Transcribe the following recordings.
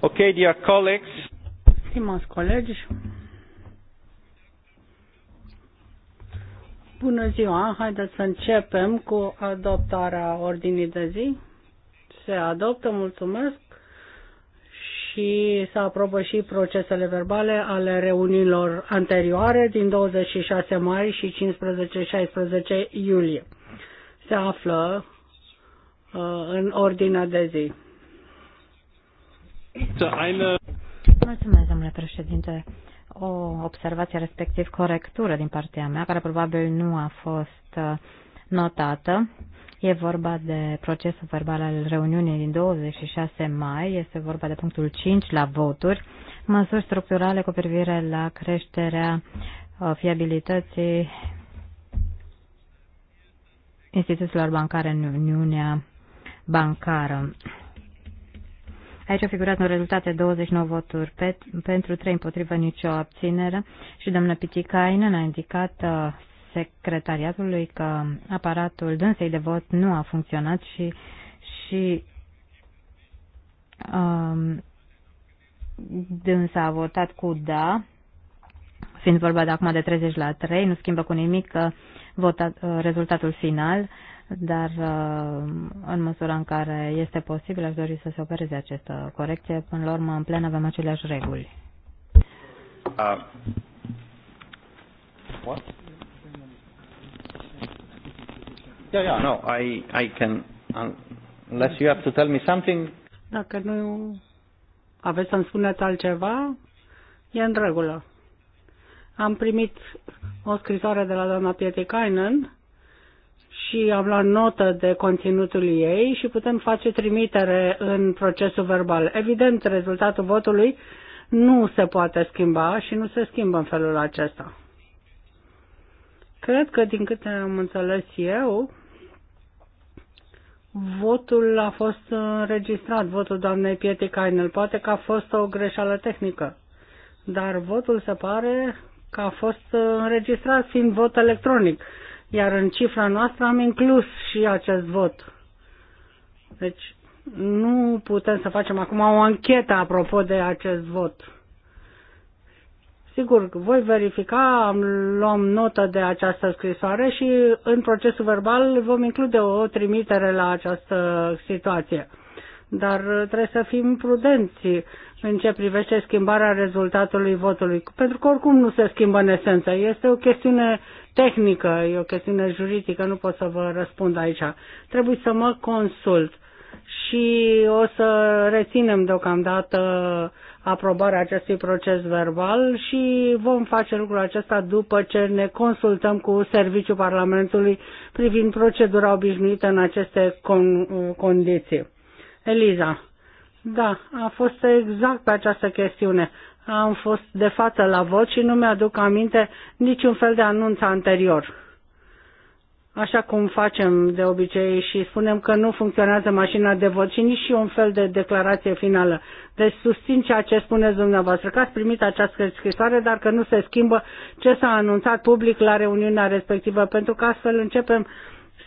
Okay, dear colleagues. Stimați colegi, bună ziua, haideți să începem cu adoptarea ordinii de zi. Se adoptă, mulțumesc, și să aprobă și procesele verbale ale reuniilor anterioare din 26 mai și 15-16 iulie. Se află uh, în ordinea de zi. Mulțumesc, domnule președinte. O observație, respectiv corectură din partea mea, care probabil nu a fost uh, notată. E vorba de procesul verbal al reuniunii din 26 mai, este vorba de punctul 5 la voturi, măsuri structurale cu privire la creșterea uh, fiabilității instituțiilor bancare în Uniunea Bancară. Aici a figurat un rezultat de 29 voturi pe, pentru, 3 împotrivă, nicio abținere și doamna Piticainen a indicat uh, secretariatului că aparatul dânsei de vot nu a funcționat și, și um, dânsa a votat cu da, fiind vorba de acum de 30 la 3, nu schimbă cu nimic uh, vota, uh, rezultatul final dar uh, în măsura în care este posibil, aș dori să se opereze această corecție. Până la urmă, în plen avem aceleași reguli. Uh. What? Yeah, yeah, no, I, I can, unless you have to tell me something. Dacă nu aveți să-mi spuneți altceva, e în regulă. Am primit o scrisoare de la doamna Kainen și am luat notă de conținutul ei și putem face trimitere în procesul verbal. Evident, rezultatul votului nu se poate schimba și nu se schimbă în felul acesta. Cred că, din câte am înțeles eu, votul a fost înregistrat, votul doamnei Pietikainen. Poate că a fost o greșeală tehnică, dar votul se pare că a fost înregistrat fiind vot electronic iar în cifra noastră am inclus și acest vot. Deci nu putem să facem acum o anchetă apropo de acest vot. Sigur, voi verifica, am luăm notă de această scrisoare și în procesul verbal vom include o trimitere la această situație. Dar trebuie să fim prudenți în ce privește schimbarea rezultatului votului, pentru că oricum nu se schimbă în esență. Este o chestiune tehnică, e o chestiune juridică, nu pot să vă răspund aici. Trebuie să mă consult și o să reținem deocamdată aprobarea acestui proces verbal și vom face lucrul acesta după ce ne consultăm cu Serviciul Parlamentului privind procedura obișnuită în aceste con- condiții. Eliza, da, a fost exact pe această chestiune am fost de față la vot și nu mi-aduc aminte niciun fel de anunț anterior. Așa cum facem de obicei și spunem că nu funcționează mașina de vot și nici un fel de declarație finală. Deci susțin ceea ce spuneți dumneavoastră, că ați primit această scrisoare, dar că nu se schimbă ce s-a anunțat public la reuniunea respectivă, pentru că astfel începem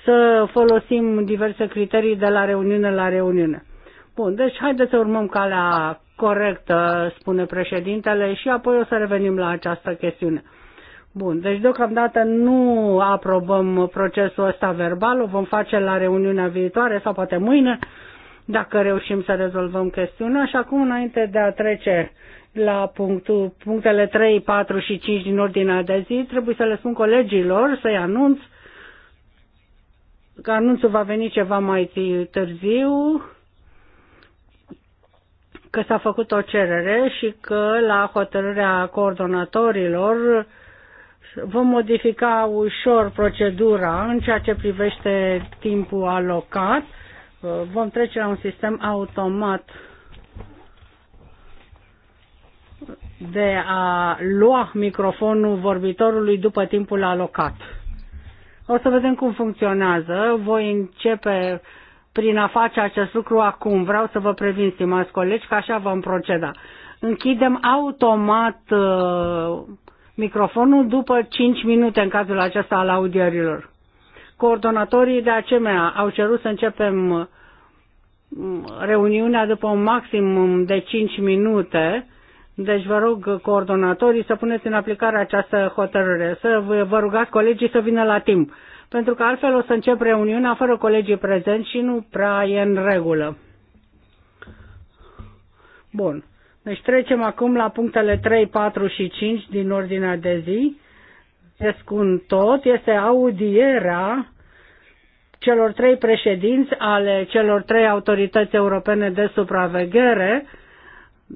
să folosim diverse criterii de la reuniune la reuniune. Bun, deci haideți să urmăm calea corectă, spune președintele, și apoi o să revenim la această chestiune. Bun, deci deocamdată nu aprobăm procesul ăsta verbal, o vom face la reuniunea viitoare sau poate mâine, dacă reușim să rezolvăm chestiunea. Și acum, înainte de a trece la punctul, punctele 3, 4 și 5 din ordinea de zi, trebuie să le spun colegilor să-i anunț că anunțul va veni ceva mai târziu, că s-a făcut o cerere și că la hotărârea coordonatorilor vom modifica ușor procedura în ceea ce privește timpul alocat. Vom trece la un sistem automat de a lua microfonul vorbitorului după timpul alocat. O să vedem cum funcționează. Voi începe prin a face acest lucru acum. Vreau să vă previn, stimați colegi, că așa vom proceda. Închidem automat uh, microfonul după 5 minute în cazul acesta al audierilor. Coordonatorii de asemenea au cerut să începem mm, reuniunea după un maximum de 5 minute, deci vă rog coordonatorii să puneți în aplicare această hotărâre, să vă rugați colegii să vină la timp pentru că altfel o să încep reuniunea fără colegii prezenți și nu prea e în regulă. Bun. Deci trecem acum la punctele 3, 4 și 5 din ordinea de zi. un tot este audierea celor trei președinți ale celor trei autorități europene de supraveghere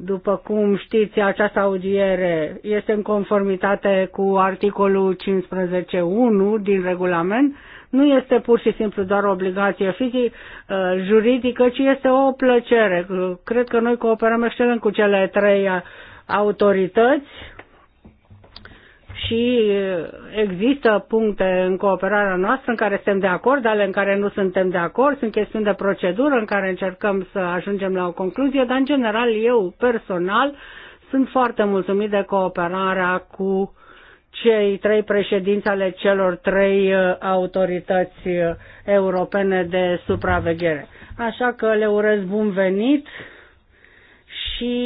după cum știți, această audiere este în conformitate cu articolul 15.1 din regulament. Nu este pur și simplu doar o obligație fizic, uh, juridică, ci este o plăcere. Cred că noi cooperăm excelent cu cele trei autorități și există puncte în cooperarea noastră în care suntem de acord, ale în care nu suntem de acord, sunt chestiuni de procedură în care încercăm să ajungem la o concluzie, dar în general eu personal sunt foarte mulțumit de cooperarea cu cei trei președinți ale celor trei uh, autorități uh, europene de supraveghere. Așa că le urez bun venit și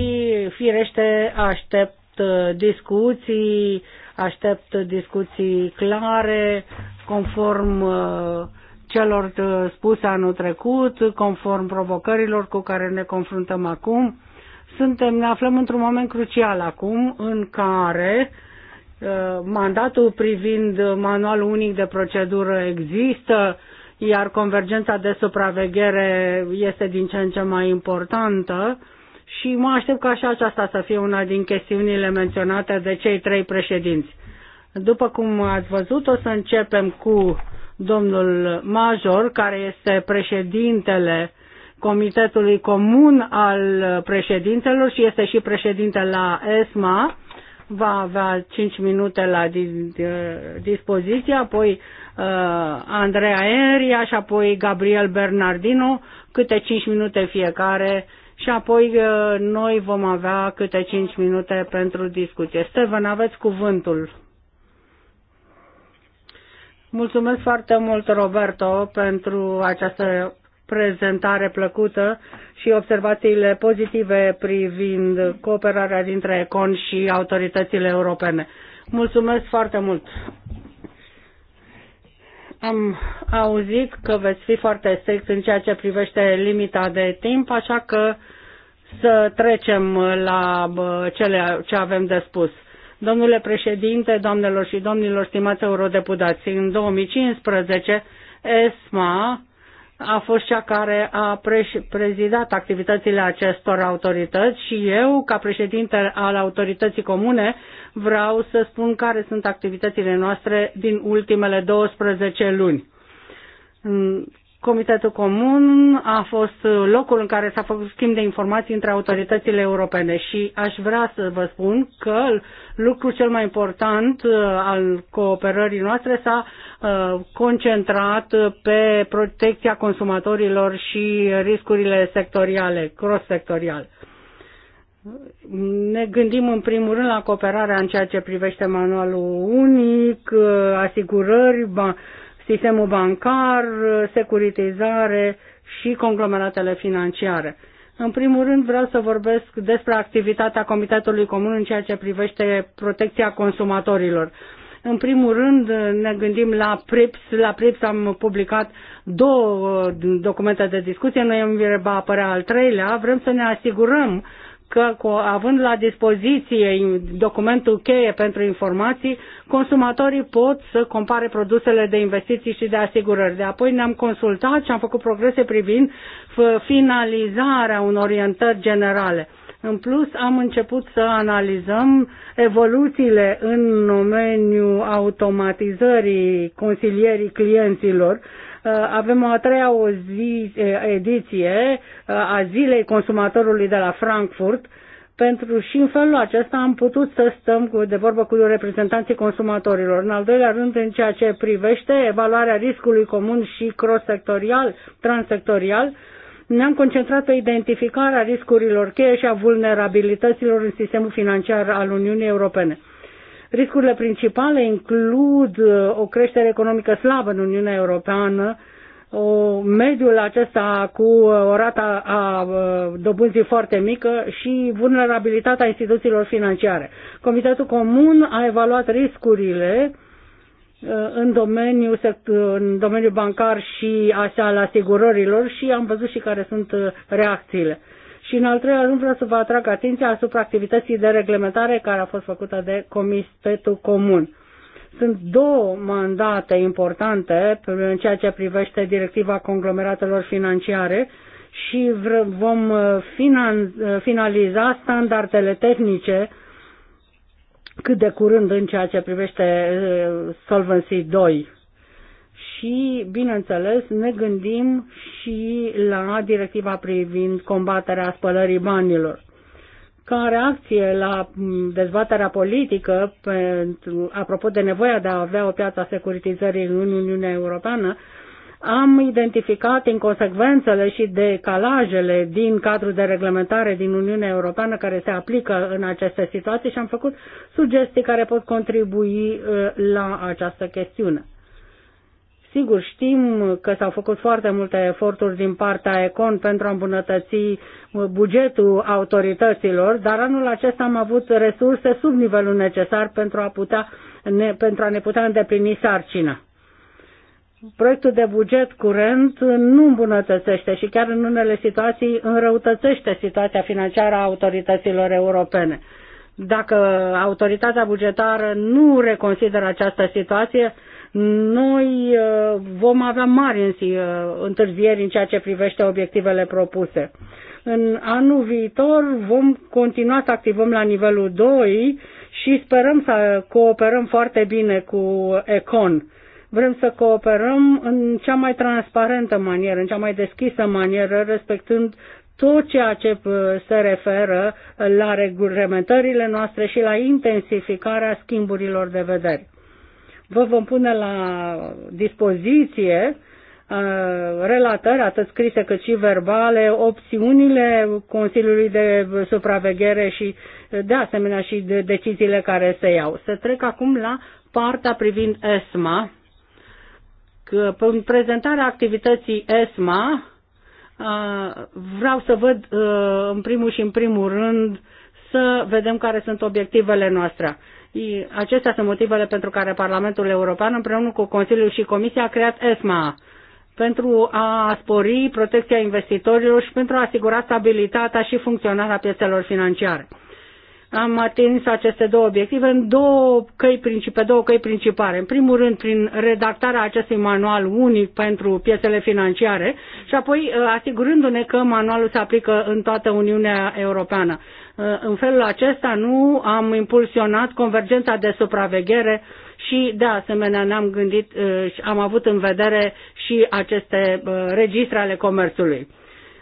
firește aștept uh, discuții, Aștept discuții clare, conform uh, celor uh, spuse anul trecut, conform provocărilor cu care ne confruntăm acum. Suntem, ne aflăm într-un moment crucial acum în care uh, mandatul privind manualul unic de procedură există, iar convergența de supraveghere este din ce în ce mai importantă și mă aștept ca și aceasta să fie una din chestiunile menționate de cei trei președinți. După cum ați văzut, o să începem cu domnul Major, care este președintele Comitetului Comun al Președintelor și este și președinte la ESMA. Va avea 5 minute la dispoziție, apoi uh, Andreea Enria și apoi Gabriel Bernardino, câte 5 minute fiecare și apoi uh, noi vom avea câte 5 minute pentru discuție. Steven, aveți cuvântul. Mulțumesc foarte mult, Roberto, pentru această prezentare plăcută și observațiile pozitive privind cooperarea dintre ECON și autoritățile europene. Mulțumesc foarte mult! Am auzit că veți fi foarte strict în ceea ce privește limita de timp, așa că să trecem la cele ce avem de spus. Domnule președinte, doamnelor și domnilor, stimați eurodeputați, în 2015 ESMA a fost cea care a prezidat activitățile acestor autorități și eu, ca președinte al autorității comune, vreau să spun care sunt activitățile noastre din ultimele 12 luni. Comitetul Comun a fost locul în care s-a făcut schimb de informații între autoritățile europene și aș vrea să vă spun că lucrul cel mai important uh, al cooperării noastre s-a uh, concentrat pe protecția consumatorilor și riscurile sectoriale, cross-sectorial. Ne gândim în primul rând la cooperarea în ceea ce privește manualul unic, uh, asigurări, sistemul bancar, securitizare și conglomeratele financiare. În primul rând vreau să vorbesc despre activitatea Comitetului Comun în ceea ce privește protecția consumatorilor. În primul rând ne gândim la PRIPS. La PRIPS am publicat două documente de discuție, noi noiembrie va apărea al treilea. Vrem să ne asigurăm că având la dispoziție documentul cheie pentru informații, consumatorii pot să compare produsele de investiții și de asigurări. De apoi ne-am consultat și am făcut progrese privind finalizarea unor orientări generale. În plus, am început să analizăm evoluțiile în domeniul automatizării consilierii clienților Uh, avem o a treia o zi, ediție uh, a Zilei Consumatorului de la Frankfurt, pentru și în felul acesta am putut să stăm cu, de vorbă cu reprezentanții consumatorilor. În al doilea rând, în ceea ce privește evaluarea riscului comun și cross-sectorial, transsectorial, ne-am concentrat pe identificarea riscurilor cheie și a vulnerabilităților în sistemul financiar al Uniunii Europene. Riscurile principale includ uh, o creștere economică slabă în Uniunea Europeană, o, mediul acesta cu uh, o rată a uh, dobânzii foarte mică și vulnerabilitatea instituțiilor financiare. Comitetul Comun a evaluat riscurile în domeniul, în domeniul bancar și așa al asigurărilor și am văzut și care sunt reacțiile. Și în al treilea rând vreau să vă atrag atenția asupra activității de reglementare care a fost făcută de Comitetul Comun. Sunt două mandate importante în ceea ce privește directiva conglomeratelor financiare și vom uh, uh, finaliza standardele tehnice cât de curând în ceea ce privește uh, Solvency 2. Și, bineînțeles, ne gândim și la directiva privind combaterea spălării banilor. Ca reacție la dezbaterea politică pentru, apropo de nevoia de a avea o piață a securitizării în Uniunea Europeană, am identificat inconsecvențele și decalajele din cadrul de reglementare din Uniunea Europeană care se aplică în aceste situații și am făcut sugestii care pot contribui uh, la această chestiune. Sigur, știm că s-au făcut foarte multe eforturi din partea Econ pentru a îmbunătăți uh, bugetul autorităților, dar anul acesta am avut resurse sub nivelul necesar pentru a, putea, ne, pentru a ne putea îndeplini sarcina. Proiectul de buget curent nu îmbunătățește și chiar în unele situații înrăutățește situația financiară a autorităților europene. Dacă autoritatea bugetară nu reconsideră această situație, noi uh, vom avea mari uh, întârzieri în ceea ce privește obiectivele propuse. În anul viitor vom continua să activăm la nivelul 2 și sperăm să cooperăm foarte bine cu Econ. Vrem să cooperăm în cea mai transparentă manieră, în cea mai deschisă manieră, respectând tot ceea ce uh, se referă la reglementările noastre și la intensificarea schimburilor de vedere. Vă vom pune la dispoziție uh, relatări, atât scrise cât și verbale, opțiunile Consiliului de Supraveghere și uh, de asemenea și de deciziile care se iau. Să trec acum la partea privind ESMA. Că, în prezentarea activității ESMA uh, vreau să văd în primul și în primul rând să vedem care sunt obiectivele noastre. Acestea sunt motivele pentru care Parlamentul European, împreună cu Consiliul și Comisia, a creat ESMA pentru a spori protecția investitorilor și pentru a asigura stabilitatea și funcționarea piețelor financiare. Am atins aceste două obiective în două căi, pe două căi principale. În primul rând, prin redactarea acestui manual unic pentru piețele financiare și apoi uh, asigurându-ne că manualul se aplică în toată Uniunea Europeană. În felul acesta nu am impulsionat convergența de supraveghere și, de asemenea, ne-am gândit, uh, am avut în vedere și aceste uh, registre ale comerțului.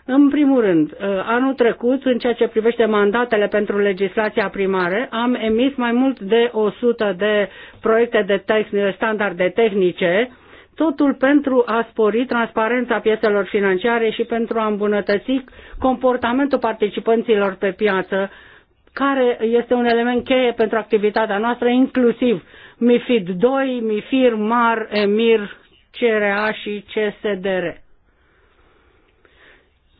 În primul rând, uh, anul trecut, în ceea ce privește mandatele pentru legislația primară, am emis mai mult de 100 de proiecte de tehn- standarde tehnice totul pentru a spori transparența pieselor financiare și pentru a îmbunătăți comportamentul participanților pe piață, care este un element cheie pentru activitatea noastră, inclusiv MIFID 2, MIFIR, MAR, EMIR, CRA și CSDR.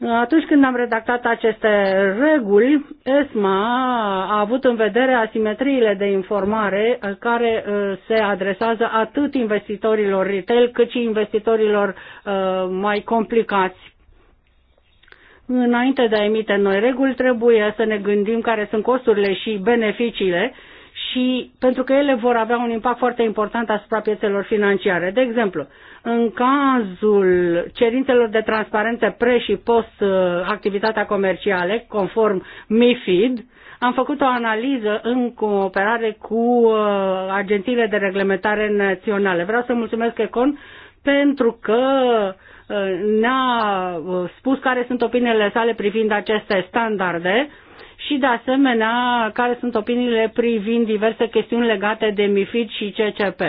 Atunci când am redactat aceste reguli, ESMA a avut în vedere asimetriile de informare uh, care uh, se adresează atât investitorilor retail cât și investitorilor uh, mai complicați. Înainte de a emite noi reguli, trebuie să ne gândim care sunt costurile și beneficiile și pentru că ele vor avea un impact foarte important asupra piețelor financiare. De exemplu, în cazul cerințelor de transparență pre și post uh, activitatea comercială, conform MIFID, am făcut o analiză în cooperare cu uh, agențiile de reglementare naționale. Vreau să mulțumesc Econ pentru că uh, ne-a spus care sunt opiniile sale privind aceste standarde și, de asemenea, care sunt opiniile privind diverse chestiuni legate de MIFID și CCP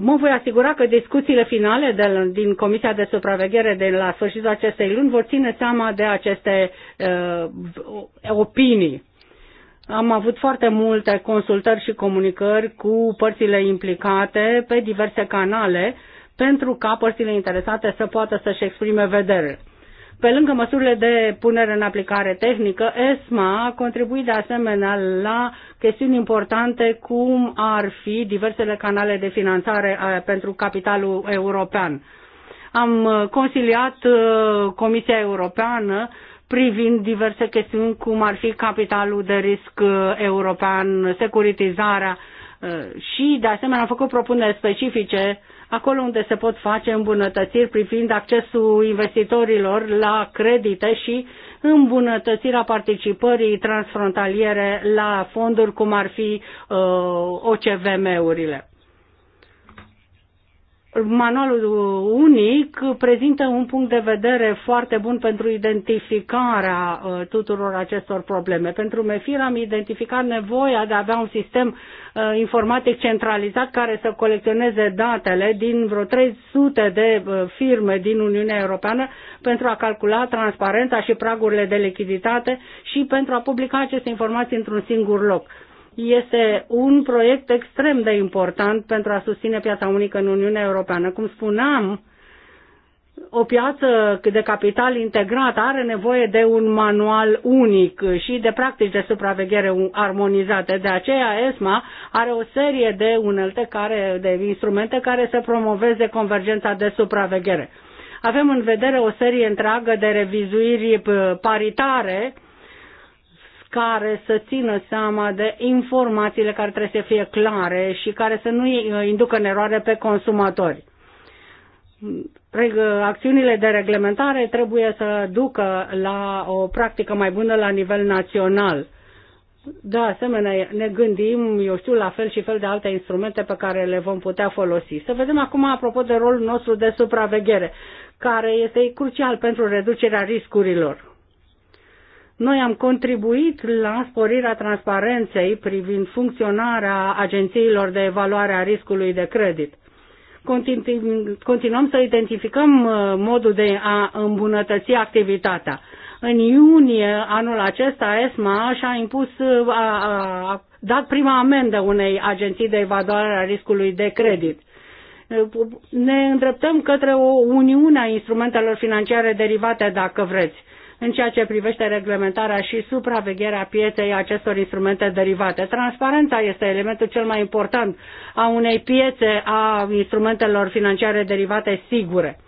mă voi asigura că discuțiile finale de, din Comisia de Supraveghere de la sfârșitul acestei luni vor ține seama de aceste uh, opinii. Am avut foarte multe consultări și comunicări cu părțile implicate pe diverse canale pentru ca părțile interesate să poată să-și exprime vedere. Pe lângă măsurile de punere în aplicare tehnică, ESMA a contribuit de asemenea la chestiuni importante cum ar fi diversele canale de finanțare pentru capitalul european. Am uh, consiliat uh, Comisia Europeană privind diverse chestiuni cum ar fi capitalul de risc uh, european, securitizarea și, de asemenea, am făcut propuneri specifice acolo unde se pot face îmbunătățiri privind accesul investitorilor la credite și îmbunătățirea participării transfrontaliere la fonduri cum ar fi uh, OCVM-urile. Manualul unic prezintă un punct de vedere foarte bun pentru identificarea uh, tuturor acestor probleme. Pentru MEFIR am identificat nevoia de a avea un sistem uh, informatic centralizat care să colecționeze datele din vreo 300 de uh, firme din Uniunea Europeană pentru a calcula transparența și pragurile de lichiditate și pentru a publica aceste informații într-un singur loc este un proiect extrem de important pentru a susține piața unică în Uniunea Europeană. Cum spuneam, o piață de capital integrat are nevoie de un manual unic și de practici de supraveghere armonizate. De aceea ESMA are o serie de unelte care, de instrumente care să promoveze convergența de supraveghere. Avem în vedere o serie întreagă de revizuiri paritare care să țină seama de informațiile care trebuie să fie clare și care să nu inducă în eroare pe consumatori. Acțiunile de reglementare trebuie să ducă la o practică mai bună la nivel național. De asemenea, ne gândim, eu știu, la fel și fel de alte instrumente pe care le vom putea folosi. Să vedem acum, apropo de rolul nostru de supraveghere, care este crucial pentru reducerea riscurilor noi am contribuit la sporirea transparenței privind funcționarea agențiilor de evaluare a riscului de credit. Continuăm să identificăm uh, modul de a îmbunătăți activitatea. În iunie anul acesta, ESMA și-a impus, uh, a, a dat prima amendă unei agenții de evaluare a riscului de credit uh, ne îndreptăm către o uniune a instrumentelor financiare derivate, dacă vreți în ceea ce privește reglementarea și supravegherea pieței acestor instrumente derivate. Transparența este elementul cel mai important a unei piețe a instrumentelor financiare derivate sigure.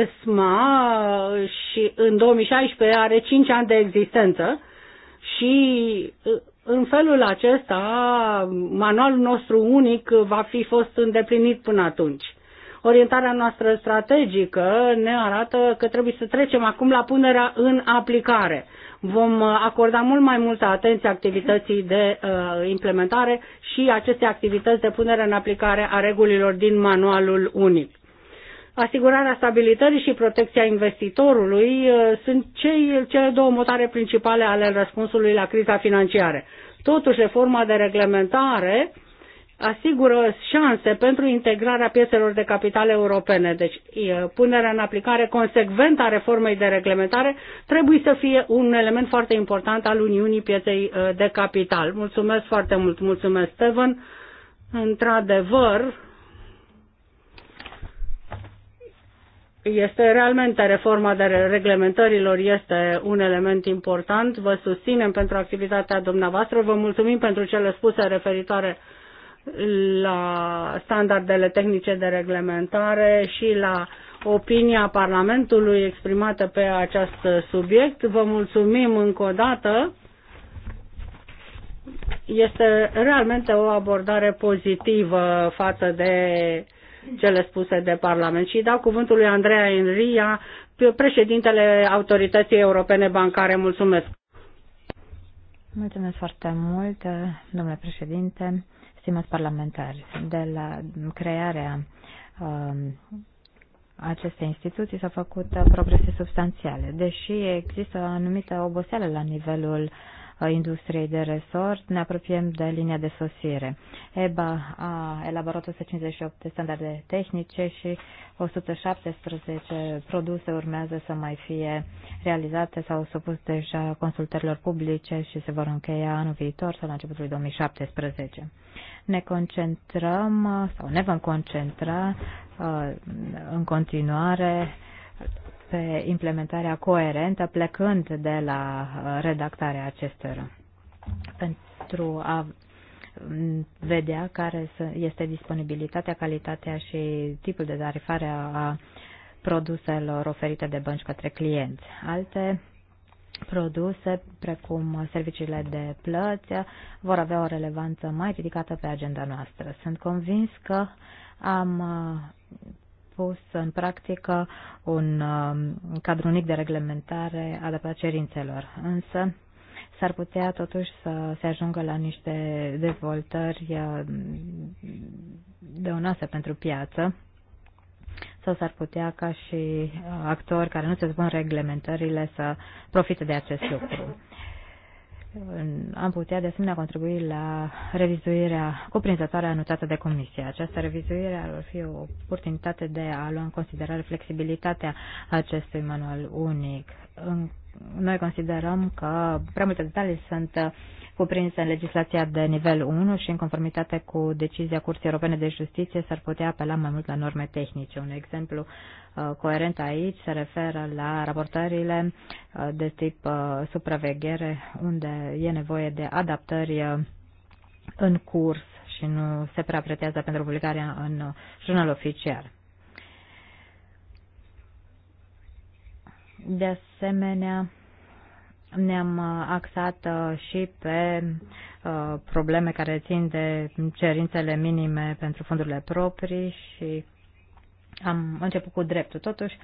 ESMA și în 2016 are 5 ani de existență și în felul acesta manualul nostru unic va fi fost îndeplinit până atunci. Orientarea noastră strategică ne arată că trebuie să trecem acum la punerea în aplicare. Vom uh, acorda mult mai multă atenție activității de uh, implementare și aceste activități de punere în aplicare a regulilor din manualul unic asigurarea stabilității și protecția investitorului uh, sunt cei, cele două motare principale ale răspunsului la criza financiară. Totuși, reforma de reglementare asigură șanse pentru integrarea piețelor de capital europene. Deci punerea în aplicare consecventă a reformei de reglementare trebuie să fie un element foarte important al Uniunii Pieței de Capital. Mulțumesc foarte mult, mulțumesc Steven. Într-adevăr, este realmente reforma de reglementărilor este un element important. Vă susținem pentru activitatea dumneavoastră. Vă mulțumim pentru cele spuse referitoare la standardele tehnice de reglementare și la opinia Parlamentului exprimată pe acest subiect. Vă mulțumim încă o dată. Este realmente o abordare pozitivă față de cele spuse de Parlament. Și dau cuvântul lui Andreea Enria, președintele Autorității Europene Bancare. Mulțumesc! Mulțumesc foarte mult, domnule președinte stimați parlamentari, de la crearea um, aceste instituții s-au făcut uh, progrese substanțiale. Deși există anumită oboseală la nivelul uh, industriei de resort, ne apropiem de linia de sosire. EBA a elaborat 158 de standarde tehnice și 117 produse urmează să mai fie realizate sau supus deja consultărilor publice și se vor încheia anul viitor sau la începutul 2017 ne concentrăm uh, sau ne vom concentra uh, în continuare pe implementarea coerentă plecând de la uh, redactarea acestora pentru a mm, vedea care este disponibilitatea, calitatea și tipul de tarifare a produselor oferite de bănci către clienți. Alte produse, precum serviciile de plăți, vor avea o relevanță mai ridicată pe agenda noastră. Sunt convins că am uh, pus în practică un uh, cadru unic de reglementare adaptat cerințelor, însă s-ar putea totuși să se ajungă la niște dezvoltări uh, dăunoase pentru piață, sau s-ar putea ca și uh, actori care nu se spun reglementările să profite de acest lucru. Am putea de asemenea contribui la revizuirea cuprinzătoare anunțată de comisie. Această revizuire ar fi o oportunitate de a lua în considerare flexibilitatea acestui manual unic. Noi considerăm că prea multe detalii sunt uh, cuprinse în legislația de nivel 1 și în conformitate cu decizia Curții Europene de Justiție s-ar putea apela mai mult la norme tehnice. Un exemplu uh, coerent aici se referă la raportările uh, de tip uh, supraveghere unde e nevoie de adaptări în curs și nu se prea pretează pentru publicarea în jurnal oficial. De asemenea, ne-am uh, axat uh, și pe uh, probleme care țin de cerințele minime pentru fondurile proprii și am început cu dreptul. Totuși,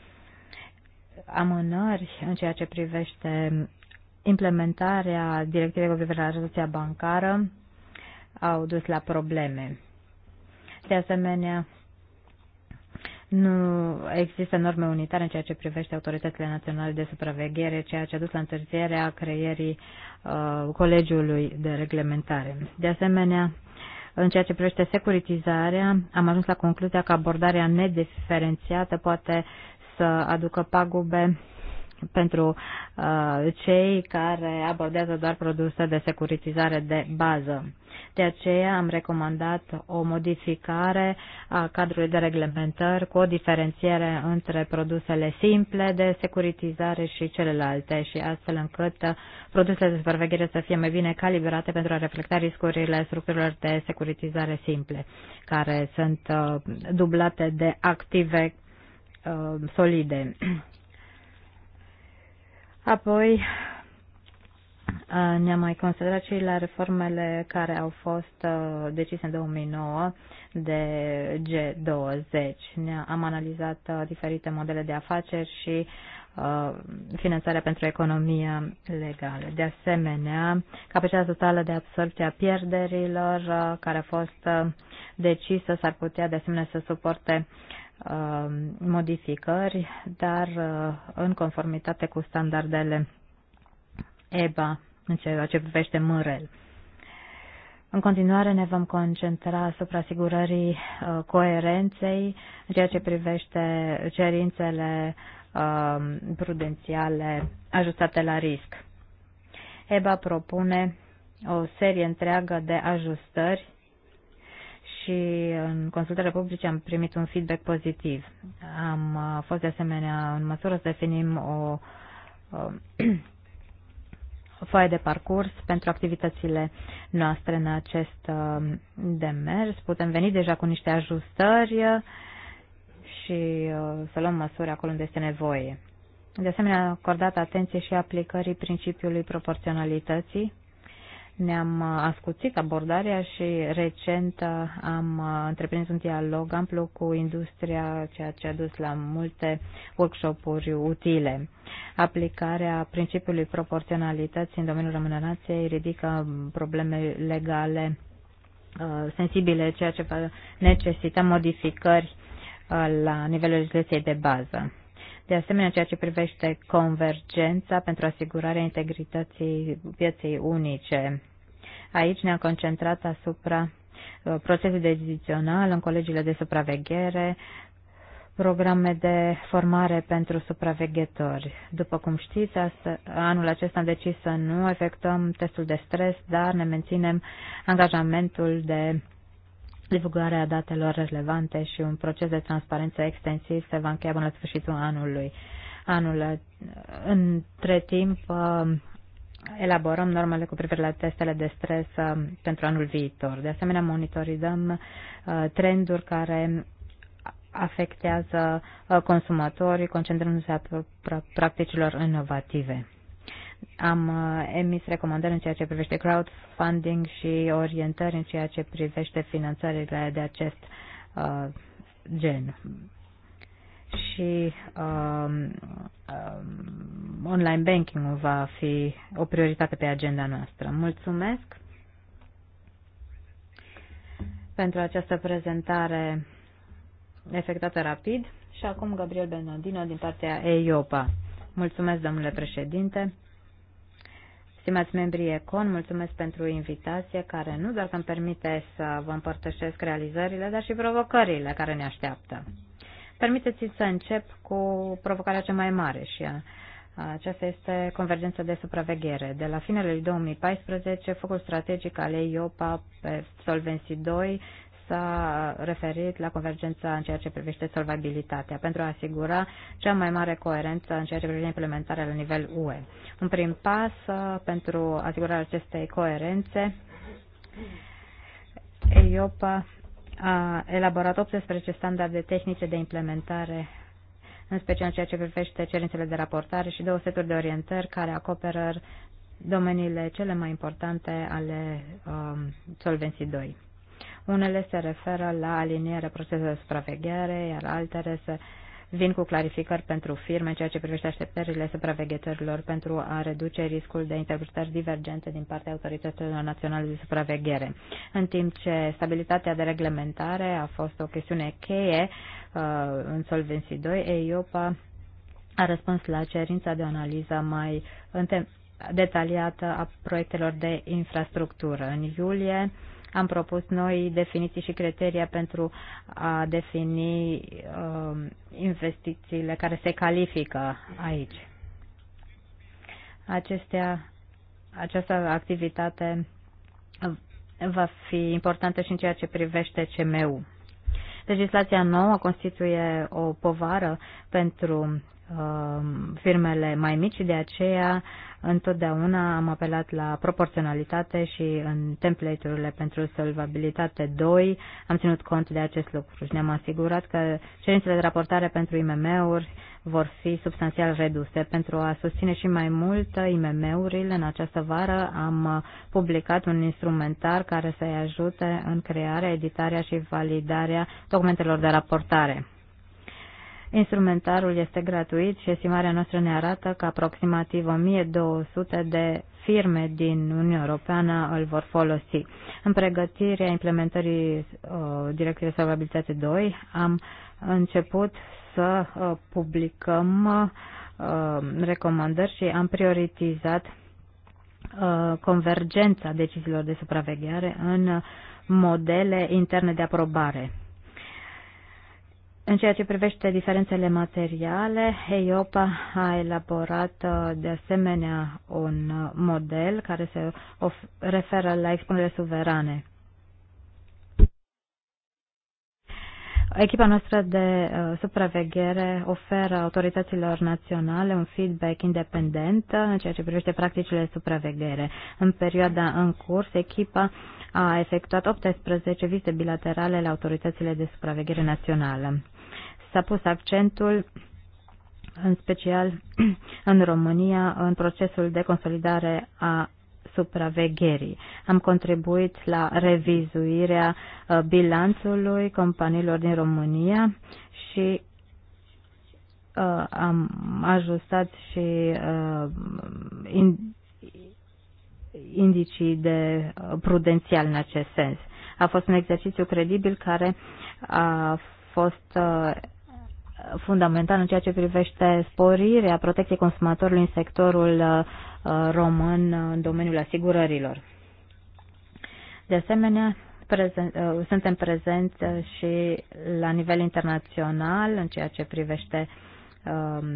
amânări în ceea ce privește implementarea directivei cu privire la rezoluția bancară au dus la probleme. De asemenea, nu există norme unitare în ceea ce privește autoritățile naționale de supraveghere, ceea ce a dus la întârzierea creierii uh, Colegiului de Reglementare. De asemenea, în ceea ce privește securitizarea, am ajuns la concluzia că abordarea nediferențiată poate să aducă pagube pentru uh, cei care abordează doar produse de securitizare de bază. De aceea am recomandat o modificare a cadrului de reglementări cu o diferențiere între produsele simple de securitizare și celelalte și astfel încât uh, produsele de supraveghere să fie mai bine calibrate pentru a reflecta riscurile structurilor de securitizare simple, care sunt uh, dublate de active uh, solide. Apoi ne-am mai considerat și la reformele care au fost decise în 2009 de G20. Ne Am analizat diferite modele de afaceri și finanțarea pentru economia legală. De asemenea, capacitatea totală de absorpție a pierderilor care a fost decisă s-ar putea de asemenea să suporte uh, Um, modificări, dar uh, în conformitate cu standardele EBA în ceea ce privește MREL. În continuare ne vom concentra asupra asigurării uh, coerenței în ceea ce privește cerințele um, prudențiale ajustate la risc. EBA propune o serie întreagă de ajustări și în consultările publice am primit un feedback pozitiv. Am uh, fost de asemenea în măsură să definim o, uh, o foaie de parcurs pentru activitățile noastre în acest uh, demers. Putem veni deja cu niște ajustări și să luăm măsuri acolo unde este nevoie. De asemenea, acordat atenție și aplicării principiului proporționalității ne-am uh, ascuțit abordarea și recent uh, am uh, întreprins un dialog amplu cu industria, ceea ce a dus la multe workshop-uri utile. Aplicarea principiului proporționalității în domeniul remunerației ridică probleme legale sensibile, ceea ce va necesita modificări la nivelul legislației de bază. De asemenea, ceea ce privește convergența pentru asigurarea integrității pieței unice Aici ne-am concentrat asupra de uh, decizional, în colegiile de supraveghere, programe de formare pentru supraveghetori. După cum știți, anul acesta am decis să nu efectuăm testul de stres, dar ne menținem angajamentul de divulgarea datelor relevante și un proces de transparență extensiv se va încheia până la sfârșitul anului. Anul, uh, între timp, uh, elaborăm normele cu privire la testele de stres um, pentru anul viitor. De asemenea, monitorizăm uh, trenduri care afectează uh, consumatorii, concentrându-se asupra practicilor inovative. Am uh, emis recomandări în ceea ce privește crowdfunding și orientări în ceea ce privește finanțările de acest uh, gen și um, um, online banking va fi o prioritate pe agenda noastră. Mulțumesc pentru această prezentare efectuată rapid și acum Gabriel Benodino din partea EIOPA. Mulțumesc, domnule președinte. Stimați membrii ECON, mulțumesc pentru invitație care nu doar că îmi permite să vă împărtășesc realizările, dar și provocările care ne așteaptă permiteți să încep cu provocarea cea mai mare și a, aceasta este convergența de supraveghere. De la finele lui 2014, focul strategic al EIOPA pe Solvency 2 s-a referit la convergența în ceea ce privește solvabilitatea, pentru a asigura cea mai mare coerență în ceea ce privește implementarea la nivel UE. Un prim pas uh, pentru asigurarea acestei coerențe, EIOPA a elaborat 18 standarde tehnice de implementare, în special în ceea ce privește cerințele de raportare și două seturi de orientări care acoperă domeniile cele mai importante ale um, Solvency 2. Unele se referă la alinierea procesului de supraveghere, iar altele se uh, vin cu clarificări pentru firme în ceea ce privește așteptările supraveghetorilor pentru a reduce riscul de interpretări divergente din partea autorităților naționale de supraveghere. În timp ce stabilitatea de reglementare a fost o chestiune cheie uh, în Solvency 2, EIOPA a răspuns la cerința de analiză mai detaliată a proiectelor de infrastructură. În iulie, am propus noi definiții și criteria pentru a defini uh, investițiile care se califică aici. Acestea, această activitate va fi importantă și în ceea ce privește CMU. Legislația nouă constituie o povară pentru Um, firmele mai mici, de aceea întotdeauna am apelat la proporționalitate și în template-urile pentru solvabilitate 2 am ținut cont de acest lucru și ne-am asigurat că cerințele de raportare pentru IMM-uri vor fi substanțial reduse. Pentru a susține și mai mult IMM-urile, în această vară am publicat un instrumentar care să-i ajute în crearea, editarea și validarea documentelor de raportare. Instrumentarul este gratuit și estimarea noastră ne arată că aproximativ 1200 de firme din Uniunea Europeană îl vor folosi. În pregătirea implementării uh, Directivei Salvabilitate 2 am început să uh, publicăm uh, recomandări și am prioritizat uh, convergența deciziilor de supraveghere în uh, modele interne de aprobare. În ceea ce privește diferențele materiale, EIOPA a elaborat uh, de asemenea un uh, model care se referă la expunerile suverane. Echipa noastră de uh, supraveghere oferă autorităților naționale un feedback independent uh, în ceea ce privește practicile de supraveghere. În perioada în curs, echipa a efectuat 18 vizite bilaterale la autoritățile de supraveghere națională s-a pus accentul în special în România, în procesul de consolidare a supravegherii. Am contribuit la revizuirea uh, bilanțului companiilor din România și uh, am ajustat și uh, in, indicii de uh, prudențial în acest sens. A fost un exercițiu credibil care a fost uh, fundamental în ceea ce privește sporirea protecției consumatorului în sectorul uh, român uh, în domeniul asigurărilor. De asemenea, prezen, uh, suntem prezenți și la nivel internațional în ceea ce privește um,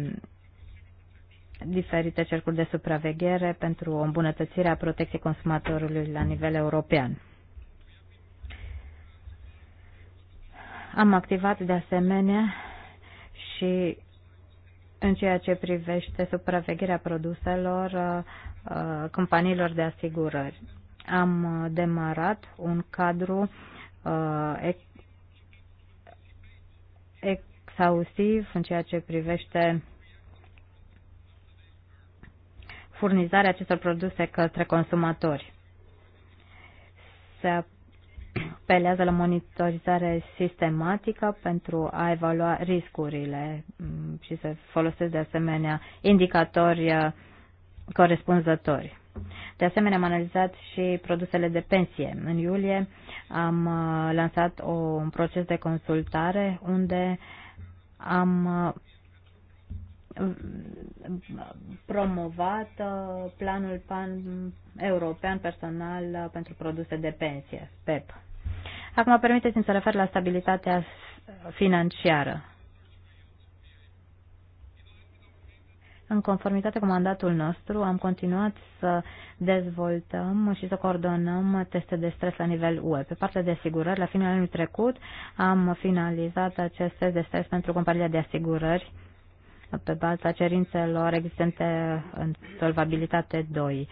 diferite cercuri de supraveghere pentru o îmbunătățire a protecției consumatorului la nivel european. Am activat de asemenea și în ceea ce privește supravegherea produselor uh, uh, companiilor de asigurări. Am uh, demarat un cadru exhaustiv în ceea ce privește furnizarea acestor produse către consumatori. Se apelează la monitorizare sistematică pentru a evalua riscurile mm, și să folosesc de asemenea indicatori uh, corespunzători. De asemenea, am analizat și produsele de pensie. În iulie am uh, lansat o, un proces de consultare unde am uh, promovat planul pan european personal pentru produse de pensie, PEP. Acum permiteți-mi să refer la stabilitatea financiară. În conformitate cu mandatul nostru, am continuat să dezvoltăm și să coordonăm teste de stres la nivel UE. Pe partea de asigurări, la finalul anului trecut, am finalizat acest test de stres pentru companiile de asigurări pe baza cerințelor existente în solvabilitate 2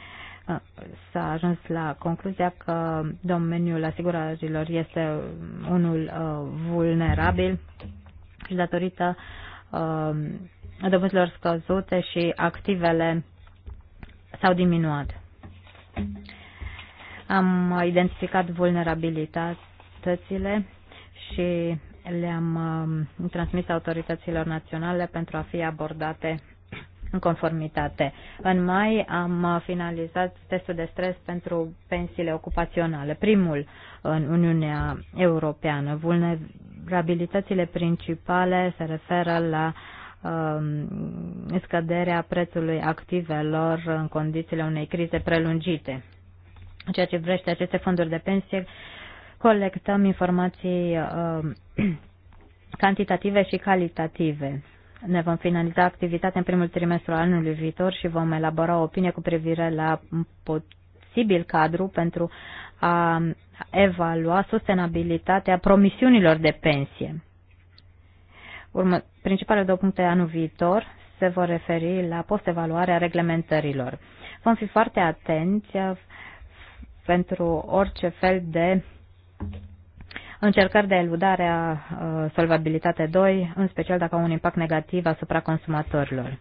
s-a ajuns la concluzia că domeniul asigurărilor este unul uh, vulnerabil și datorită uh, dobânzilor scăzute și activele s-au diminuat. Am identificat vulnerabilitățile și le-am uh, transmis autorităților naționale pentru a fi abordate în conformitate. În mai am finalizat testul de stres pentru pensiile ocupaționale, primul în Uniunea Europeană. Vulnerabilitățile principale se referă la uh, scăderea prețului activelor în condițiile unei crize prelungite. În ceea ce vrește aceste fonduri de pensie, colectăm informații uh, cantitative și calitative ne vom finaliza activitatea în primul trimestru al anului viitor și vom elabora o opinie cu privire la posibil cadru pentru a evalua sustenabilitatea promisiunilor de pensie. Urmă, principalele două puncte anul viitor se vor referi la postevaluarea reglementărilor. Vom fi foarte atenți uh, pentru orice fel de încercări de eludare a uh, solvabilitate 2, în special dacă au un impact negativ asupra consumatorilor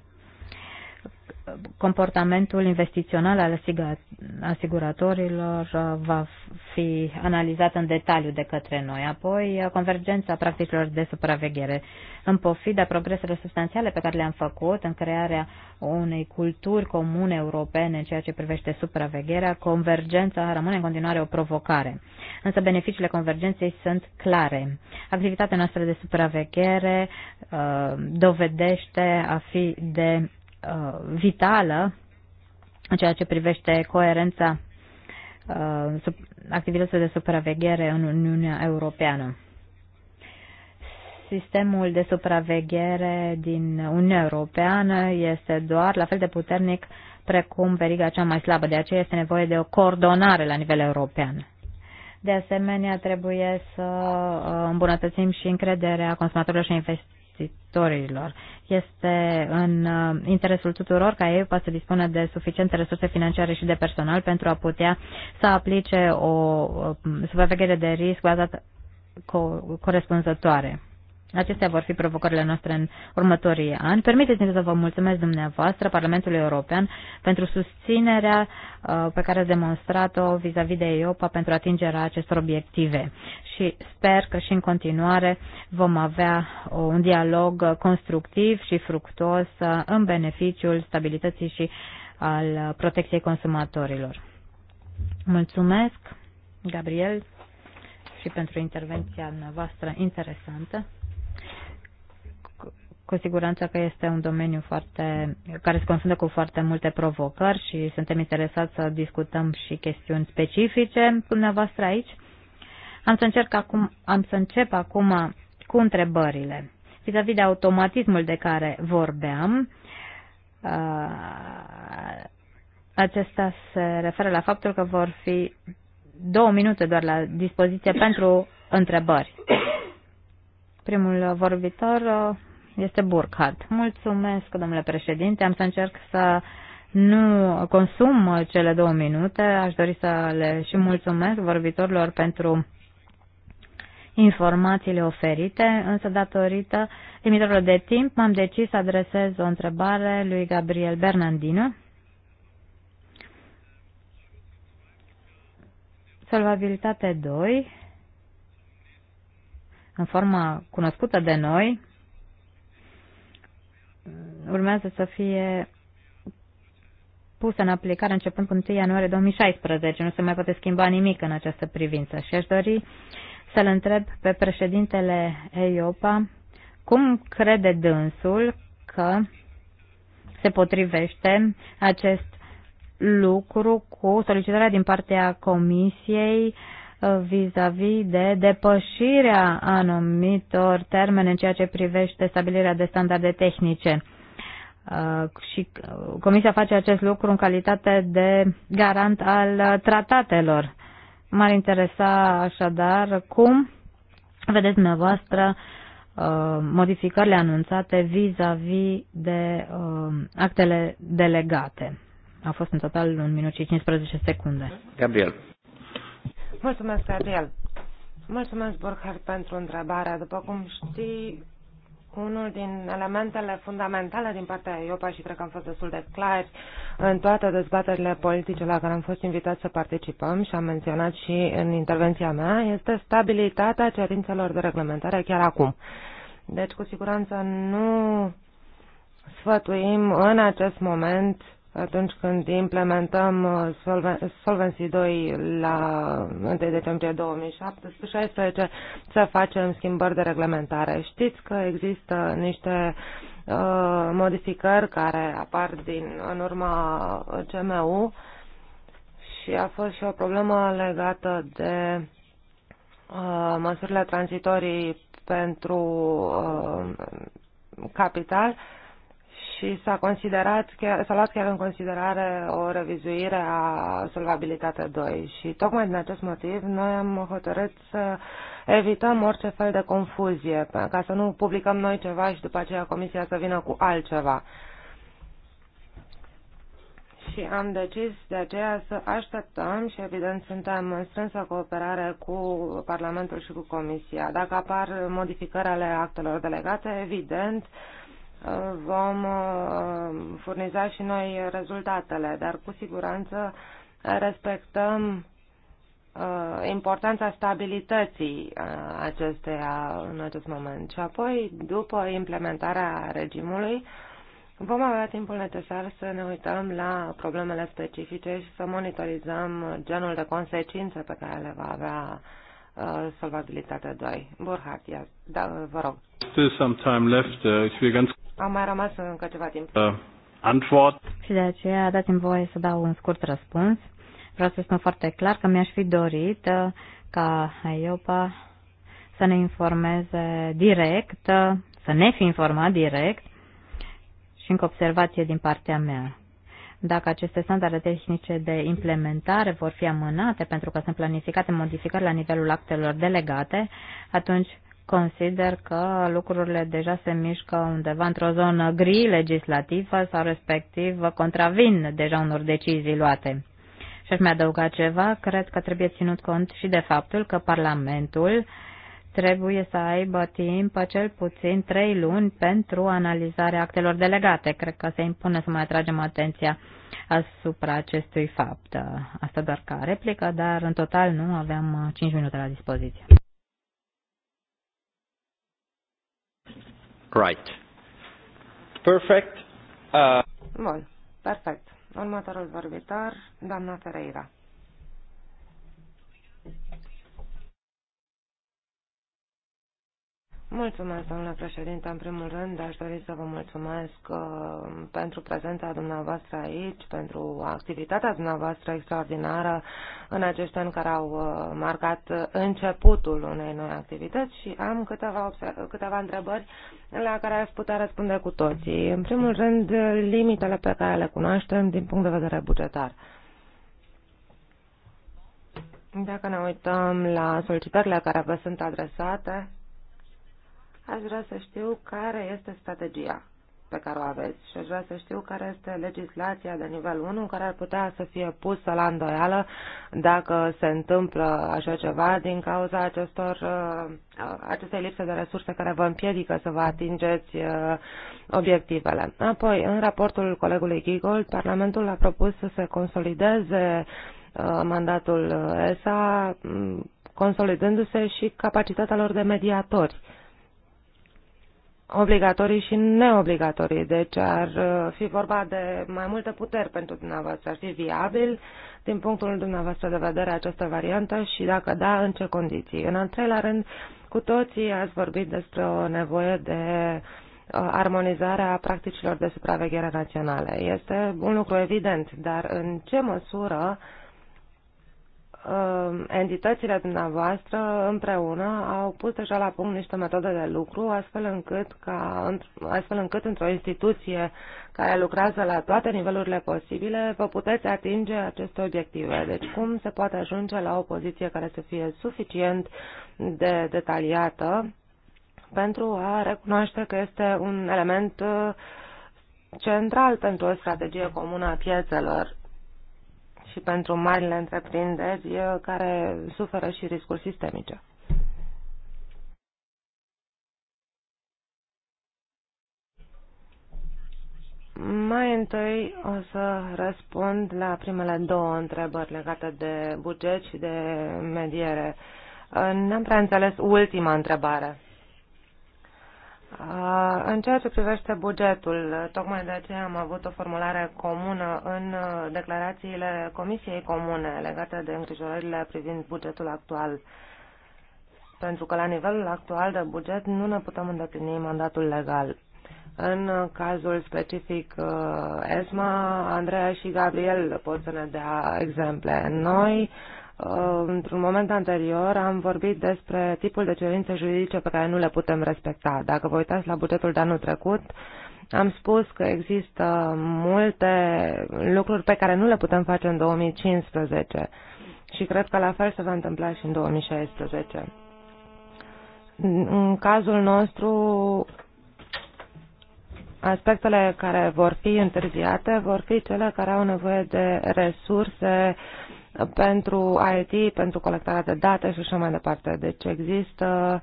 comportamentul investițional al asiguratorilor uh, va fi analizat în detaliu de către noi. Apoi, uh, convergența practicilor de supraveghere. În pofida progreselor substanțiale pe care le-am făcut în crearea unei culturi comune europene în ceea ce privește supravegherea, convergența rămâne în continuare o provocare. Însă beneficiile convergenței sunt clare. Activitatea noastră de supraveghere uh, dovedește a fi de uh, vitală în ceea ce privește coerența uh, sub, activității de supraveghere în Uniunea Europeană. Sistemul de supraveghere din Uniunea Europeană este doar la fel de puternic precum veriga cea mai slabă, de aceea este nevoie de o coordonare la nivel european. De asemenea, trebuie să uh, îmbunătățim și încrederea consumatorilor și investitorilor investitorilor. Este în uh, interesul tuturor ca ei să dispună de suficiente resurse financiare și de personal pentru a putea să aplice o uh, supraveghere de risc bazată corespunzătoare. Acestea vor fi provocările noastre în următorii ani. Permiteți-mi să vă mulțumesc dumneavoastră, Parlamentului European, pentru susținerea uh, pe care ați demonstrat-o vis-a-vis de EIOPA pentru atingerea acestor obiective. Și sper că și în continuare vom avea uh, un dialog uh, constructiv și fructuos în beneficiul stabilității și al protecției consumatorilor. Mulțumesc, Gabriel, și pentru intervenția noastră interesantă. Cu siguranță că este un domeniu foarte, care se confundă cu foarte multe provocări și suntem interesați să discutăm și chestiuni specifice cu dumneavoastră aici. Am să, încerc acum, am să încep acum cu întrebările. Vis-a-vis de automatismul de care vorbeam, uh, acesta se referă la faptul că vor fi două minute doar la dispoziție pentru întrebări. Primul vorbitor uh, este Burkhardt. Mulțumesc, domnule președinte. Am să încerc să nu consum cele două minute. Aș dori să le și mulțumesc vorbitorilor pentru informațiile oferite, însă datorită limitelor de timp m-am decis să adresez o întrebare lui Gabriel Bernardino. Solvabilitate 2, în forma cunoscută de noi, urmează să fie pusă în aplicare începând cu 1 ianuarie 2016. Nu se mai poate schimba nimic în această privință. Și aș dori să-l întreb pe președintele EIOPA cum crede dânsul că se potrivește acest lucru cu solicitarea din partea Comisiei uh, vis-a-vis -vis de depășirea anumitor termene în ceea ce privește stabilirea de standarde tehnice. Uh, și uh, Comisia face acest lucru în calitate de garant al tratatelor. M-ar interesa așadar cum vedeți dumneavoastră uh, modificările anunțate vis-a-vis -vis de actele delegate. A fost în total 1 minut și 15 secunde. Gabriel. Mulțumesc, Ariel. Mulțumesc, Burkhard, pentru întrebarea. După cum știi, unul din elementele fundamentale din partea IOPA și cred că am fost destul de clar în toate dezbaterile politice la care am fost invitat să participăm și am menționat și în intervenția mea, este stabilitatea cerințelor de reglementare chiar acum. Deci, cu siguranță, nu sfătuim în acest moment uh, atunci când implementăm uh, Solvency 2 la 1 decembrie 2016, să facem schimbări de reglementare. Știți că există niște uh, modificări care apar din, în urma CMU și a fost și o problemă legată de uh, măsurile tranzitorii pentru capital și s-a considerat, s-a luat chiar în considerare o revizuire a solvabilitate 2 și tocmai din acest motiv noi am hotărât să evităm orice fel de confuzie, ca să nu publicăm noi ceva și după aceea comisia să vină cu altceva. Și am decis de aceea să așteptăm și evident suntem în strânsă cooperare cu Parlamentul și cu Comisia. Dacă apar modificări ale actelor delegate, evident, uh, vom uh, furniza și noi rezultatele, dar cu siguranță respectăm uh, importanța stabilității uh, acesteia în acest moment. Și apoi, după implementarea regimului, vom avea timpul necesar să ne uităm la problemele specifice și să monitorizăm genul de consecințe pe care le va avea solvabilitatea 2. Burhard, da, vă rog. Still some time left. Uh, am mai rămas încă ceva timp. Uh, antwort. Și de aceea dați-mi voie să dau un scurt răspuns. Vreau să spun foarte clar că mi-aș fi dorit uh, ca IOPA să ne informeze direct, uh, să ne fi informat direct și încă observație din partea mea. Dacă aceste standarde tehnice de implementare vor fi amânate pentru că sunt planificate modificări la nivelul actelor delegate, atunci consider că lucrurile deja se mișcă undeva într-o zonă gri legislativă sau respectiv contravin deja unor decizii luate. Și aș mai adăuga ceva, cred că trebuie ținut cont și de faptul că Parlamentul trebuie să aibă timp cel puțin trei luni pentru analizarea actelor delegate. Cred că se impune să mai atragem atenția asupra acestui fapt. Asta doar ca replică, dar în total nu aveam 5 uh, minute la dispoziție. Right. Perfect. Uh... Bun. Perfect. Următorul vorbitor, doamna Ferreira. Mulțumesc, domnule președinte. În primul rând, aș dori să vă mulțumesc uh, pentru prezența dumneavoastră aici, pentru activitatea dumneavoastră extraordinară în acești ani care au uh, marcat începutul unei noi activități și am câteva, câteva întrebări la care aș putea răspunde cu toții. În primul rând, limitele pe care le cunoaștem din punct de vedere bugetar. Dacă ne uităm la solicitările care vă sunt adresate, Aș vrea să știu care este strategia pe care o aveți și aș vrea să știu care este legislația de nivel 1 care ar putea să fie pusă la îndoială dacă se întâmplă așa ceva din cauza acestor, uh, acestei lipse de resurse care vă împiedică să vă atingeți uh, obiectivele. Apoi, în raportul colegului Gigol, Parlamentul a propus să se consolideze uh, mandatul ESA, mm, consolidându-se și capacitatea lor de mediatori obligatorii și neobligatorii, deci ar uh, fi vorba de mai multe puteri pentru dumneavoastră. Ar fi viabil din punctul dumneavoastră de vedere această variantă și dacă da, în ce condiții. În al treilea rând, cu toții ați vorbit despre o nevoie de uh, armonizarea practicilor de supraveghere naționale. Este un lucru evident, dar în ce măsură uh, uh, entitățile dumneavoastră împreună au pus deja la punct niște metode de lucru, astfel încât, ca, astfel încât într-o instituție care lucrează la toate nivelurile posibile, vă puteți atinge aceste obiective. Deci cum se poate ajunge la o poziție care să fie suficient de detaliată pentru a recunoaște că este un element uh, central pentru o strategie comună a piețelor și pentru marile întreprinderi care suferă și riscuri sistemice. Mai întâi o să răspund la primele două întrebări legate de buget și de mediere. N-am prea înțeles ultima întrebare. Uh, în ceea ce privește bugetul, tocmai de aceea am avut o formulare comună în uh, declarațiile Comisiei Comune legate de îngrijorările privind bugetul actual, pentru că la nivelul actual de buget nu ne putem îndeplini mandatul legal. În cazul specific uh, ESMA, Andreea și Gabriel pot să ne dea exemple. Noi Uh, într-un moment anterior am vorbit despre tipul de cerințe juridice pe care nu le putem respecta. Dacă vă uitați la bugetul de anul trecut, am spus că există multe lucruri pe care nu le putem face în 2015 și cred că la fel se va întâmpla și în 2016. În cazul nostru, aspectele care vor fi întârziate vor fi cele care au nevoie de resurse uh, pentru IT, pentru colectarea de date și așa mai departe. Deci există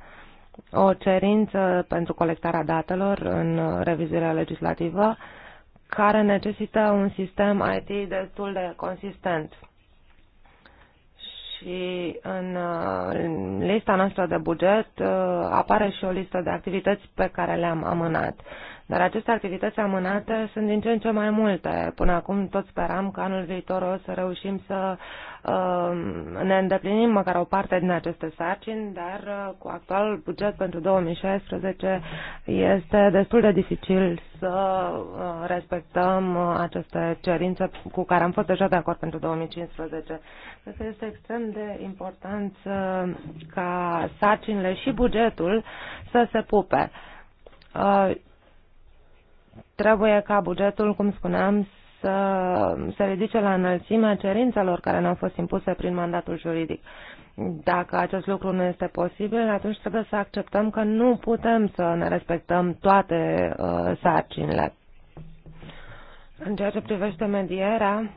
o cerință pentru colectarea datelor în revizuirea legislativă care necesită un sistem IT destul de consistent. Și în lista noastră de buget uh, apare și o listă de activități pe care le-am amânat. Dar aceste activități amânate sunt din ce în ce mai multe. Până acum tot speram că anul viitor o să reușim să uh, ne îndeplinim măcar o parte din aceste sarcini, dar uh, cu actualul buget pentru 2016 este destul de dificil să uh, respectăm aceste cerințe cu care am fost deja de acord pentru 2015. deci este extrem de important ca sarcinile și bugetul să se pupe Trebuie ca bugetul, cum spuneam, să se ridice la înălțimea cerințelor care ne-au fost impuse prin mandatul juridic. Dacă acest lucru nu este posibil, atunci trebuie să acceptăm că nu putem să ne respectăm toate uh, sarcinile. În ceea ce privește medierea,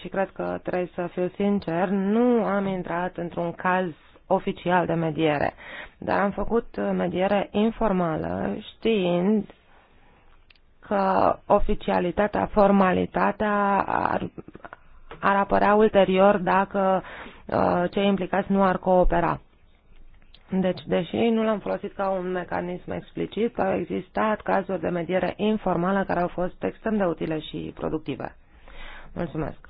și cred că trebuie să fiu sincer, nu am intrat într-un caz oficial de mediere, dar am făcut mediere informală știind că oficialitatea, formalitatea ar, ar apărea ulterior dacă uh, cei implicați nu ar coopera. Deci, deși nu l-am folosit ca un mecanism explicit, au existat cazuri de mediere informală care au fost extrem de utile și productive. Mulțumesc!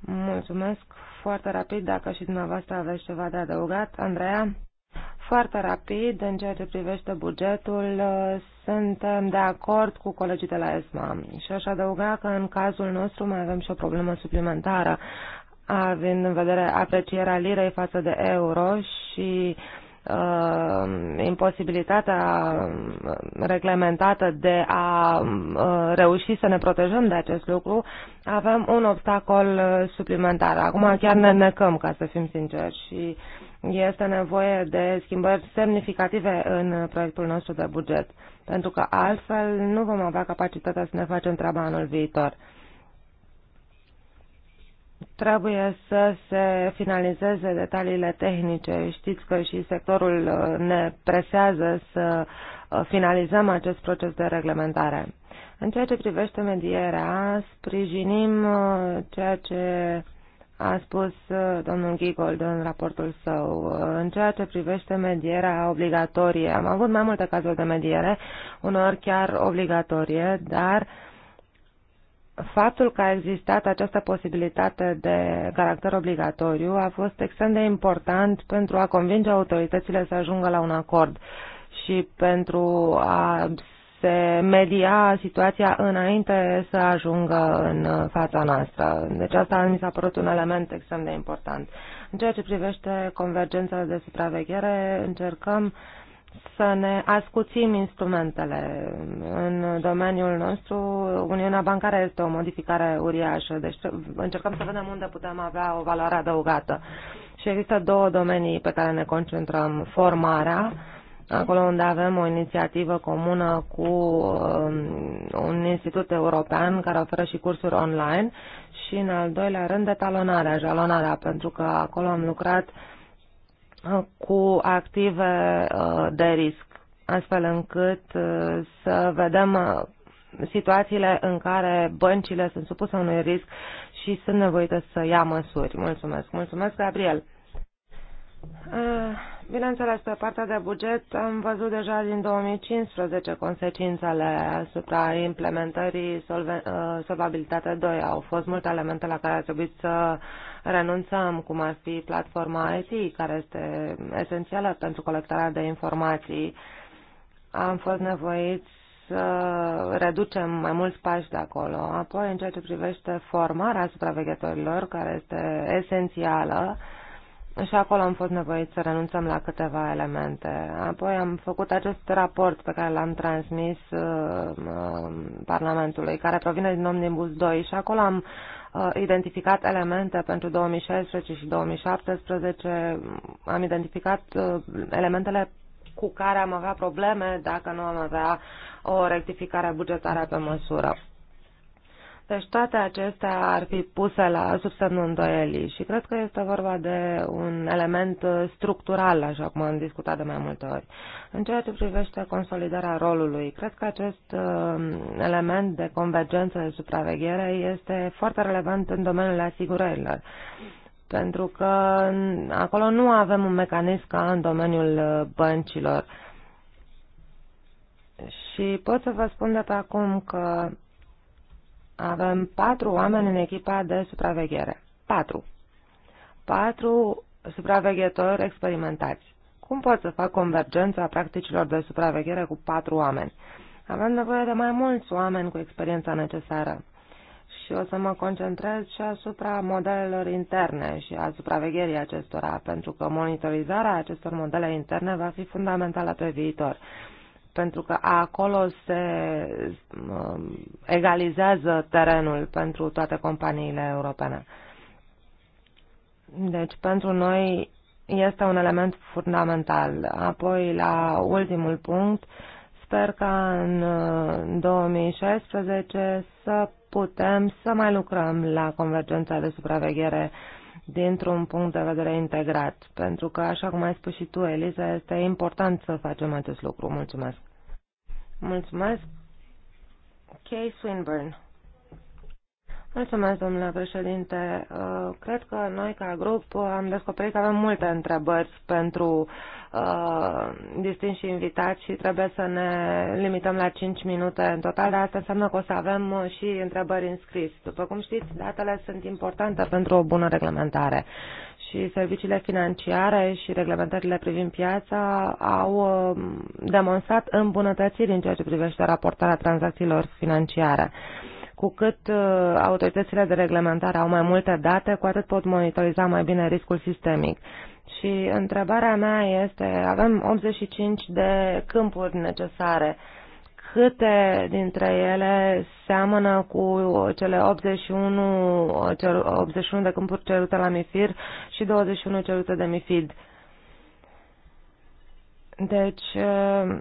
Mulțumesc foarte rapid dacă și dumneavoastră aveți ceva de adăugat. Andreea? Foarte rapid, în ceea ce privește bugetul, uh, suntem de acord cu colegii de la ESMA și aș adăuga că în cazul nostru mai avem și o problemă suplimentară, având în vedere aprecierea lirei față de euro și uh, uh, imposibilitatea uh, reglementată de a uh, reuși să ne protejăm de acest lucru, avem un obstacol uh, suplimentar. Acum chiar ne necăm, ca să fim sinceri, și este nevoie de schimbări semnificative în proiectul nostru de buget, pentru că altfel nu vom avea capacitatea să ne facem treaba anul viitor. Trebuie să se finalizeze detaliile tehnice. Știți că și sectorul uh, ne presează să uh, finalizăm acest proces de reglementare. În ceea ce privește medierea, sprijinim uh, ceea ce a spus domnul Giegold în raportul său. În ceea ce privește medierea obligatorie, am avut mai multe cazuri de mediere, uneori chiar obligatorie, dar uh, faptul că a existat această posibilitate de caracter obligatoriu a fost extrem de important pentru a convinge autoritățile să ajungă la un acord și pentru a se media situația înainte să ajungă în fața noastră. Deci asta mi s-a părut un element extrem de important. În ceea ce privește convergența de supraveghere, încercăm uh, să ne ascuțim instrumentele. În domeniul nostru, Uniunea Bancară este o modificare uriașă, deci încercăm să vedem unde putem avea o valoare adăugată. Și există două domenii pe care ne concentrăm. Formarea, acolo unde avem o inițiativă comună cu um, un institut european care oferă și cursuri online și, în al doilea rând, detalonarea, jalonarea, pentru că acolo am lucrat uh, cu active uh, de risc, astfel încât uh, să vedem uh, situațiile în care băncile sunt supuse unui risc și sunt nevoite să ia măsuri. Mulțumesc. Mulțumesc, Gabriel. Bineînțeles, pe partea de buget am văzut deja din 2015 consecințele asupra implementării Solvabilitatea 2. Au fost multe elemente la care a trebuit să uh, renunțăm, cum ar fi platforma IT, care este esențială pentru colectarea de informații. Am fost nevoiți să reducem mai mulți pași de acolo. Apoi, în ceea ce privește formarea supraveghetorilor, care este esențială, și acolo am fost nevoiți să renunțăm la câteva elemente. Apoi am făcut acest raport pe care l-am transmis uh, uh, Parlamentului, care provine din Omnibus 2 și acolo am Uh, identificat elemente pentru 2016 și 2017, am identificat uh, elementele cu care am avea probleme dacă nu am avea o rectificare bugetară pe măsură. Deci toate acestea ar fi puse la semnul îndoielii și cred că este vorba de un element structural, așa cum am discutat de mai multe ori. În ceea ce privește consolidarea rolului, cred că acest uh, element de convergență de supraveghere este foarte relevant în domeniul asigurărilor pentru că acolo nu avem un mecanism ca în domeniul uh, băncilor. Și pot să vă spun de pe acum că avem patru oameni în echipa de supraveghere. Patru. Patru supraveghetori experimentați. Cum pot să fac convergența practicilor de supraveghere cu patru oameni? Avem nevoie de mai mulți oameni cu experiența necesară și o să mă concentrez și asupra modelelor interne și a supravegherii acestora, pentru că monitorizarea acestor modele interne va fi fundamentală pe viitor pentru că acolo se um, egalizează terenul pentru toate companiile europene. Deci, pentru noi este un element fundamental. Apoi, la ultimul punct, sper ca în 2016 uh, să putem să mai lucrăm la convergența de supraveghere uh, dintr-un punct de vedere integrat, pentru că, așa cum ai spus și tu, Eliza, este important să facem acest lucru. Mulțumesc! Mulțumesc! Kay Swinburne Mulțumesc, domnule președinte. Uh, cred că noi, ca grup, am descoperit că avem multe întrebări pentru uh, distinși invitați și trebuie să ne limităm la 5 minute în total, dar asta înseamnă că o să avem și întrebări înscris. După cum știți, datele sunt importante pentru o bună reglementare și serviciile financiare și reglementările privind piața au uh, demonstrat îmbunătățiri în ceea ce privește raportarea tranzacțiilor financiare cu cât uh, autoritățile de reglementare au mai multe date, cu atât pot monitoriza mai bine riscul sistemic. Și întrebarea mea este, avem 85 de câmpuri necesare. Câte dintre ele seamănă cu cele 81, 81 de câmpuri cerute la MIFIR și 21 cerute de MIFID? Deci, uh,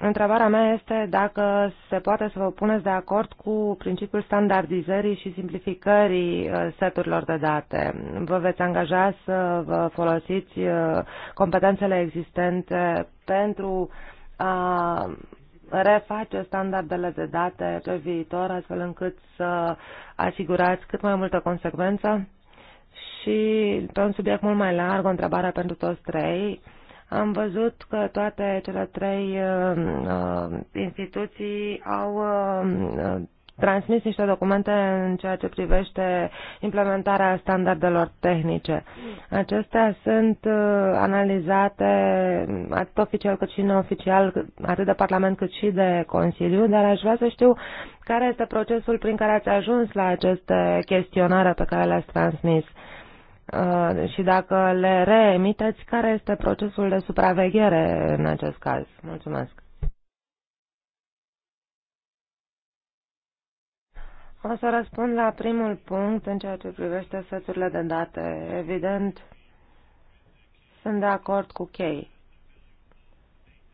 Întrebarea mea este dacă se poate să vă puneți de acord cu principiul standardizării și simplificării uh, seturilor de date. Vă veți angaja să vă folosiți uh, competențele existente pentru a reface standardele de date pe viitor, astfel încât să asigurați cât mai multă consecvență? Și pe un subiect mult mai larg, o întrebare pentru toți trei am văzut că toate cele trei uh, uh instituții au uh, uh, transmis niște documente în ceea ce privește implementarea standardelor tehnice. Acestea sunt uh, analizate atât oficial cât și neoficial, atât de Parlament cât și de Consiliu, dar aș vrea să știu care este procesul prin care ați ajuns la aceste chestionare pe care le-ați transmis. Uh, Uh, și dacă le reemiteți, care este procesul de supraveghere în acest caz? Mulțumesc. O să răspund la primul punct în ceea ce privește seturile de date. Evident, sunt de acord cu chei.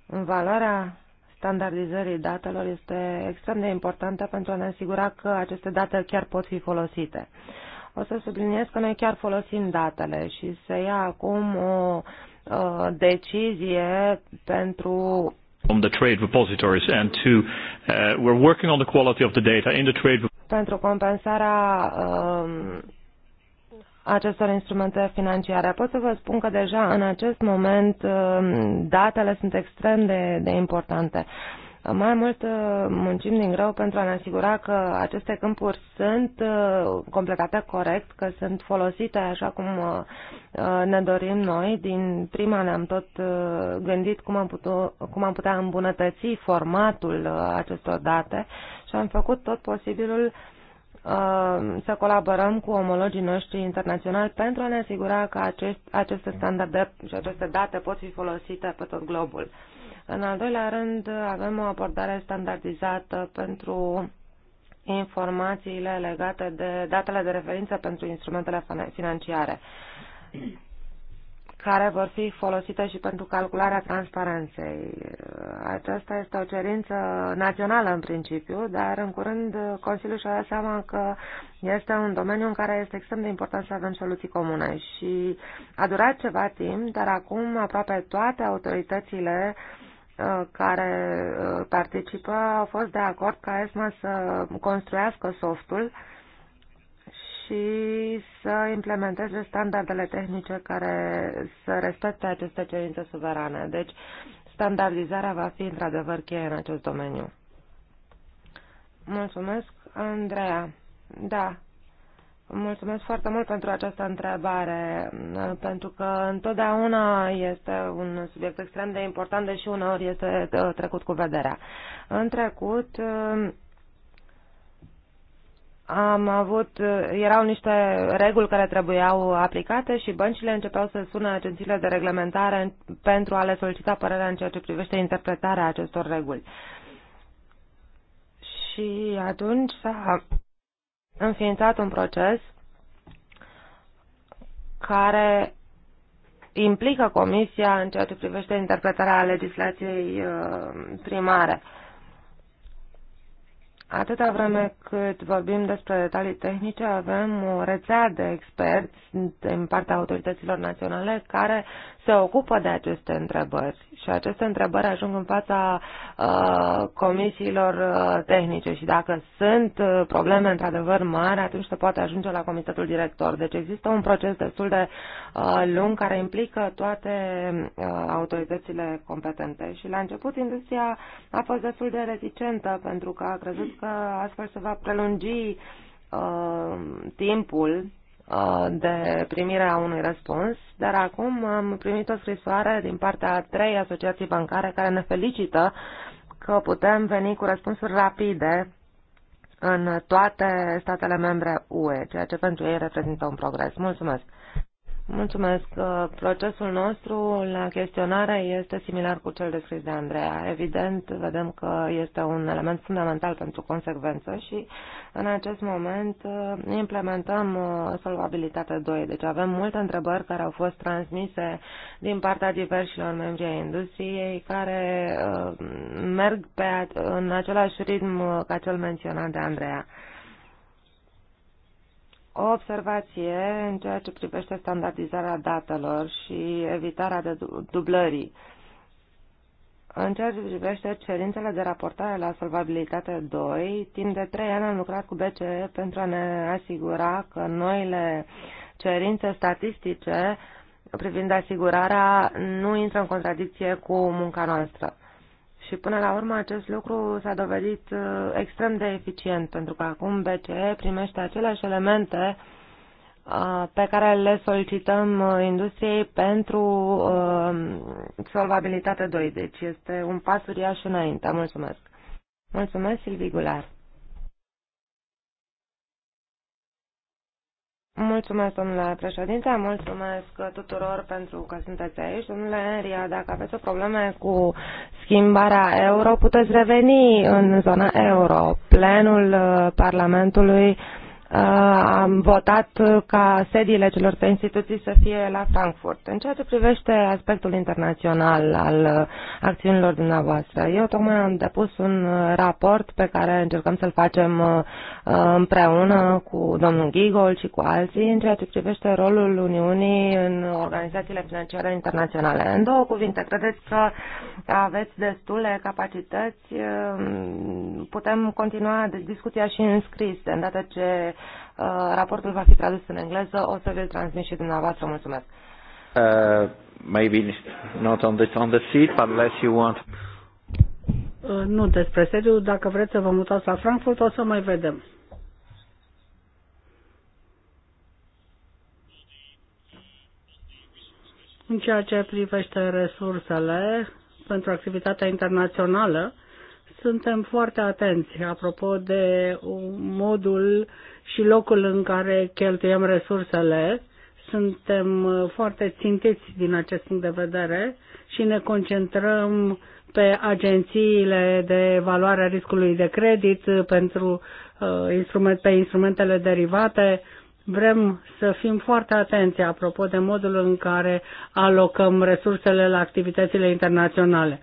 Valoarea standardizării datelor este extrem de importantă pentru a ne asigura că aceste date chiar pot fi folosite. O să subliniez că noi chiar folosim datele și să ia acum o uh, decizie pentru from the trade repositories and to uh, we're working on the quality of the data in the trade pentru compensarea um, acestor instrumente financiare. Pot să vă spun că deja în acest moment um, datele sunt extrem de, de importante. Uh, mai mult uh, muncim din greu pentru a ne asigura că aceste câmpuri sunt uh, completate corect, că sunt folosite așa cum uh, ne dorim noi. Din prima ne-am tot gândit cum am, putu, cum am putea îmbunătăți formatul acestor date și am făcut tot posibilul să colaborăm cu omologii noștri internaționali pentru a ne asigura că acest, aceste standarde și aceste date pot fi folosite pe tot globul. În al doilea rând, avem o abordare standardizată pentru informațiile legate de datele de referință pentru instrumentele financiare, care vor fi folosite și pentru calcularea transparenței. Aceasta este o cerință națională în principiu, dar în curând Consiliul și-a dat seama că este un domeniu în care este extrem de important să avem soluții comune și a durat ceva timp, dar acum aproape toate autoritățile uh, Uh, care uh, participă au fost de acord ca ESMA să construiască softul și să implementeze standardele tehnice care să respecte aceste cerințe suverane. Deci, standardizarea va fi într-adevăr cheie în acest domeniu. Mulțumesc, Andreea. Da, Mulțumesc foarte mult pentru această întrebare, pentru că întotdeauna este un subiect extrem de important, deși uneori este trecut cu vederea. În trecut, am avut, erau niște reguli care trebuiau aplicate și băncile începeau să sună agențiile de reglementare pentru a le solicita părerea în ceea ce privește interpretarea acestor reguli. Și atunci s-a înființat un proces care implică Comisia în ceea ce privește interpretarea legislației uh, primare. Atâta vreme cât vorbim despre detalii tehnice, avem o rețea de experți din partea autorităților naționale care se ocupă de aceste întrebări și aceste întrebări ajung în fața uh, comisiilor uh, tehnice și dacă sunt uh, probleme într-adevăr mari, atunci se poate ajunge la comitetul director. Deci există un proces destul de uh, lung care implică toate uh, autoritățile competente și la început industria a fost destul de reticentă pentru că a crezut că că astfel se va prelungi uh, timpul uh, de primire a unui răspuns, dar acum am primit o scrisoare din partea a trei asociații bancare care ne felicită că putem veni cu răspunsuri rapide în toate statele membre UE, ceea ce pentru ei reprezintă un progres. Mulțumesc! Mulțumesc. Uh, procesul nostru la chestionare este similar cu cel descris de Andreea. Evident, vedem că este un element fundamental pentru consecvență și în acest moment uh, implementăm uh, solvabilitatea 2. Deci avem multe întrebări care au fost transmise din partea diversilor membri ai industriei care merg pe, în același ritm ca cel menționat de Andreea o observație în ceea ce privește standardizarea datelor și evitarea de dublării. În ceea ce privește cerințele de raportare la solvabilitate 2, timp de 3 ani am lucrat cu BCE pentru a ne asigura că noile cerințe statistice privind asigurarea nu intră în contradicție cu munca noastră. Și până la urmă acest lucru s-a dovedit uh, extrem de eficient, pentru că acum BCE primește aceleași elemente uh, pe care le solicităm uh, industriei pentru solvabilitate 2. Deci este un pas uriaș înainte. Mulțumesc. Mulțumesc, Silvi Gular. Mulțumesc, domnule președinte, mulțumesc tuturor pentru că sunteți aici. Domnule Enria, dacă aveți o problemă cu schimbarea euro, puteți reveni în zona euro. Plenul uh, Parlamentului Uh, am votat uh, ca sediile celor trei instituții să fie la Frankfurt. În ceea ce privește aspectul internațional al uh, acțiunilor dumneavoastră, eu tocmai am depus un raport pe care încercăm să-l facem împreună cu domnul Gigol și cu alții în ceea ce privește rolul Uniunii în organizațiile financiare internaționale. În două cuvinte, credeți că aveți destule capacități? Putem continua discuția și în scris, de îndată ce Uh, raportul va fi tradus în engleză, o să vi-l transmit și dumneavoastră. Mulțumesc. Uh, maybe not on the, on the seat, but less you want. Uh, nu despre sediu, dacă vreți să vă mutați la Frankfurt, o să mai vedem. În ceea ce privește resursele pentru activitatea internațională, suntem foarte atenți apropo de modul și locul în care cheltuiem resursele. Suntem uh, foarte țintiți din acest punct de vedere și ne concentrăm pe agențiile de evaluare a riscului de credit uh, pentru uh, instrument, pe instrumentele derivate. Vrem să fim foarte atenți apropo de modul în care alocăm resursele la activitățile internaționale.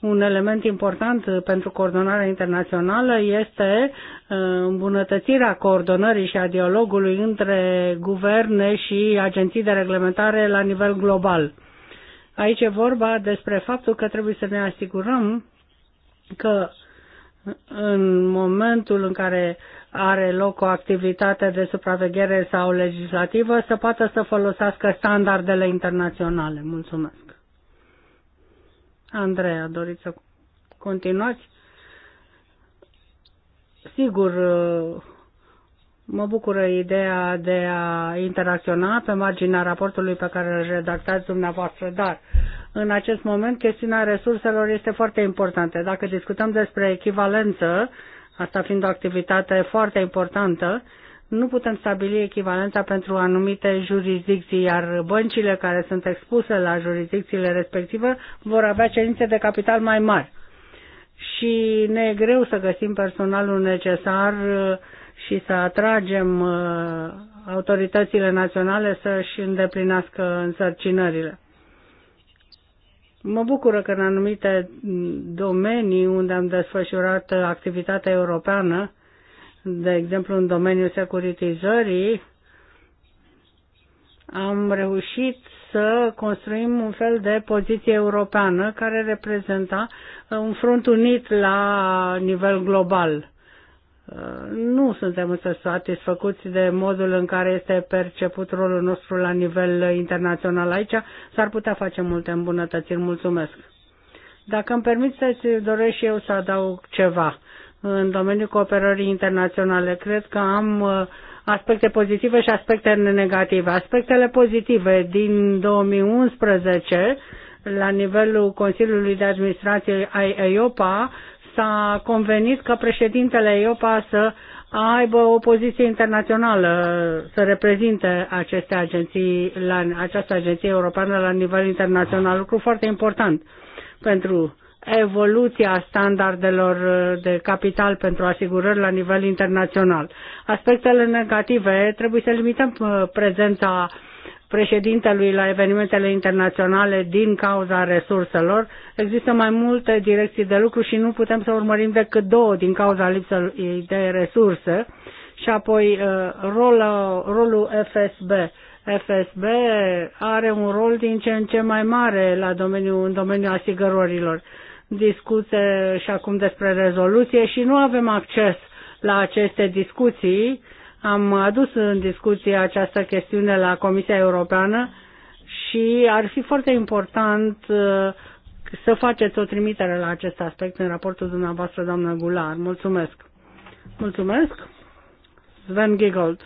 Un element important uh, pentru coordonarea internațională este uh, îmbunătățirea coordonării și a dialogului între guverne și agenții de reglementare la nivel global. Aici e vorba despre faptul că trebuie să ne asigurăm că în momentul în care are loc o activitate de supraveghere sau legislativă să poată să folosească standardele internaționale. Mulțumesc. Andreea, doriți să continuați? Sigur, mă bucură ideea de a interacționa pe marginea raportului pe care îl redactați dumneavoastră, dar în acest moment chestiunea resurselor este foarte importantă. Dacă discutăm despre echivalență, asta fiind o activitate foarte importantă, nu putem stabili echivalența pentru anumite jurisdicții, iar băncile care sunt expuse la jurisdicțiile respective vor avea cerințe de capital mai mari. Și ne e greu să găsim personalul necesar uh, și să atragem uh, autoritățile naționale să-și îndeplinească însărcinările. Mă bucură că în anumite mm, domenii unde am desfășurat uh, activitatea europeană, de exemplu în domeniul securitizării, am reușit să construim un fel de poziție europeană care reprezenta uh, un front unit la nivel global. Uh, nu suntem însă satisfăcuți de modul în care este perceput rolul nostru la nivel internațional aici. S-ar putea face multe îmbunătățiri. Mulțumesc! Dacă îmi permiteți, doresc și eu să adaug ceva în domeniul cooperării internaționale. Cred că am uh, aspecte pozitive și aspecte negative. Aspectele pozitive din 2011 la nivelul Consiliului de Administrație ai EIOPA s-a convenit că președintele EIOPA să aibă o poziție internațională, să reprezinte aceste agenții, la, această agenție europeană la nivel internațional, lucru foarte important pentru evoluția standardelor uh, de capital pentru asigurări la nivel internațional. Aspectele negative trebuie să limităm uh, prezența președintelui la evenimentele internaționale din cauza resurselor. Există mai multe direcții de lucru și nu putem să urmărim decât două din cauza lipsei de resurse și apoi uh, rolul, rolul FSB. FSB are un rol din ce în ce mai mare la domeniul, în domeniul asigurărilor discute și acum despre rezoluție și nu avem acces la aceste discuții. Am adus în discuție această chestiune la Comisia Europeană și ar fi foarte important uh, să faceți o trimitere la acest aspect în raportul dumneavoastră, doamnă Gular. Mulțumesc! Mulțumesc! Sven Giggold.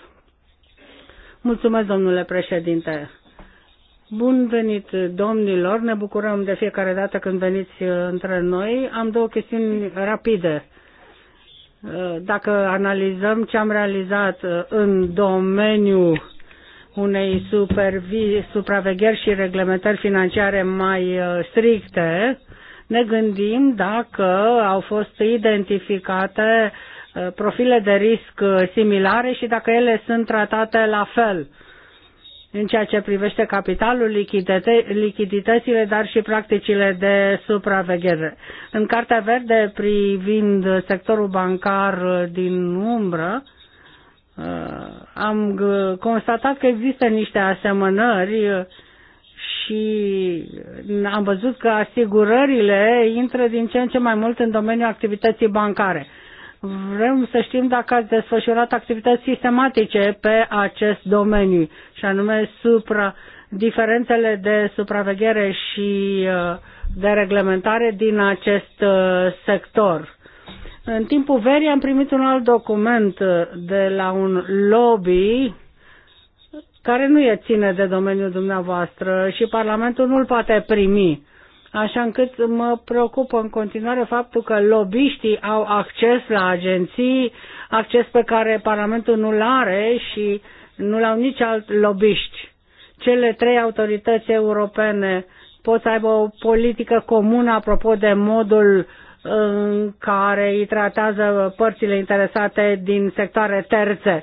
Mulțumesc, domnule președinte. Bun venit, domnilor! Ne bucurăm de fiecare dată când veniți uh, între noi. Am două chestiuni rapide. Uh, dacă analizăm ce am realizat uh, în domeniul unei supravegheri și reglementări financiare mai stricte, ne gândim dacă au fost identificate profile de risc similare și dacă ele sunt tratate la fel în ceea ce privește capitalul, lichiditățile, dar și practicile de supraveghere. În Cartea Verde privind sectorul bancar din umbră, uh, am constatat că există niște asemănări uh, și am văzut că asigurările intră din ce în ce mai mult în domeniul activității bancare. Vrem să știm dacă ați desfășurat activități sistematice pe acest domeniu, și anume supra, diferențele de supraveghere și uh, de reglementare din acest uh, sector. În timpul verii am primit un alt document uh, de la un lobby care nu e ține de domeniul dumneavoastră și Parlamentul nu-l poate primi așa încât mă preocupă în continuare faptul că lobiștii au acces la agenții, acces pe care Parlamentul nu-l are și nu-l au nici alt lobiști. Cele trei autorități europene pot să aibă o politică comună apropo de modul în care îi tratează părțile interesate din sectoare terțe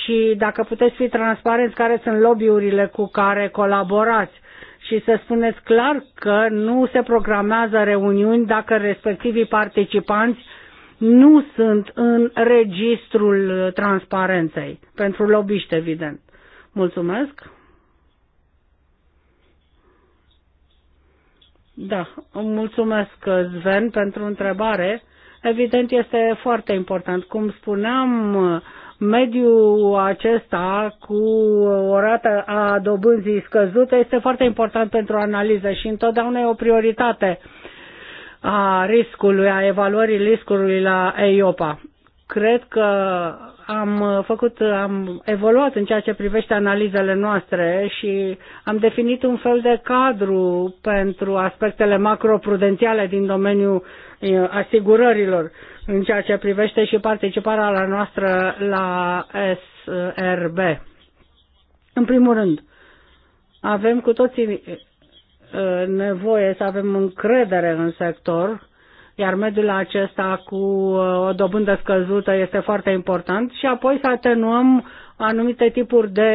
și dacă puteți fi transparenți care sunt lobbyurile cu care colaborați și să spuneți clar că nu se programează reuniuni dacă respectivii participanți nu sunt în registrul transparenței, pentru lobbyști, evident. Mulțumesc! Da, mulțumesc, Sven, pentru întrebare. Evident, este foarte important. Cum spuneam, mediul acesta cu o rată a dobânzii scăzută este foarte important pentru analiză și întotdeauna e o prioritate a riscului, a evaluării riscului la EIOPA. Cred că am uh, făcut, uh, am evoluat în ceea ce privește analizele noastre și am definit un fel de cadru pentru aspectele macroprudențiale din domeniul uh, asigurărilor în ceea ce privește și participarea la noastră la SRB. În primul rând, avem cu toții nevoie să avem încredere în sector iar mediul acesta cu uh, o dobândă scăzută este foarte important și apoi să atenuăm anumite tipuri de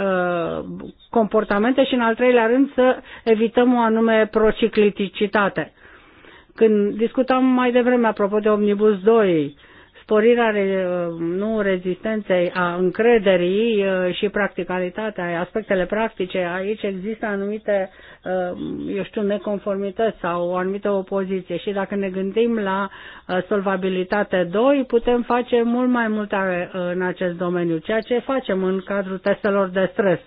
uh, comportamente și în al treilea rând să evităm o anume prociclicitate. Când discutam mai devreme apropo de Omnibus 2, sporirea uh, nu rezistenței a încrederii uh, și practicalitatea, aspectele practice, aici există anumite Uh, eu știu, neconformități sau o anumită opoziție. Și dacă ne gândim la uh, solvabilitate 2, putem face mult mai multe uh, în acest domeniu, ceea ce facem în cadrul testelor de stres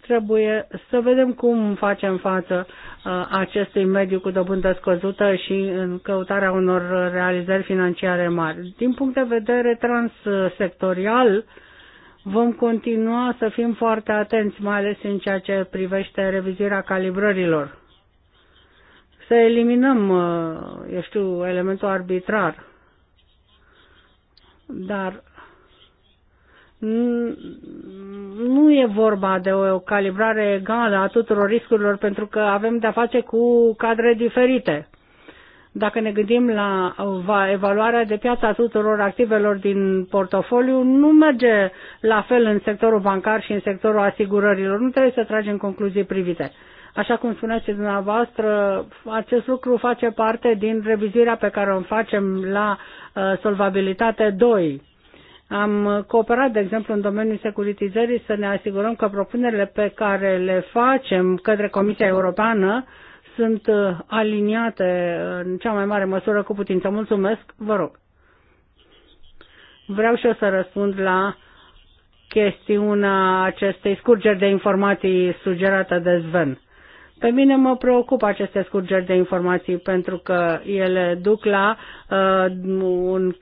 trebuie să vedem cum facem față uh, acestui mediu cu dobândă scăzută și în căutarea unor realizări financiare mari. Din punct de vedere transsectorial, Vom continua să fim foarte atenți, mai ales în ceea ce privește revizuirea calibrărilor. Să eliminăm, uh, eu știu, elementul arbitrar. Dar nu e vorba de o calibrare egală a tuturor riscurilor, pentru că avem de-a face cu cadre diferite. Dacă ne gândim la evaluarea de piață a tuturor activelor din portofoliu, nu merge la fel în sectorul bancar și în sectorul asigurărilor. Nu trebuie să tragem concluzii privite. Așa cum spuneați dumneavoastră, acest lucru face parte din revizuirea pe care o facem la uh, solvabilitate 2. Am cooperat, de exemplu, în domeniul securitizării să ne asigurăm că propunerile pe care le facem către Comisia Europeană sunt uh, aliniate uh, în cea mai mare măsură cu putință. Mulțumesc, vă rog. Vreau și eu să răspund la chestiunea acestei scurgeri de informații sugerată de Sven. Pe mine mă preocupă aceste scurgeri de informații pentru că ele duc la uh, un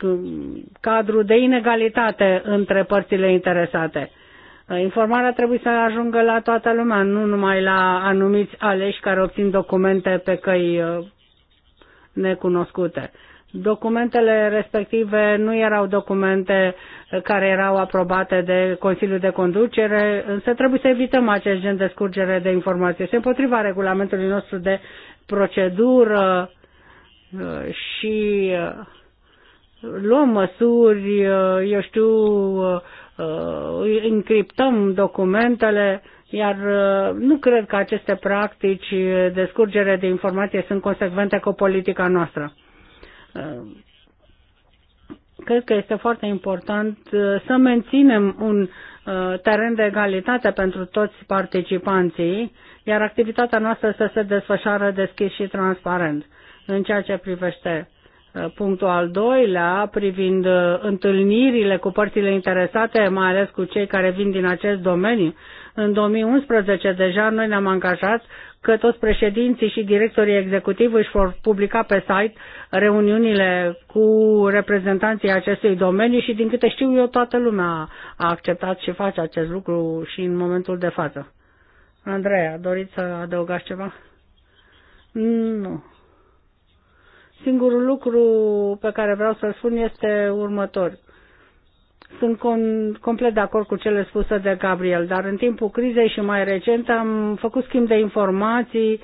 cadru de inegalitate între părțile interesate. Informarea trebuie să ajungă la toată lumea, nu numai la anumiți aleși care obțin documente pe căi uh, necunoscute. Documentele respective nu erau documente uh, care erau aprobate de Consiliul de Conducere, însă trebuie să evităm acest gen de scurgere de informații. Este împotriva regulamentului nostru de procedură uh, și luăm măsuri, eu știu, Uh, încriptăm documentele, iar uh, nu cred că aceste practici de scurgere de informație sunt consecvente cu politica noastră. Uh, cred că este foarte important să menținem un teren de egalitate pentru toți participanții, iar activitatea noastră să se desfășoare deschis și transparent în ceea ce privește Uh, punctul al doilea, privind uh, întâlnirile cu părțile interesate, mai ales cu cei care vin din acest domeniu. În 2011 deja noi ne-am angajat că toți președinții și directorii executivi își vor publica pe site reuniunile cu reprezentanții acestui domeniu și din câte știu eu toată lumea a acceptat și face acest lucru și în momentul de față. Andreea, doriți să adăugați ceva? Nu. Singurul lucru pe care vreau să-l spun este următor. Sunt con- complet de acord cu cele spuse de Gabriel, dar în timpul crizei și mai recent am făcut schimb de informații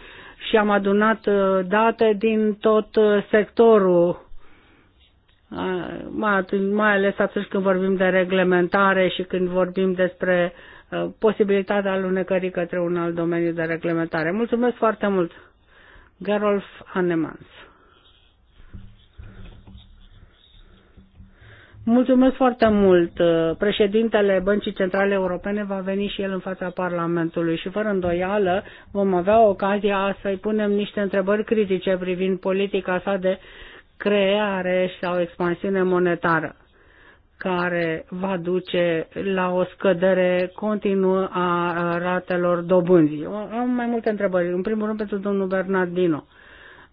și am adunat uh, date din tot uh, sectorul uh, mai ales atunci când vorbim de reglementare și când vorbim despre posibilitatea alunecării către un alt domeniu de reglementare. Mulțumesc foarte mult, Gerolf Hannemans Mulțumesc foarte mult. Președintele Băncii Centrale Europene va veni și el în fața Parlamentului și fără îndoială vom avea ocazia să-i punem niște întrebări critice privind politica sa de creare sau expansiune monetară care va duce la o scădere continuă a ratelor dobânzii. Am mai multe întrebări. În primul rând pentru domnul Bernardino.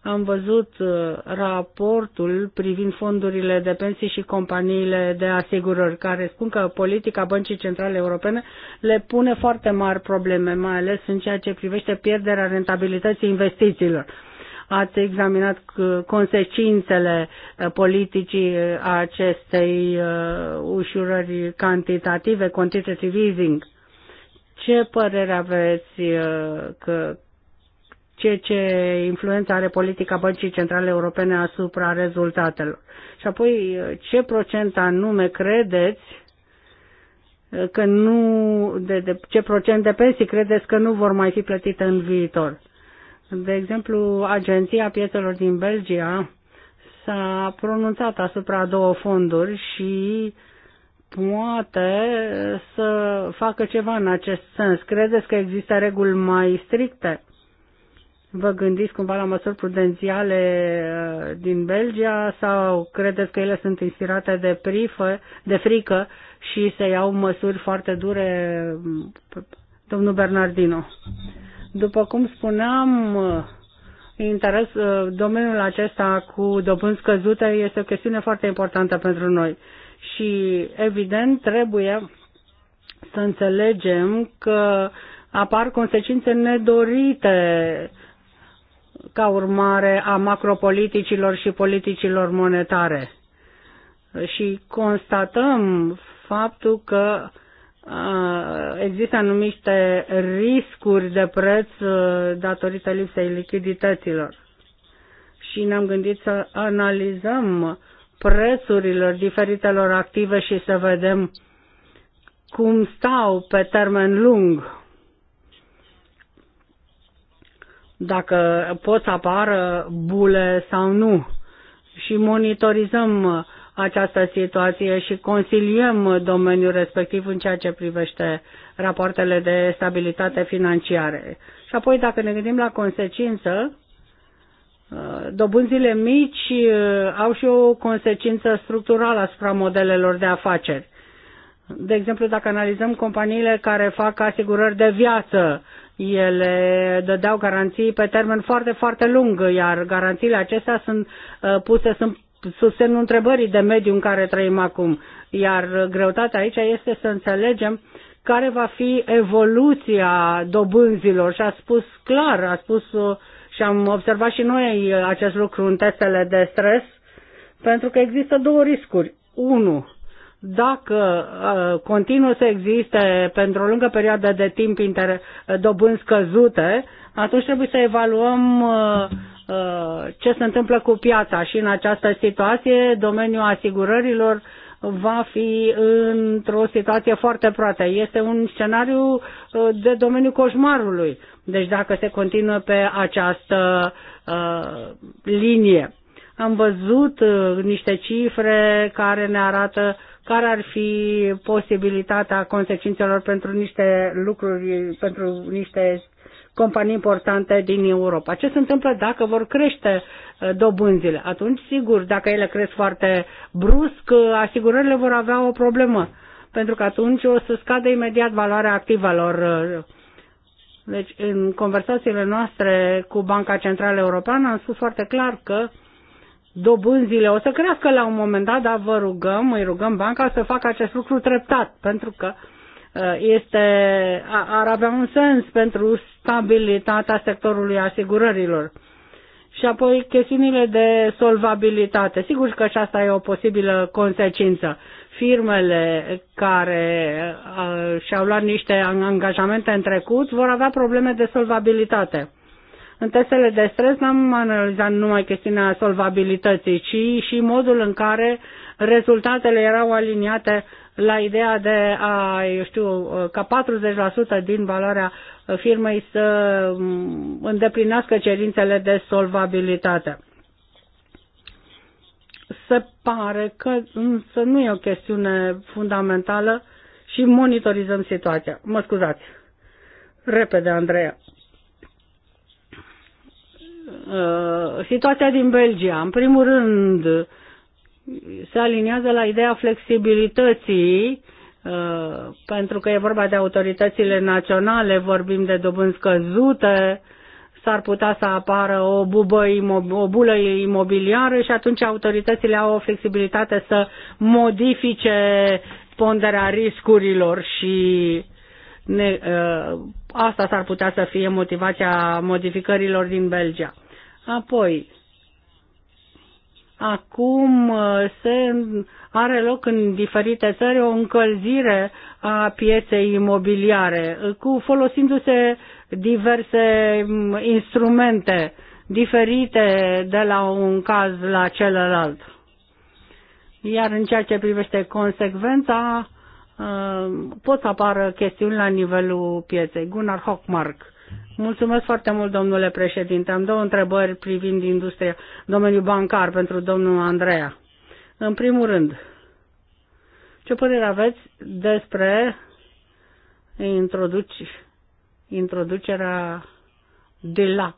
Am văzut uh, raportul privind fondurile de pensii și companiile de asigurări, care spun că politica Băncii Centrale Europene le pune foarte mari probleme, mai ales în ceea ce privește pierderea rentabilității investițiilor ați examinat uh, consecințele uh, politicii acestei ușurări cantitative, quantitative easing. Ce părere aveți că știe ce influență are politica Băncii Centrale Europene asupra rezultatelor. Și apoi, ce procent anume credeți că nu, de, de, ce procent de pensii credeți că nu vor mai fi plătite în viitor? De exemplu, Agenția Piețelor din Belgia s-a pronunțat asupra două fonduri și poate să facă ceva în acest sens. Credeți că există reguli mai stricte? Vă gândiți cumva la măsuri prudențiale uh, din Belgia sau credeți că ele sunt inspirate de, prifă, de frică și se iau măsuri foarte dure, mm, domnul Bernardino? După cum spuneam, uh, interes, uh, domeniul acesta cu dobânzi scăzute este o chestiune foarte importantă pentru noi și evident trebuie să înțelegem că apar consecințe nedorite ca urmare a macropoliticilor și politicilor monetare. Și constatăm faptul că există anumite riscuri de preț datorită lipsei lichidităților. Și ne-am gândit să analizăm prețurilor diferitelor active și să vedem cum stau pe termen lung dacă pot să apară bule sau nu. Și monitorizăm această situație și consiliem domeniul respectiv în ceea ce privește rapoartele de stabilitate financiare. Și apoi, dacă ne gândim la consecință, dobânzile mici uh, au și o consecință structurală asupra modelelor de afaceri. De exemplu, dacă analizăm companiile care fac asigurări de viață, ele dădeau garanții pe termen foarte, foarte lung, iar garanțiile acestea sunt uh, puse sunt sub semnul întrebării de mediu în care trăim acum. Iar greutatea aici este să înțelegem care va fi evoluția dobânzilor și a spus clar, a spus uh, și am observat și noi uh, acest lucru în testele de stres, pentru că există două riscuri. Unu, dacă uh, continuă să existe pentru o lungă perioadă de timp inter, uh, dobând scăzute, atunci trebuie să evaluăm uh, ce se întâmplă cu piața și în această situație domeniul asigurărilor va fi într-o situație foarte proastă. Este un scenariu de domeniu coșmarului, deci dacă se continuă pe această uh, linie. Am văzut niște cifre care ne arată uh, care ar fi posibilitatea consecințelor pentru niște lucruri, pentru niște companii importante din Europa. Ce se întâmplă dacă vor crește uh, dobânzile? Atunci, sigur, dacă ele cresc foarte brusc, uh, asigurările vor avea o problemă, pentru că atunci o să scadă imediat valoarea activelor. Uh. Deci, în conversațiile noastre cu Banca Centrală Europeană am spus foarte clar că dobânzile o să crească la un moment dat, dar vă rugăm, îi rugăm banca să facă acest lucru treptat, pentru că uh, este, ar avea un sens pentru stabilitatea sectorului asigurărilor. Și apoi chestiunile de solvabilitate. Sigur că asta e o posibilă consecință. Firmele care uh, și-au luat niște angajamente în trecut vor avea probleme de solvabilitate. În testele de stres n-am analizat numai chestiunea solvabilității, ci și modul în care rezultatele erau aliniate la ideea de a, eu știu, ca 40% din valoarea firmei să mm, îndeplinească cerințele de solvabilitate. Se pare că însă nu e o chestiune fundamentală și monitorizăm situația. Mă scuzați. Repede, Andreea. Uh, situația din Belgia. În primul rând, se aliniază la ideea flexibilității, uh, pentru că e vorba de autoritățile naționale, vorbim de dobânzi scăzute, s-ar putea să apară o, bubă, o bulă imobiliară și atunci autoritățile au o flexibilitate să modifice ponderea riscurilor și ne, ă, asta s-ar putea să fie motivația modificărilor din Belgia. Apoi, acum ă, se are loc în diferite țări o încălzire a pieței imobiliare, cu folosindu-se diverse instrumente diferite de la un caz la celălalt. Iar în ceea ce privește consecvența, Uh, pot să apară chestiuni la nivelul pieței. Gunnar Hockmark. Mulțumesc foarte mult, domnule președinte. Am două întrebări privind industria, domeniul bancar pentru domnul Andreea. În primul rând, ce părere aveți despre introduci, introducerea lac?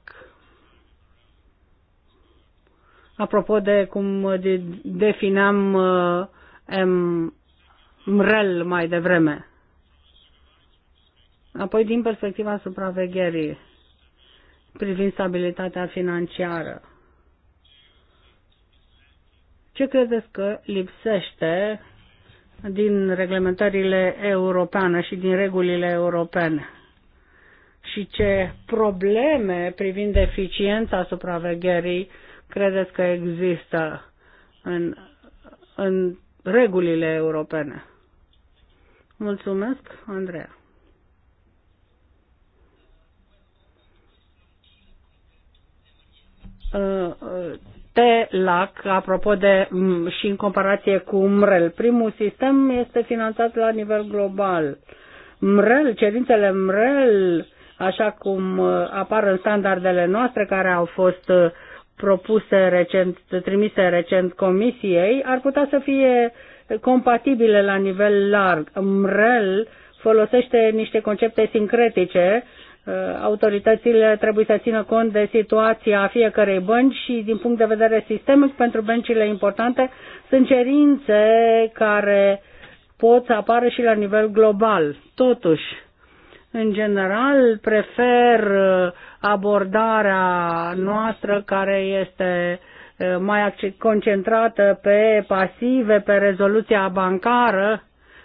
Apropo de cum defineam uh, MREL mai devreme. Apoi, din perspectiva supravegherii, privind stabilitatea financiară, ce credeți că lipsește din reglementările europene și din regulile europene? Și ce probleme privind eficiența supravegherii credeți că există în, în regulile europene? Mulțumesc, Andreea. lac, apropo de și în comparație cu MREL. Primul sistem este finanțat la nivel global. MREL, cerințele MREL, așa cum uh, apar în standardele noastre care au fost uh, propuse recent, trimise recent comisiei, ar putea să fie uh, compatibile la nivel larg. MREL folosește niște concepte sincretice. Uh, autoritățile trebuie să țină cont de situația fiecarei bănci și din punct de vedere sistemic pentru băncile importante sunt cerințe care pot să apară și la nivel global. Totuși, în general, prefer uh, abordarea noastră care este uh, Uh, mai concentrată pe pasive, pe rezoluția bancară,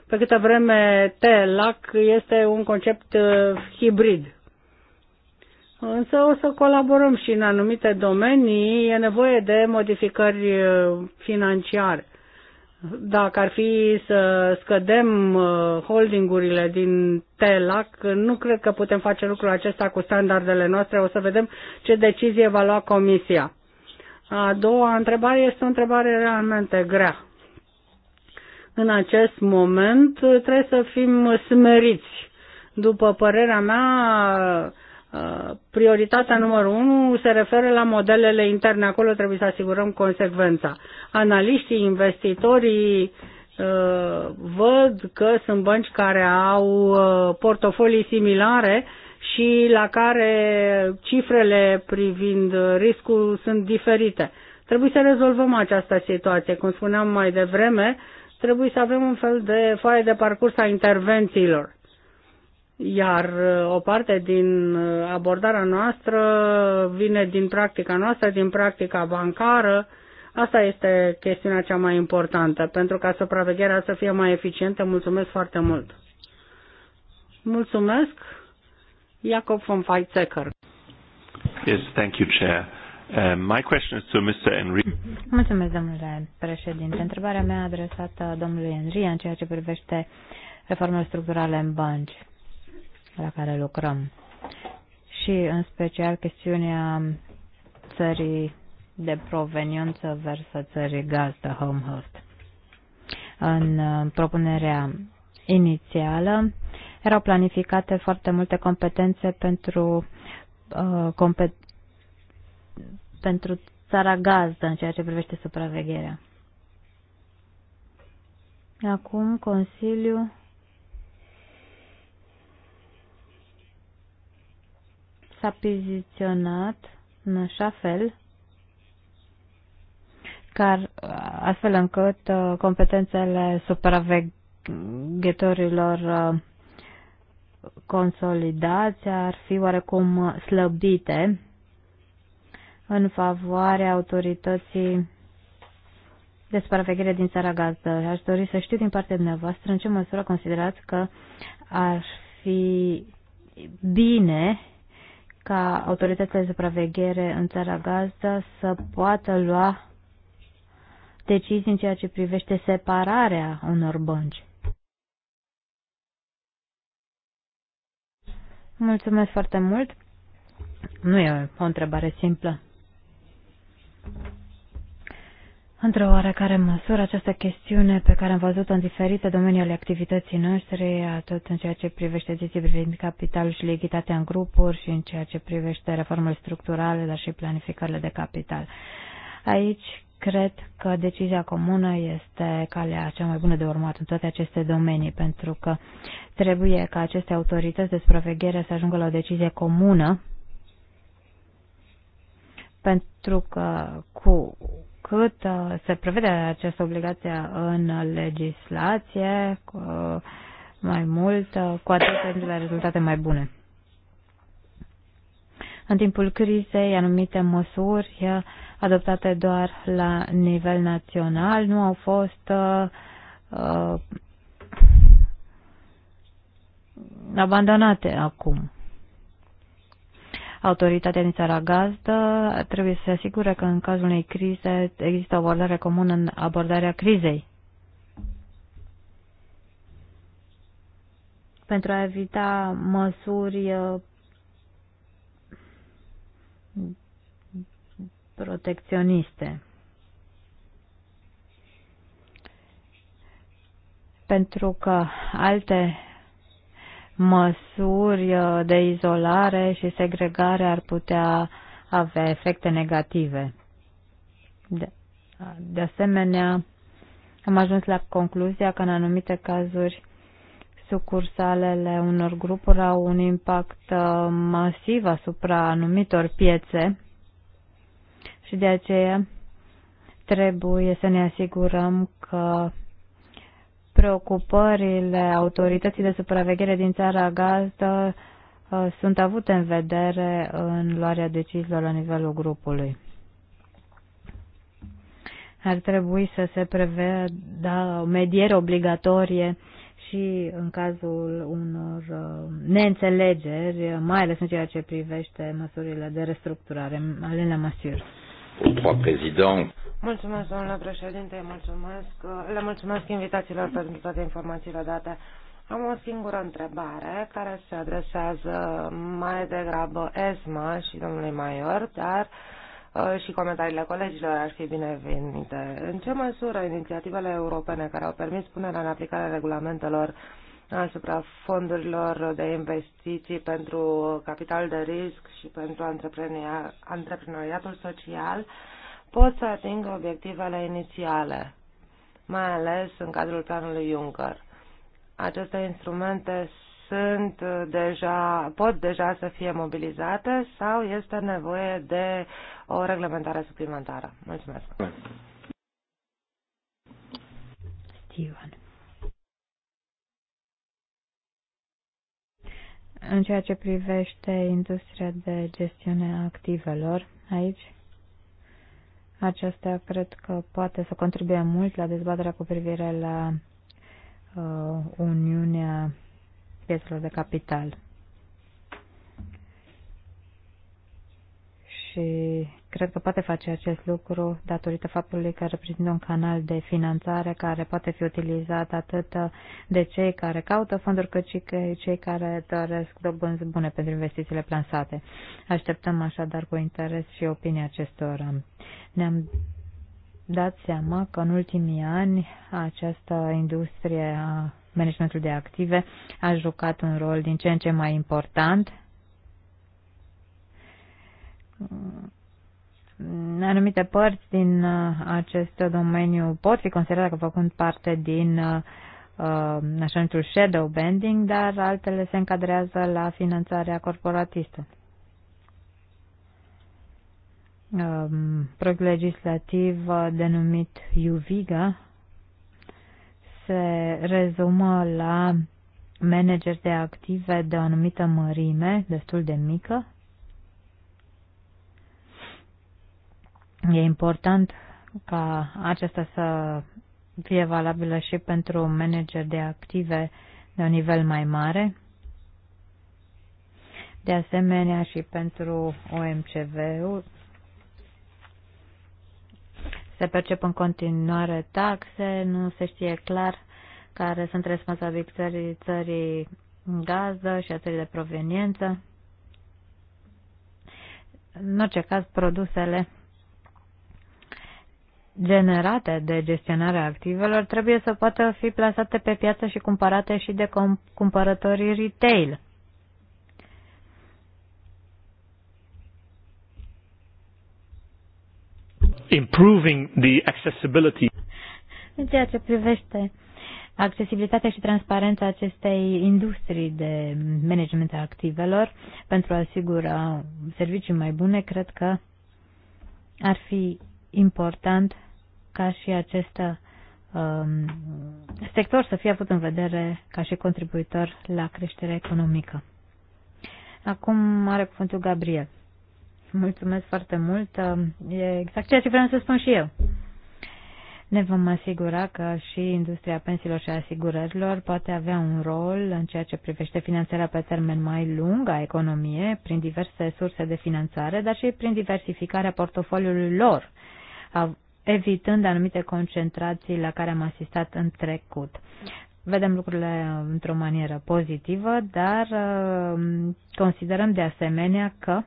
pe câtă vreme TELAC este un concept uh, hibrid. Însă o să colaborăm și în anumite domenii e nevoie de modificări uh, financiare. Dacă ar fi să scădem holdingurile din TELAC, nu cred că putem face lucrul acesta cu standardele noastre. O să vedem ce decizie va lua Comisia. A doua întrebare este o întrebare realmente grea. În acest moment trebuie să fim smeriți. După părerea mea, prioritatea numărul unu se referă la modelele interne. Acolo trebuie să asigurăm consecvența. Analiștii, investitorii văd că sunt bănci care au portofolii similare și la care cifrele privind riscul sunt diferite. Trebuie să rezolvăm această situație. Cum spuneam mai devreme, trebuie să avem un fel de foaie de parcurs a intervențiilor. Iar uh, o parte din uh, abordarea noastră vine din practica noastră, din practica bancară. Asta este chestiunea cea mai importantă, pentru ca supravegherea să fie mai eficientă. Mulțumesc foarte mult! Mulțumesc! Jacob von Weizsäcker. Yes, thank you, Chair. Uh, my question is to Mr. Enri. Mulțumesc, domnule președinte. Întrebarea mea adresată domnului Enri în ceea ce privește reformele structurale în bănci la care lucrăm și în special chestiunea țării de proveniență versă țării gazdă, home host. În uh, propunerea inițială erau planificate foarte multe competențe pentru, uh, compet pentru țara gazdă în ceea ce privește supravegherea. Acum Consiliul s-a poziționat în așa fel car, astfel încât uh, competențele supraveghetorilor uh, consolidați ar fi oarecum slăbite în favoarea autorității de supraveghere din țara gazdă. Aș dori să știu din partea dumneavoastră în ce măsură considerați că ar fi bine ca autoritățile de supraveghere în țara gazdă să poată lua decizii în ceea ce privește separarea unor bănci. Mulțumesc foarte mult. Nu e o întrebare simplă. Într-o oarecare măsură, această chestiune pe care am văzut-o în diferite domenii ale activității noastre, atât în ceea ce privește ziții privind capitalul și lichiditatea în grupuri și în ceea ce privește reformele structurale, dar și planificările de capital. Aici Cred că decizia comună este calea cea mai bună de urmat în toate aceste domenii, pentru că trebuie ca aceste autorități de supraveghere să ajungă la o decizie comună, pentru că cu cât uh, se prevede această obligație în legislație, uh, mai mult, uh, cu atât pentru la rezultate mai bune. În timpul crizei, anumite măsuri adoptate doar la nivel național, nu au fost uh, abandonate acum. Autoritatea din țara gazdă trebuie să se asigure că în cazul unei crize există o abordare comună în abordarea crizei. Pentru a evita măsuri uh, protecționiste. Pentru că alte măsuri uh, de izolare și segregare ar putea avea efecte negative. De, de asemenea, am ajuns la concluzia că în anumite cazuri sucursalele unor grupuri au un impact uh, masiv asupra anumitor piețe și de aceea trebuie să ne asigurăm că preocupările autorității de supraveghere din țara gazdă uh, sunt avute în vedere în luarea deciziilor la nivelul grupului. Ar trebui să se prevedă o mediere obligatorie și în cazul unor uh, neînțelegeri, mai ales în ceea ce privește măsurile de restructurare ale la aux trois présidents. Mulțumesc, domnule președinte, mulțumesc, le mulțumesc invitațiilor pentru toate informațiile date. Am o singură întrebare care se adresează mai degrabă ESMA și domnului Maior, dar uh, și comentariile colegilor ar fi binevenite. În ce măsură inițiativele europene care au permis punerea în aplicare regulamentelor asupra fondurilor de investiții pentru capital de risc și pentru antreprenoriatul social pot să atingă obiectivele inițiale, mai ales în cadrul planului Juncker. Aceste instrumente sunt deja, pot deja să fie mobilizate sau este nevoie de o reglementare suplimentară? Mulțumesc. Steven. În ceea ce privește industria de gestiune a activelor, aici aceasta cred că poate să contribuie mult la dezbaterea cu privire la uh, Uniunea pieselor de capital. și cred că poate face acest lucru datorită faptului că reprezintă un canal de finanțare care poate fi utilizat atât de cei care caută fonduri cât și cei care doresc dobânzi bune pentru investițiile plansate. Așteptăm așadar cu interes și opinia acestora. Ne-am dat seama că în ultimii ani această industrie a managementului de active a jucat un rol din ce în ce mai important anumite părți din uh, acest domeniu pot fi considerate ca făcând parte din uh, uh, așa numitul shadow banding, dar altele se încadrează la finanțarea corporatistă. Um, proiectul legislativ denumit UVIGA se rezumă la manageri de active de o anumită mărime, destul de mică, E important ca acesta să fie valabilă și pentru manager de active de un nivel mai mare, de asemenea și pentru OMCV-ul. Se percep în continuare taxe, nu se știe clar care sunt responsabilității țării gază și a țării de proveniență. În orice caz, produsele generate de gestionarea activelor trebuie să poată fi plasate pe piață și cumpărate și de cumpărătorii retail. Improving the accessibility. În ceea ce privește accesibilitatea și transparența acestei industrii de management a activelor pentru a asigura servicii mai bune, cred că ar fi important ca și acest um, sector să fie avut în vedere ca și contribuitor la creșterea economică. Acum are cuvântul Gabriel. Mulțumesc foarte mult. Um, e exact ceea ce vreau să spun și eu. Ne vom asigura că și industria pensiilor și asigurărilor poate avea un rol în ceea ce privește finanțarea pe termen mai lung a economiei, prin diverse surse de finanțare, dar și prin diversificarea portofoliului lor evitând anumite concentrații la care am asistat în trecut. Vedem lucrurile într-o manieră pozitivă, dar considerăm de asemenea că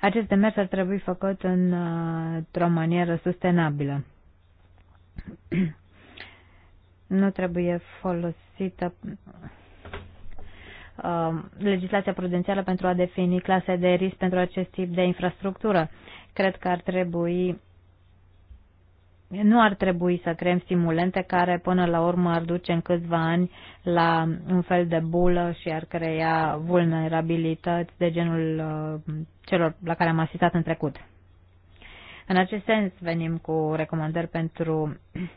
acest demers ar trebui făcut într-o manieră sustenabilă. Nu trebuie folosită legislația prudențială pentru a defini clase de risc pentru acest tip de infrastructură. Cred că ar trebui nu ar trebui să creăm stimulente care până la urmă ar duce în câțiva ani la un fel de bulă și ar crea vulnerabilități de genul uh, celor la care am asistat în trecut. În acest sens venim cu recomandări pentru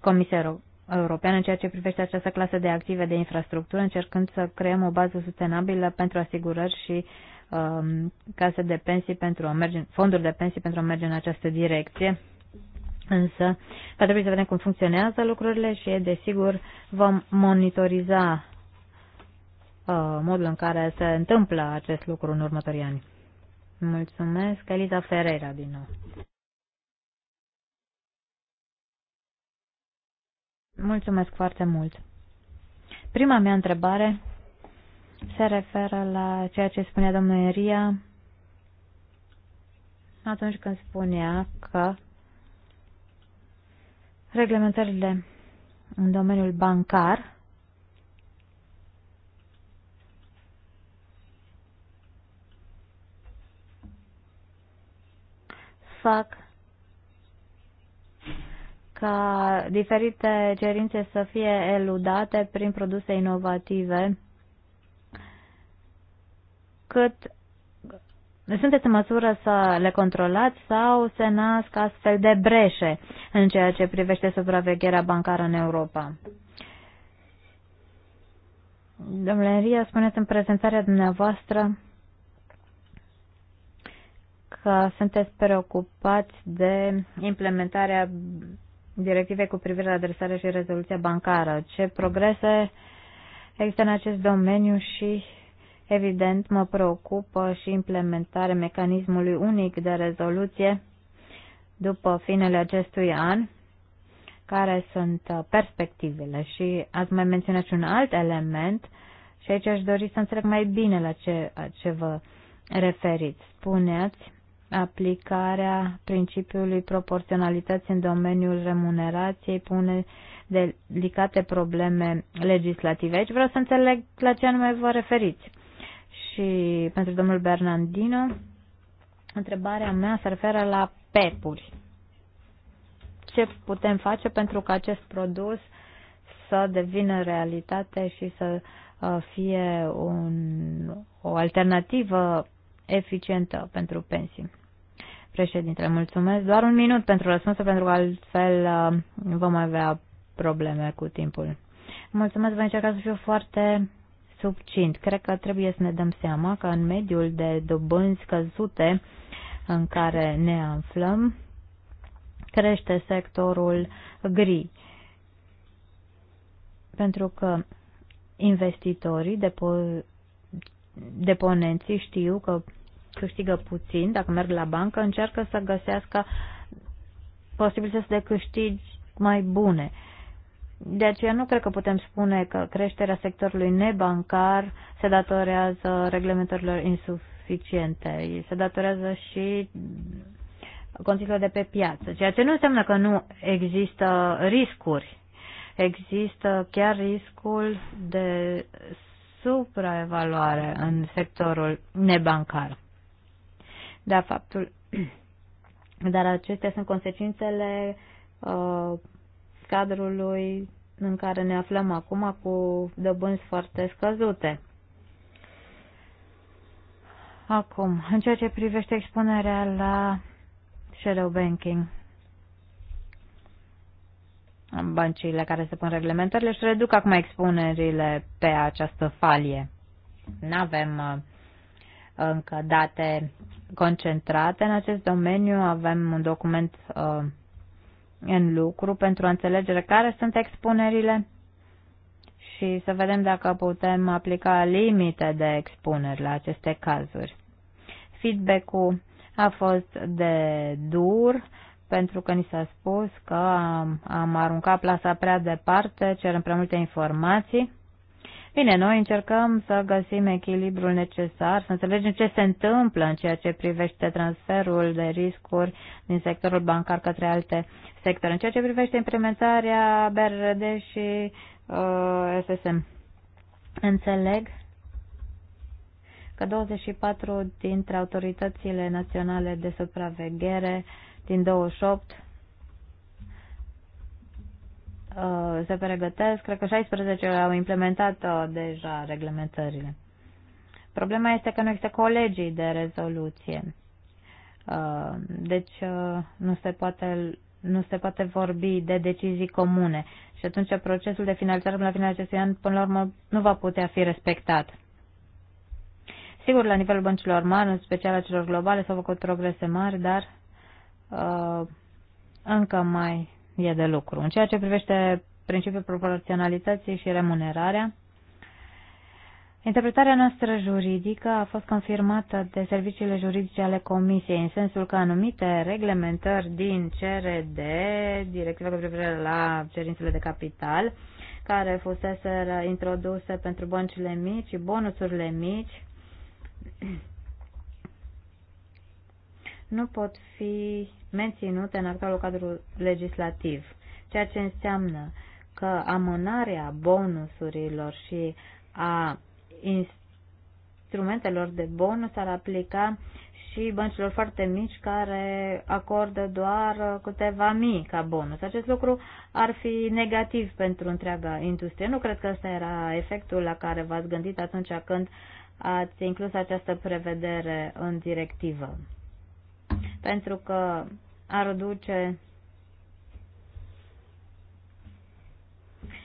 Comisia Europeană în ceea ce privește această clasă de active de infrastructură, încercând să creăm o bază sustenabilă pentru asigurări și uh, case de pensii pentru a merge, fonduri de pensii pentru a merge în această direcție Însă, va trebui să vedem cum funcționează lucrurile și, desigur, vom monitoriza uh, modul în care se întâmplă acest lucru în următorii ani. Mulțumesc, Eliza Ferreira, din nou. Mulțumesc foarte mult. Prima mea întrebare se referă la ceea ce spunea domnul Eria atunci când spunea că reglementările în domeniul bancar fac ca diferite cerințe să fie eludate prin produse inovative, cât sunteți în măsură să le controlați sau se nasc astfel de breșe în ceea ce privește supravegherea bancară în Europa? Domnule Ria, spuneți în prezentarea dumneavoastră că sunteți preocupați de implementarea directivei cu privire la adresare și rezoluția bancară. Ce progrese există în acest domeniu și Evident, mă preocupă și implementarea mecanismului unic de rezoluție după finele acestui an, care sunt uh, perspectivele. Și ați mai menționat și un alt element și aici aș dori să înțeleg mai bine la ce, ce vă referiți. Spuneați aplicarea principiului proporționalității în domeniul remunerației pune delicate probleme legislative. Aici vreau să înțeleg la ce anume vă referiți și pentru domnul Bernardino. Întrebarea mea se referă la pepuri. Ce putem face pentru ca acest produs să devină realitate și să uh, fie un, o alternativă eficientă pentru pensii? Președintele, mulțumesc. Doar un minut pentru răspunsul, pentru că altfel uh, vom avea probleme cu timpul. Mulțumesc, vă încerca să fiu foarte 5. Cred că trebuie să ne dăm seama că în mediul de dobânzi căzute în care ne aflăm, crește sectorul gri. Pentru că investitorii, depo- deponenții știu că câștigă puțin, dacă merg la bancă, încearcă să găsească posibilități de câștigi mai bune. Uh, de aceea nu cred că putem spune că creșterea sectorului nebancar se datorează reglementărilor insuficiente. Se datorează și condițiilor de pe piață, ceea ce nu înseamnă că nu există riscuri. Există chiar riscul de supraevaluare în sectorul nebancar. Da, faptul. Dar acestea sunt consecințele uh, cadrului în care ne aflăm acum cu dobânzi foarte scăzute. Acum, în ceea ce privește expunerea la shadow banking, băncile care se pun reglementările își reduc acum expunerile pe această falie. Nu avem uh, încă date concentrate în acest domeniu, avem un document uh, în lucru pentru a înțelege care sunt expunerile și să vedem dacă putem aplica limite de expuneri la aceste cazuri. Feedback-ul a fost de dur pentru că ni s-a spus că am, am aruncat plasa prea departe, cerem prea multe informații Bine, noi încercăm să găsim echilibrul necesar, să înțelegem ce se întâmplă în ceea ce privește transferul de riscuri din sectorul bancar către alte sectoare, în ceea ce privește implementarea BRD și uh, SSM. Înțeleg că 24 dintre autoritățile naționale de supraveghere din 28 Uh, se pregătesc, cred că 16 au implementat uh, deja reglementările. Problema este că nu există colegii de rezoluție. Uh, deci nu se poate nu se poate vorbi de decizii comune și atunci procesul de finalizare până la finalul acestui an, până la urmă, nu va putea fi respectat. Sigur, la nivelul băncilor mari, în special a celor globale, s-au făcut progrese mari, dar uh, încă mai e de lucru. În ceea ce privește principiul proporționalității și remunerarea, Interpretarea noastră juridică a fost confirmată de serviciile juridice ale Comisiei, în sensul că anumite reglementări din CRD, Directiva cu privire la cerințele de capital, care fusese introduse pentru băncile mici și bonusurile mici, nu pot fi menținute în actualul cadru legislativ, ceea ce înseamnă că amânarea bonusurilor și a instrumentelor de bonus ar aplica și băncilor foarte mici care acordă doar câteva mii ca bonus. Acest lucru ar fi negativ pentru întreaga industrie. Nu cred că ăsta era efectul la care v-ați gândit atunci când ați inclus această prevedere în directivă pentru că ar duce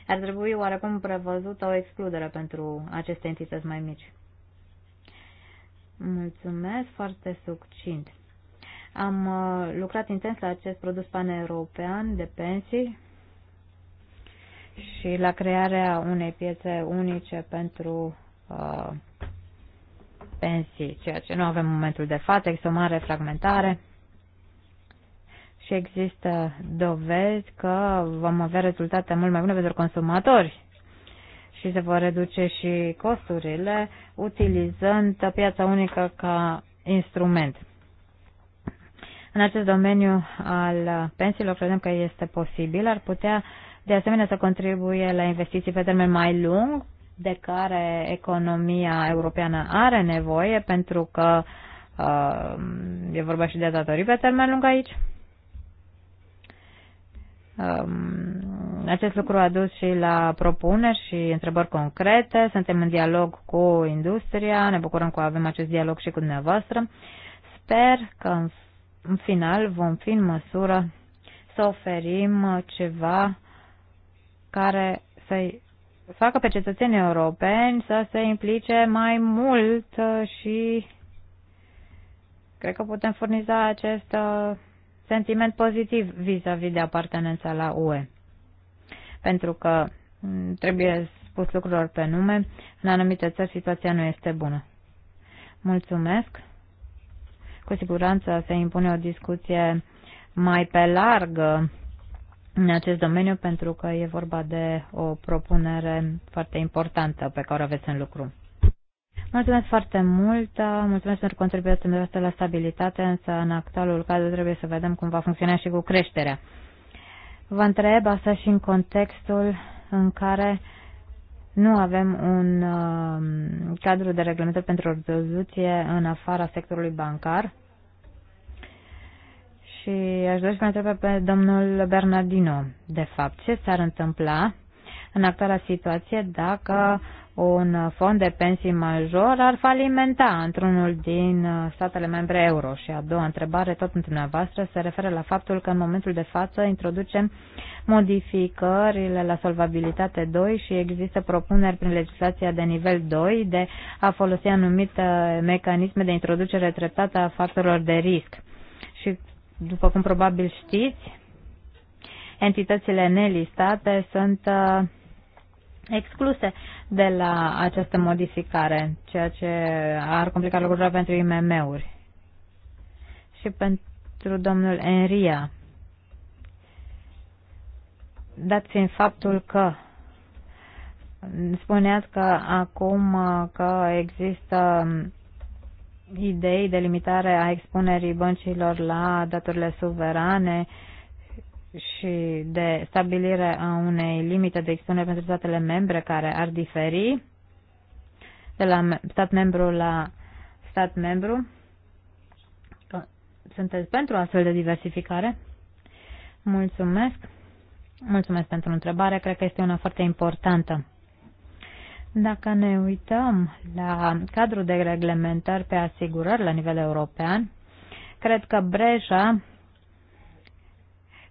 ar trebui oarecum prevăzută o excludere pentru aceste entități mai mici. Mulțumesc, foarte succint. Am uh, lucrat intens la acest produs paneuropean de pensii și la crearea unei piețe unice pentru uh, pensii, ceea ce nu avem în momentul de față, există o mare fragmentare și există dovezi că vom avea rezultate mult mai bune pentru consumatori și se vor reduce și costurile utilizând piața unică ca instrument. În acest domeniu al pensiilor credem că este posibil, ar putea de asemenea să contribuie la investiții pe termen mai lung de care economia europeană are nevoie, pentru că uh, e vorba și de datorii pe termen lung aici. Um, acest lucru a dus și la propuneri și întrebări concrete. Suntem în dialog cu industria, ne bucurăm că avem acest dialog și cu dumneavoastră. Sper că în, în final vom fi în măsură să oferim ceva care să-i facă pe cetățenii europeni să se implice mai mult și cred că putem furniza acest uh, sentiment pozitiv vis-a-vis -vis de apartenența la UE. Pentru că mm, trebuie spus lucrurilor pe nume, în anumite țări situația nu este bună. Mulțumesc! Cu siguranță se impune o discuție mai pe largă în acest domeniu pentru că e vorba de o propunere foarte importantă pe care o aveți în lucru. Mulțumesc foarte mult, mulțumesc pentru contribuția dumneavoastră la stabilitate, însă în actualul caz trebuie să vedem cum va funcționa și cu creșterea. Vă întreb asta și în contextul în care nu avem un uh, cadru de reglementări pentru rezoluție în afara sectorului bancar, și aș dori să mă întreb pe domnul Bernardino, de fapt, ce s-ar întâmpla în actuala situație dacă un fond de pensii major ar falimenta într-unul din statele membre euro? Și a doua întrebare, tot în dumneavoastră, se referă la faptul că în momentul de față introducem modificările la solvabilitate 2 și există propuneri prin legislația de nivel 2 de a folosi anumite mecanisme de introducere treptată a factorilor de risc după cum probabil știți, entitățile nelistate sunt uh, excluse de la această modificare, ceea ce ar complica lucrurile pentru IMM-uri și pentru domnul Enria. Dat fiind faptul că spuneați că acum uh, că există um, idei de limitare a expunerii băncilor la datorile suverane și de stabilire a unei limite de expunere pentru statele membre care ar diferi de la stat membru la stat membru. Sunteți pentru astfel de diversificare? Mulțumesc. Mulțumesc pentru întrebare. Cred că este una foarte importantă. Dacă ne uităm la cadrul de reglementări pe asigurări la nivel european, cred că breja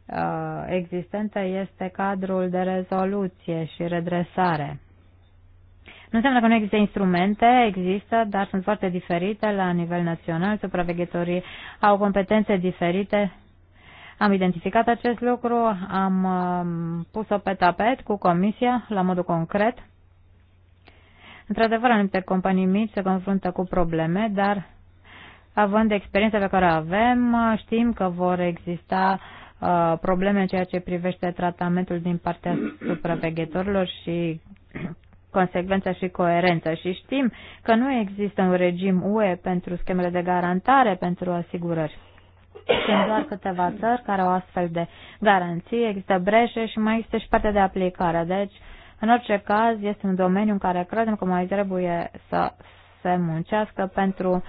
uh, existentă este cadrul de rezoluție și redresare. Nu înseamnă că nu există instrumente, există, dar sunt foarte diferite la nivel național. Supraveghetorii au competențe diferite. Am identificat acest lucru, am uh, pus-o pe tapet cu comisia la modul concret Într-adevăr, anumite companii mici se confruntă cu probleme, dar având experiența pe care o avem, știm că vor exista uh, probleme în ceea ce privește tratamentul din partea supraveghetorilor și consecvența și coerența și știm că nu există un regim UE pentru schemele de garantare pentru asigurări. Sunt doar câteva țări care au astfel de garanții, există breșe și mai există și partea de aplicare. Deci, în orice caz, este un domeniu în care credem că mai trebuie să se muncească pentru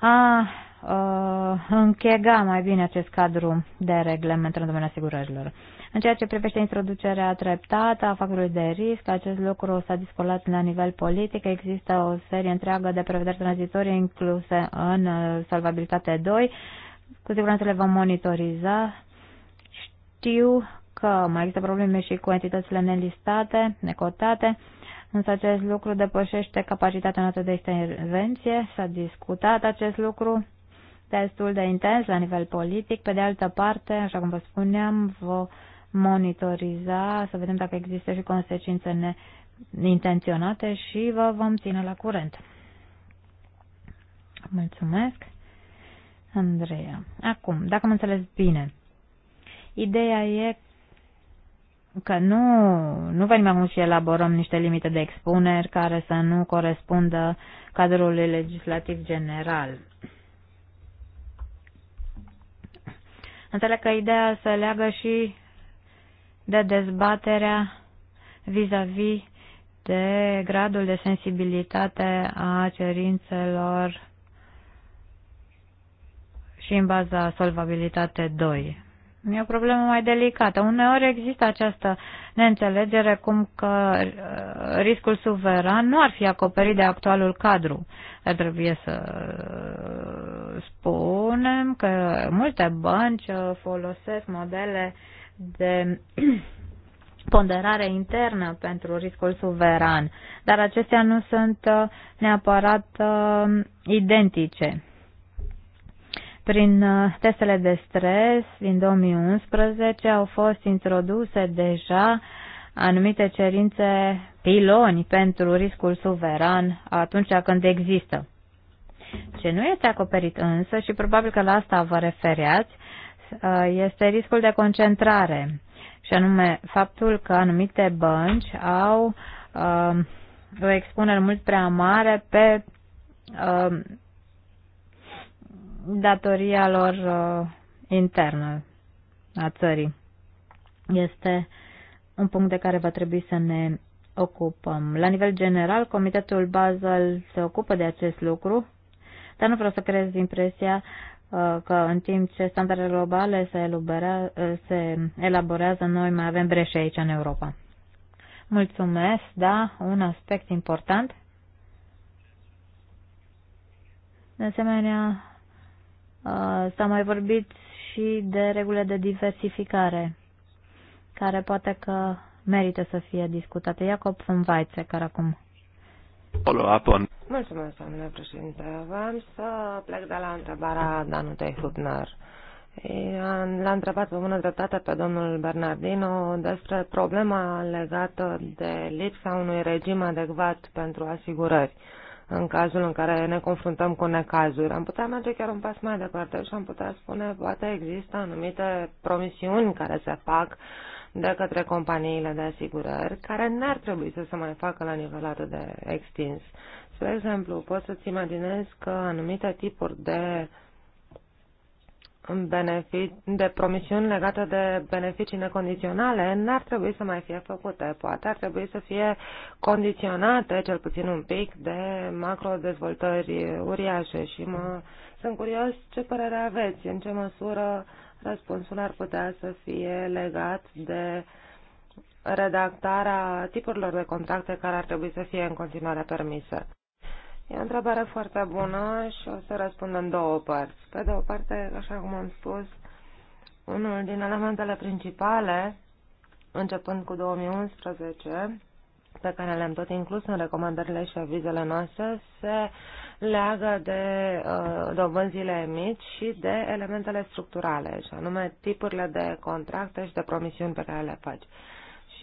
a uh, închega mai bine acest cadru de reglementare în domeniul asigurărilor. În ceea ce privește introducerea treptată a factorului de risc, acest lucru s-a discutat la nivel politic. Există o serie întreagă de prevederi tranzitorii incluse în uh, salvabilitate 2. Cu siguranță le vom monitoriza. Știu că mai există probleme și cu entitățile nelistate, necotate, însă acest lucru depășește capacitatea noastră de intervenție. S-a discutat acest lucru destul de intens la nivel politic. Pe de altă parte, așa cum vă spuneam, vă monitoriza, să vedem dacă există și consecințe neintenționate și vă vom ține la curent. Mulțumesc, Andreea. Acum, dacă am înțeles bine, ideea e că nu, nu venim acum și elaborăm niște limite de expuneri care să nu corespundă cadrului legislativ general. Înțeleg că ideea se leagă și de dezbaterea vis-a-vis -vis de gradul de sensibilitate a cerințelor și în baza solvabilitate 2. E o problemă mai delicată. Uneori există această neînțelegere cum că uh, riscul suveran nu ar fi acoperit de actualul cadru. Dar trebuie să uh, spunem că multe bănci uh, folosesc modele de ponderare internă pentru riscul suveran, dar acestea nu sunt neapărat identice. Prin uh, testele de stres din 2011 au fost introduse deja anumite cerințe piloni pentru riscul suveran atunci când există. Ce nu este acoperit însă, și probabil că la asta vă refereați, uh, este riscul de concentrare, și anume faptul că anumite bănci au uh, o expunere mult prea mare pe datoria lor uh, internă a țării. Este un punct de care va trebui să ne ocupăm. La nivel general, Comitetul Basel se ocupă de acest lucru, dar nu vreau să creez impresia uh, că în timp ce standardele globale se, elubera, uh, se elaborează, noi mai avem breșe aici în Europa. Mulțumesc, da, un aspect important. De asemenea, Uh, s-a mai vorbit și de regulile de diversificare, care poate că merită să fie discutate. Iacob în Vaițe, care acum follow Mulțumesc, domnule președinte. Vreau să plec de la întrebarea Danutei Hubner. L-a întrebat pe mână dreptate pe domnul Bernardino despre problema legată de lipsa unui regim adecvat pentru asigurări în cazul în care ne confruntăm cu necazuri. Am putea merge chiar un pas mai departe și am putea spune, poate există anumite promisiuni care se fac de către companiile de asigurări, care n-ar trebui să se mai facă la nivel atât de extins. Spre exemplu, poți să-ți imaginezi că anumite tipuri de uh, de promisiuni legate de beneficii necondiționale n-ar trebui să mai fie făcute. Poate ar trebui să fie condiționate, cel puțin un pic, de macro-dezvoltări uriașe și mă, sunt curios ce părere aveți, în ce măsură răspunsul ar putea să fie legat de redactarea tipurilor de contracte care ar trebui să fie în continuare permise. E o întrebare foarte bună și o să răspund în două părți. Pe de o parte, așa cum am spus, unul din elementele principale, începând cu 2011, pe care le-am tot inclus în recomandările și avizele noastre, se leagă de uh, dobânzile mici și de elementele structurale, și anume tipurile de contracte și de promisiuni pe care le faci. Uh,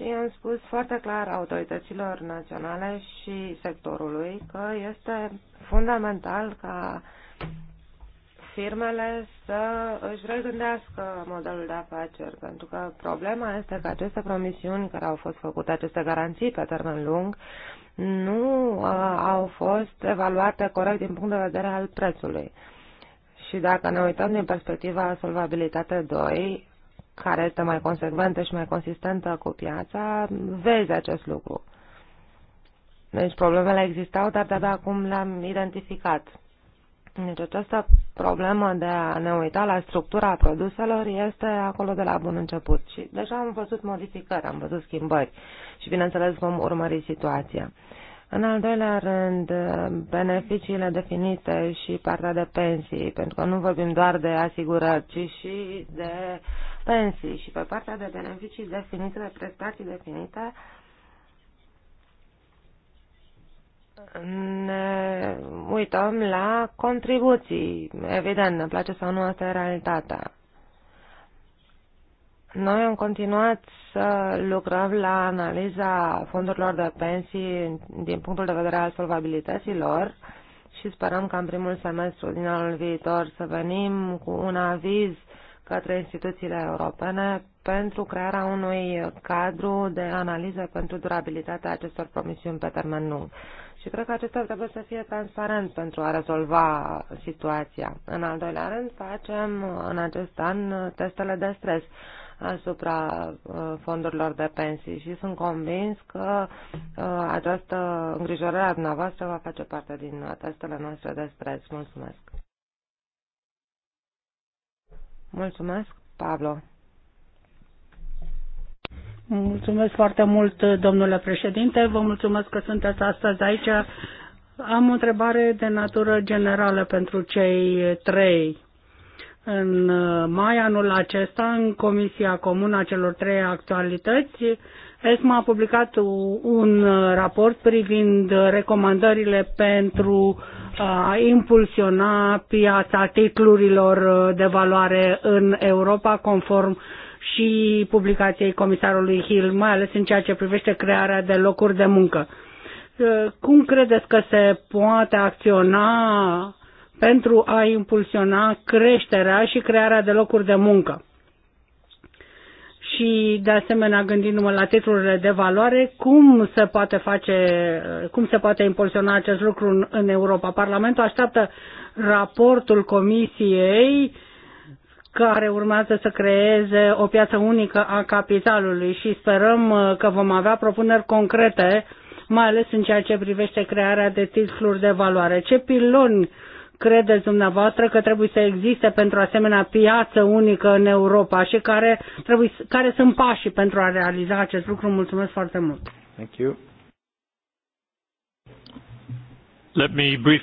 și am spus foarte clar autorităților naționale și sectorului că este fundamental ca firmele să își regândească modelul de afaceri, pentru că problema este că aceste promisiuni care au fost făcute, aceste garanții pe termen lung, nu uh, au fost evaluate corect din punct de vedere al prețului. Și dacă ne uităm din perspectiva solvabilitate 2, care este mai consecventă și mai consistentă cu piața, vezi acest lucru. Deci problemele existau, dar de-abia acum le-am identificat. Deci această problemă de a ne uita la structura produselor este acolo de la bun început. Și deja am văzut modificări, am văzut schimbări și bineînțeles vom urmări situația. În al doilea rând, beneficiile definite și partea de pensii, pentru că nu vorbim doar de asigurări, ci și de pensii și pe partea de beneficii definite, de prestații definite, ne uităm la contribuții. Evident, ne place sau nu, asta e realitatea. Noi am continuat să lucrăm la analiza fondurilor de pensii din punctul de vedere al solvabilității lor și sperăm că în primul semestru din anul viitor să venim cu un aviz către instituțiile europene pentru crearea unui cadru de analiză pentru durabilitatea acestor promisiuni pe termen lung. Și cred că acesta trebuie să fie transparent pentru a rezolva situația. În al doilea rând, facem în acest an testele de stres asupra uh, fondurilor de pensii și sunt convins că uh, această îngrijorare a dumneavoastră va face parte din uh, testele noastre de stres. Mulțumesc! Mulțumesc, Pablo. Mulțumesc foarte mult, domnule președinte. Vă mulțumesc că sunteți astăzi aici. Am o întrebare de natură generală pentru cei trei. În mai anul acesta, în Comisia Comună a celor trei actualități, ESMA a publicat un raport privind recomandările pentru a impulsiona piața titlurilor de valoare în Europa conform și publicației comisarului Hill, mai ales în ceea ce privește crearea de locuri de muncă. Cum credeți că se poate acționa pentru a impulsiona creșterea și crearea de locuri de muncă? și de asemenea gândindu-mă la titlurile de valoare, cum se poate face, cum se poate impulsiona acest lucru în, în Europa. Parlamentul așteaptă raportul Comisiei care urmează să creeze o piață unică a capitalului și sperăm uh, că vom avea propuneri concrete, mai ales în ceea ce privește crearea de titluri de valoare. Ce piloni uh, credeți dumneavoastră că trebuie să existe pentru asemenea piață unică în Europa și care, trebuie, care sunt pașii pentru a realiza acest lucru? Mulțumesc foarte mult! Thank you. Let me brief.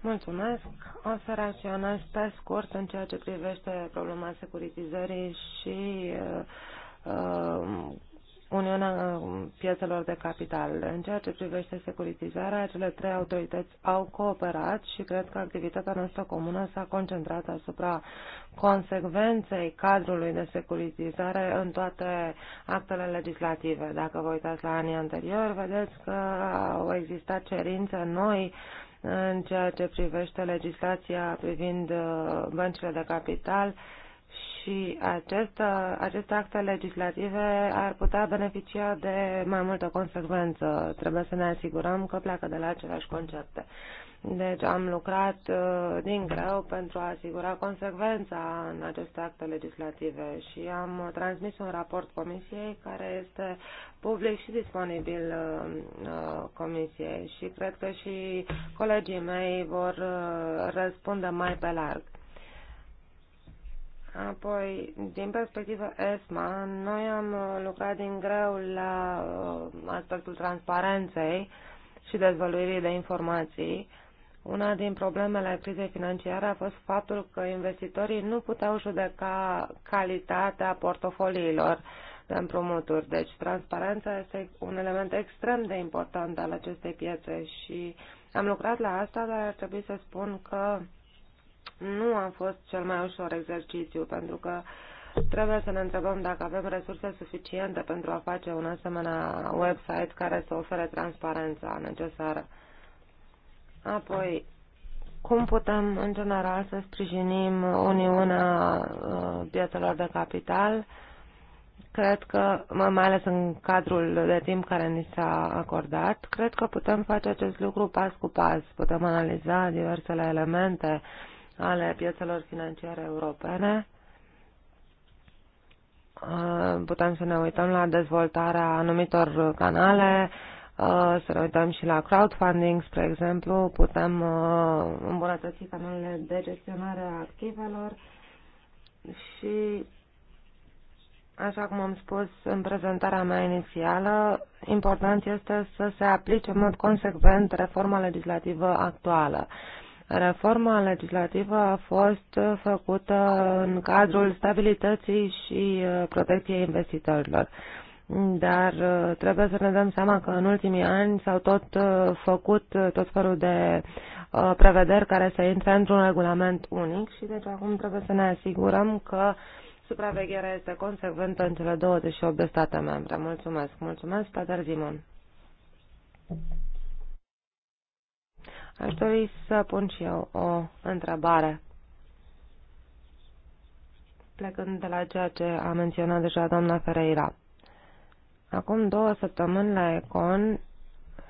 Mulțumesc. O să reacționez pe scurt în ceea ce privește problema securitizării și uh, uh Uniunea uh, Piețelor de Capital. În ceea ce privește securitizarea, cele trei autorități au cooperat și cred că activitatea noastră comună s-a concentrat asupra consecvenței cadrului de securitizare în toate actele legislative. Dacă vă uitați la anii anteriori, vedeți că au existat cerințe noi în ceea ce privește legislația privind uh, băncile de capital, și acest, aceste acte legislative ar putea beneficia de mai multă consecvență. Trebuie să ne asigurăm că pleacă de la aceleași concepte. Deci am lucrat uh, din greu pentru a asigura consecvența în aceste acte legislative și am transmis un raport comisiei care este public și disponibil uh, uh, comisiei și cred că și colegii mei vor răspunde mai pe larg. Apoi, din perspectiva ESMA, noi am uh, lucrat din greu la uh, aspectul transparenței și dezvăluirii de informații. Una din problemele crizei financiare a fost faptul că investitorii nu puteau judeca calitatea portofoliilor de împrumuturi. Deci, transparența este un element extrem de important al acestei piețe și am lucrat la asta, dar ar trebui să spun că nu a fost cel mai ușor exercițiu, pentru că trebuie să ne întrebăm dacă avem resurse suficiente pentru a face un asemenea website care să ofere transparența necesară. Apoi, cum putem, în general, să sprijinim Uniunea uh, Piețelor de Capital? Cred că, mai ales în cadrul de timp care ni s-a acordat, cred că putem face acest lucru pas cu pas. Putem analiza diversele elemente uh, ale piețelor financiare europene. Uh, putem să ne uităm la dezvoltarea anumitor canale, uh, să ne uităm și la crowdfunding, spre exemplu, putem uh, îmbunătăți canalele de gestionare a activelor și, așa cum am spus în prezentarea mea inițială, important este să se aplice în mod consecvent reforma legislativă actuală. Reforma legislativă a fost făcută în cadrul stabilității și uh, protecției investitorilor. Dar uh, trebuie să ne dăm seama că în ultimii ani s-au tot uh, făcut tot felul de prevederi care să intre într-un regulament unic și deci acum trebuie să ne asigurăm că supravegherea este consecventă în cele 28 de state membre. Mulțumesc. Mulțumesc, Peter Zimon. Aș dori să pun și eu o întrebare. Plecând de la ceea ce a menționat deja doamna Ferreira. Acum două săptămâni la Econ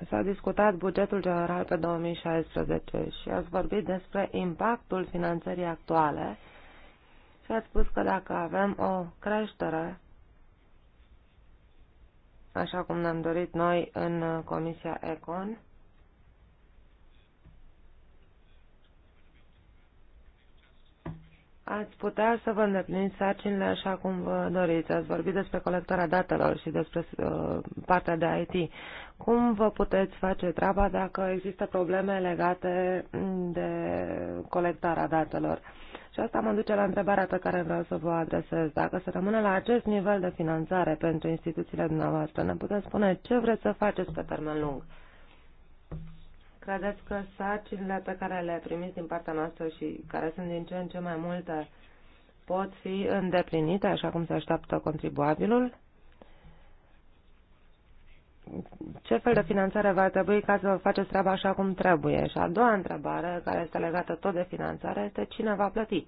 s-a discutat bugetul general pe 2016 și ați vorbit despre impactul finanțării actuale și ați spus că dacă avem o creștere, așa cum ne-am dorit noi în Comisia Econ, ați putea să vă îndepliniți sarcinile așa cum vă doriți. Ați vorbit despre colectarea datelor și despre uh, partea de IT. Cum vă puteți face treaba dacă există probleme legate de colectarea datelor? Și asta mă duce la întrebarea pe care vreau să vă adresez. Dacă se rămâne la acest nivel de finanțare pentru instituțiile dumneavoastră, ne puteți spune ce vreți să faceți pe termen lung? Credeți că sarcinile pe care le primiți din partea noastră și care sunt din ce în ce mai multe pot fi îndeplinite așa cum se așteaptă contribuabilul? Ce fel de finanțare va trebui ca să faceți treaba așa cum trebuie? Și a doua întrebare, care este legată tot de finanțare, este cine va plăti?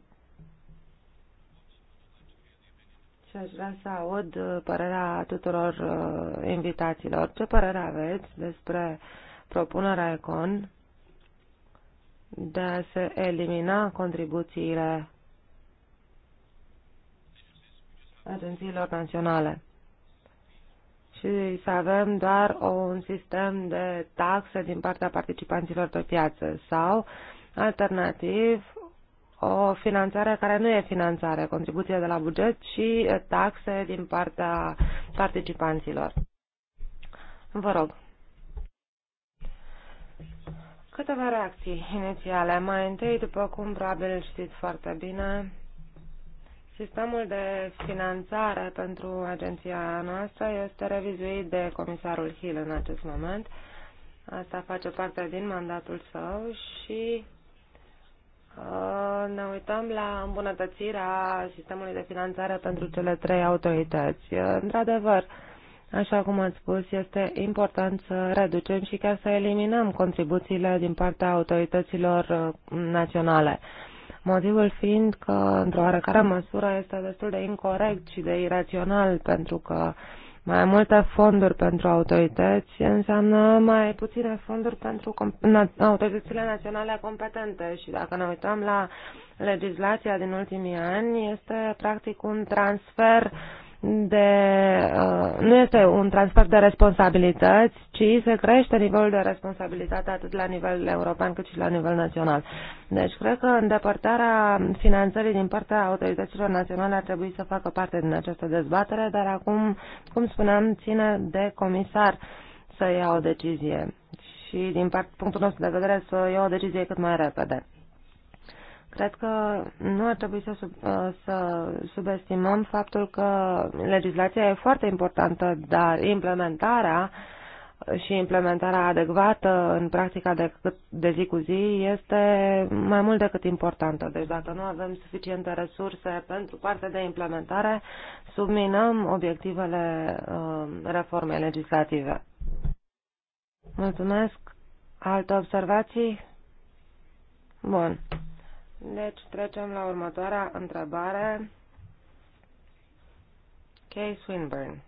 Și aș vrea să aud părerea tuturor uh, invitaților. Ce părere aveți despre uh, propunerea Econ de a se elimina contribuțiile agențiilor naționale și să avem doar un sistem de taxe din partea participanților pe piață sau, alternativ, o finanțare care nu e finanțare, contribuție de la buget și taxe din partea participanților. Vă rog. Câteva reacții inițiale. Mai întâi, după cum probabil știți foarte bine, sistemul de finanțare pentru agenția noastră este revizuit de comisarul Hill în acest moment. Asta face parte din mandatul său și uh, ne uităm la îmbunătățirea sistemului de finanțare pentru cele trei autorități. Uh, într-adevăr, Așa cum ați spus, este important să reducem și chiar să eliminăm contribuțiile din partea autorităților uh, naționale. Motivul fiind că, într-o oarecare măsură, este destul de incorrect și de irațional, pentru că mai multe fonduri pentru autorități înseamnă mai puține fonduri pentru autoritățile naționale competente și dacă ne uităm la legislația din ultimii ani, este practic un transfer uh, de, uh, nu este un transfer de responsabilități, ci se crește nivelul de responsabilitate atât la nivel european cât și la nivel național. Deci cred că îndepărtarea finanțării din partea autorităților naționale ar trebui să facă parte din această dezbatere, dar acum, cum spuneam, ține de comisar să ia o decizie și din punctul nostru de vedere să ia o decizie cât mai repede. Cred că nu ar trebui să, sub, uh, să subestimăm faptul că legislația e foarte importantă, dar implementarea și implementarea adecvată în practica de, de zi cu zi este mai mult decât importantă. Deci dacă nu avem suficiente resurse pentru partea de implementare, subminăm obiectivele uh, reformei legislative. Mulțumesc. Alte observații? Bun. Deci trecem la următoarea întrebare. Kay Swinburne.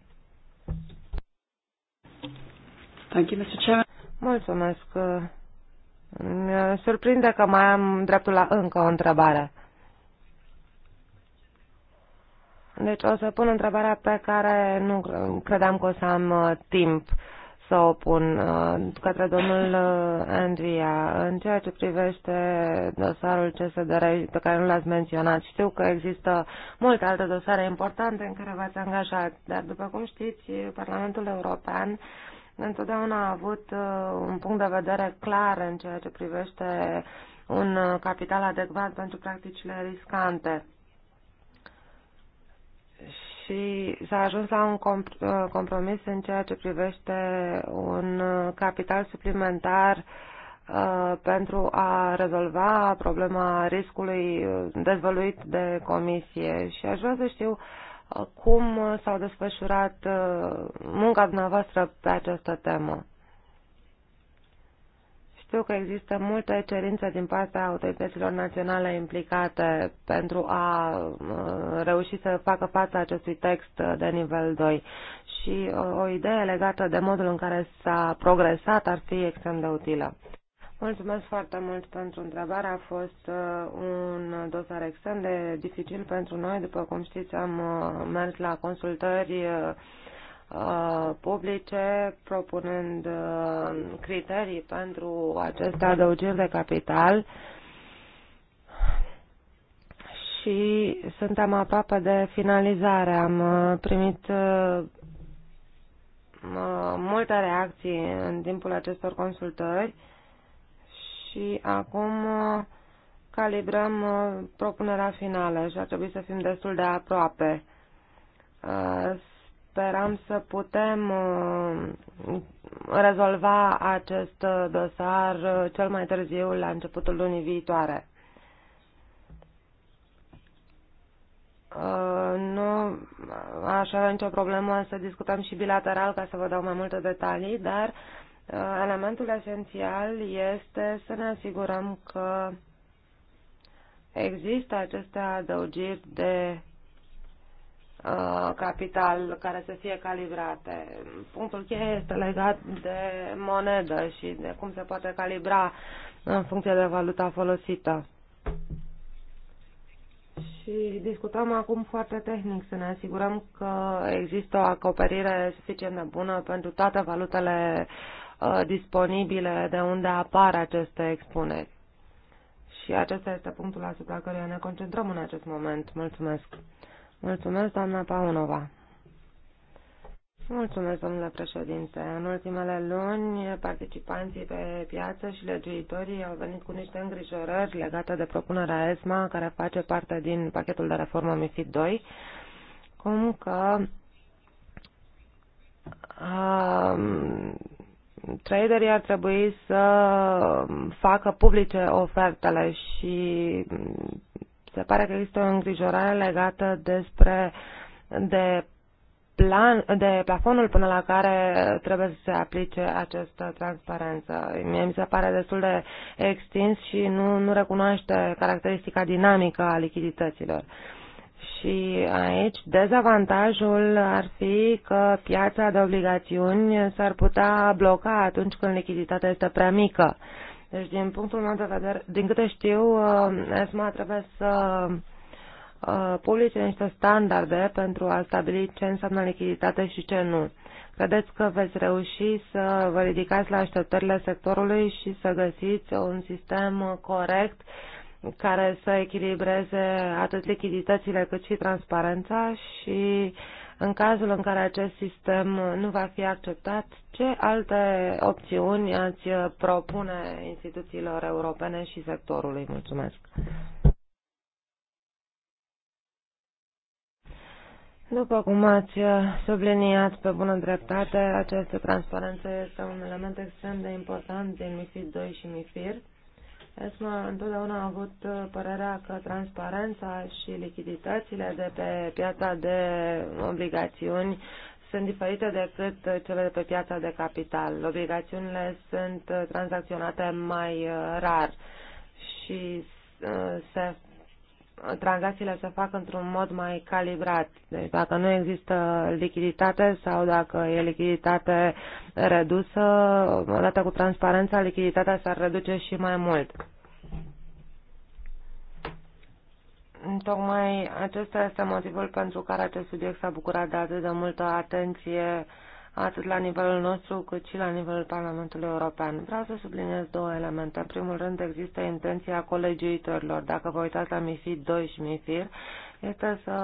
Thank you, Mr. Chairman. Mulțumesc. Mi surprinde că mai am dreptul la încă o întrebare. Deci o să pun întrebarea pe care nu credeam că o să am uh, timp să pun uh, către domnul uh, Andria. În ceea ce privește dosarul CSDR pe care nu l-ați menționat, știu că există multe alte dosare importante în care v-ați angajat, dar după cum știți, Parlamentul European întotdeauna a avut uh, un punct de vedere clar în ceea ce privește un capital adecvat pentru practicile riscante și s-a ajuns la un uh, compromis în ceea ce privește un uh, capital suplimentar uh, pentru a rezolva problema riscului dezvăluit de comisie și aș vrea să știu cum s-au desfășurat munca dumneavoastră pe această temă. Știu că există multe cerințe din partea autorităților naționale implicate pentru a uh, reuși să facă față acestui text de nivel 2 și uh, o idee legată de modul în care s-a progresat ar fi extrem de utilă. Mulțumesc foarte mult pentru întrebare. A fost uh, un dosar extrem de dificil pentru noi. După cum știți, am mers la consultări Uh, publice, propunând uh, criterii pentru aceste adăugiri de capital și suntem aproape de finalizare. Am uh, primit multe reacții în timpul acestor consultări și acum calibrăm propunerea finală și ar trebui să fim destul de aproape sperăm să putem uh, rezolva acest dosar uh, cel mai târziu la începutul lunii viitoare. Uh, nu aș avea nicio problemă să discutăm și bilateral ca să vă dau mai multe detalii, dar elementul esențial este să ne asigurăm că există aceste adăugiri de Uh, capital care să fie calibrate. Punctul cheie este legat de monedă și de cum se poate calibra în funcție de valuta folosită. Și discutăm acum foarte tehnic să ne asigurăm că există o acoperire suficient de bună pentru toate valutele uh, disponibile de unde apar aceste expuneri. Și acesta este punctul asupra căruia ne concentrăm în acest moment. Mulțumesc! Mulțumesc, doamna Paunova. Mulțumesc, domnule președinte. În ultimele luni, participanții pe piață și legiuitorii au venit cu niște îngrijorări legate de propunerea ESMA, care face parte din pachetul de reformă MIFID 2, cum că um, traderii ar trebui să facă publice ofertele și se pare că există o îngrijorare legată despre de plan, de plafonul până la care trebuie să se aplice această transparență. Mie mi se pare destul de extins și nu, nu recunoaște caracteristica dinamică a lichidităților. Și aici dezavantajul ar fi că piața de obligațiuni s-ar putea bloca atunci când lichiditatea este prea mică deci, din punctul meu de vedere, din câte știu, uh, ESMA trebuie să uh, publice niște standarde pentru a stabili ce înseamnă lichiditate și ce nu. Credeți că veți reuși să vă ridicați la așteptările sectorului și să găsiți un sistem corect care să echilibreze atât lichiditățile cât și transparența și uh, în cazul în care acest sistem nu va fi acceptat, ce alte opțiuni ați propune instituțiilor europene și sectorului? Mulțumesc! După cum ați subliniat pe bună dreptate, această transparență este un element extrem de important din MIFID 2 și MIFIR ESMA întotdeauna a avut uh, părerea că transparența și lichiditățile de pe piața de obligațiuni sunt diferite decât cele de pe piața de capital. Obligațiunile sunt uh, tranzacționate mai uh, rar și se tranzacțiile se fac într-un mod mai calibrat. Deci dacă nu există lichiditate sau dacă e lichiditate redusă, odată cu transparența, lichiditatea s-ar reduce și mai mult. Tocmai acesta este motivul pentru care acest subiect s-a bucurat de atât de multă atenție uh, atât la nivelul nostru cât și la nivelul Parlamentului European. Vreau să subliniez două elemente. În primul rând există intenția colegiuitorilor. Dacă vă uitați la MIFID 2 și MIFIR, este, să,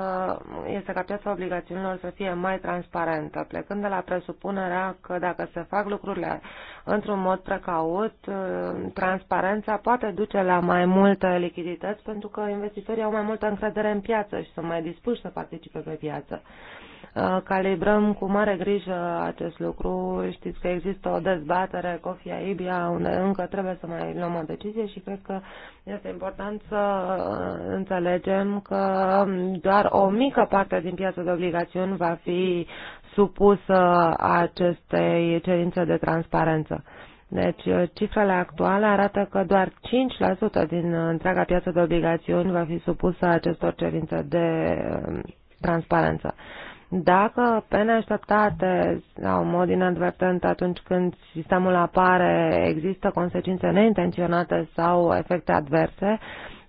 este ca piața obligațiunilor să fie mai transparentă, plecând de la presupunerea că dacă se fac lucrurile într-un mod precaut, transparența poate duce la mai multă lichidități pentru că investitorii au mai multă încredere în piață și sunt mai dispuși să participe pe piață. Uh, calibrăm cu mare grijă acest lucru. Știți că există o dezbatere, Fia Ibia, unde încă trebuie să mai luăm o decizie și cred că este important să uh, înțelegem că doar o mică parte din piața de obligațiuni va fi supusă acestei cerințe de transparență. Deci, uh, cifrele actuale arată că doar 5% din întreaga piață de obligațiuni va fi supusă acestor cerințe de transparență. Dacă pe neașteptate sau în mod inadvertent atunci când sistemul apare există consecințe neintenționate sau efecte adverse,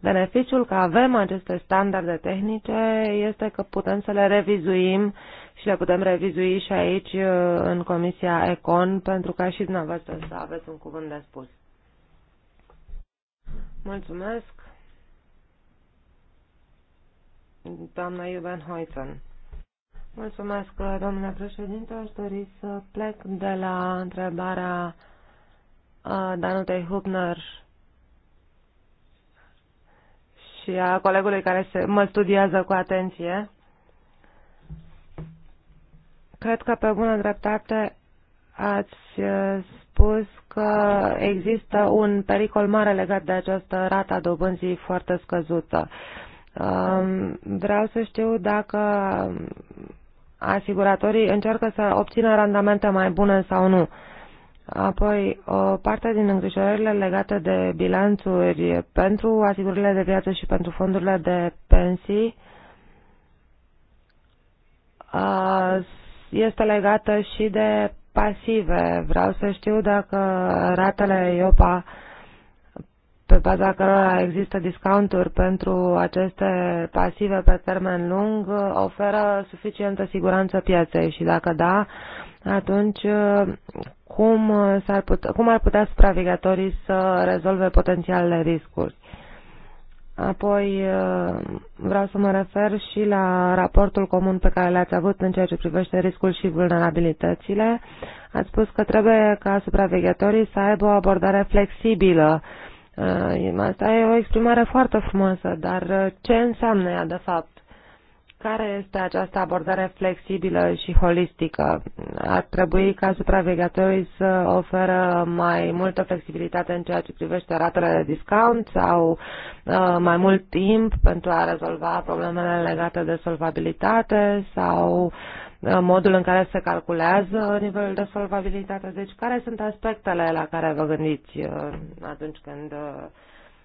beneficiul că avem aceste standarde tehnice este că putem să le revizuim și le putem revizui și aici în Comisia Econ pentru ca și dumneavoastră să aveți un cuvânt de spus. Mulțumesc. Doamna Iuben Hoitzen. Mulțumesc, domnule președinte. Aș dori să plec de la întrebarea Danutei Hubner și a colegului care se, mă studiază cu atenție. Cred că pe bună dreptate ați spus că există un pericol mare legat de această rată a dobânzii foarte scăzută. Vreau să știu dacă asiguratorii încearcă să obțină randamente mai bune sau nu. Apoi, o parte din îngrijorările legate de bilanțuri pentru asigurările de viață și pentru fondurile de pensii este legată și de pasive. Vreau să știu dacă ratele IOPA baza cărora există discounturi pentru aceste pasive pe termen lung oferă suficientă siguranță pieței și dacă da, atunci cum, -ar putea, cum ar putea supraveghetorii să rezolve potențialele riscuri? Apoi vreau să mă refer și la raportul comun pe care l-ați avut în ceea ce privește riscul și vulnerabilitățile. Ați spus că trebuie ca supraveghetorii să aibă o abordare flexibilă Uh, asta e o exprimare foarte frumoasă, dar uh, ce înseamnă ea de fapt? Care este această abordare flexibilă și holistică? Ar trebui ca supraveghetorii să oferă mai multă flexibilitate în ceea ce privește ratele de discount sau uh, mai mult timp pentru a rezolva problemele legate de solvabilitate sau Uh, modul în care se calculează nivelul de solvabilitate. Deci, care sunt aspectele la care vă gândiți uh, atunci când uh,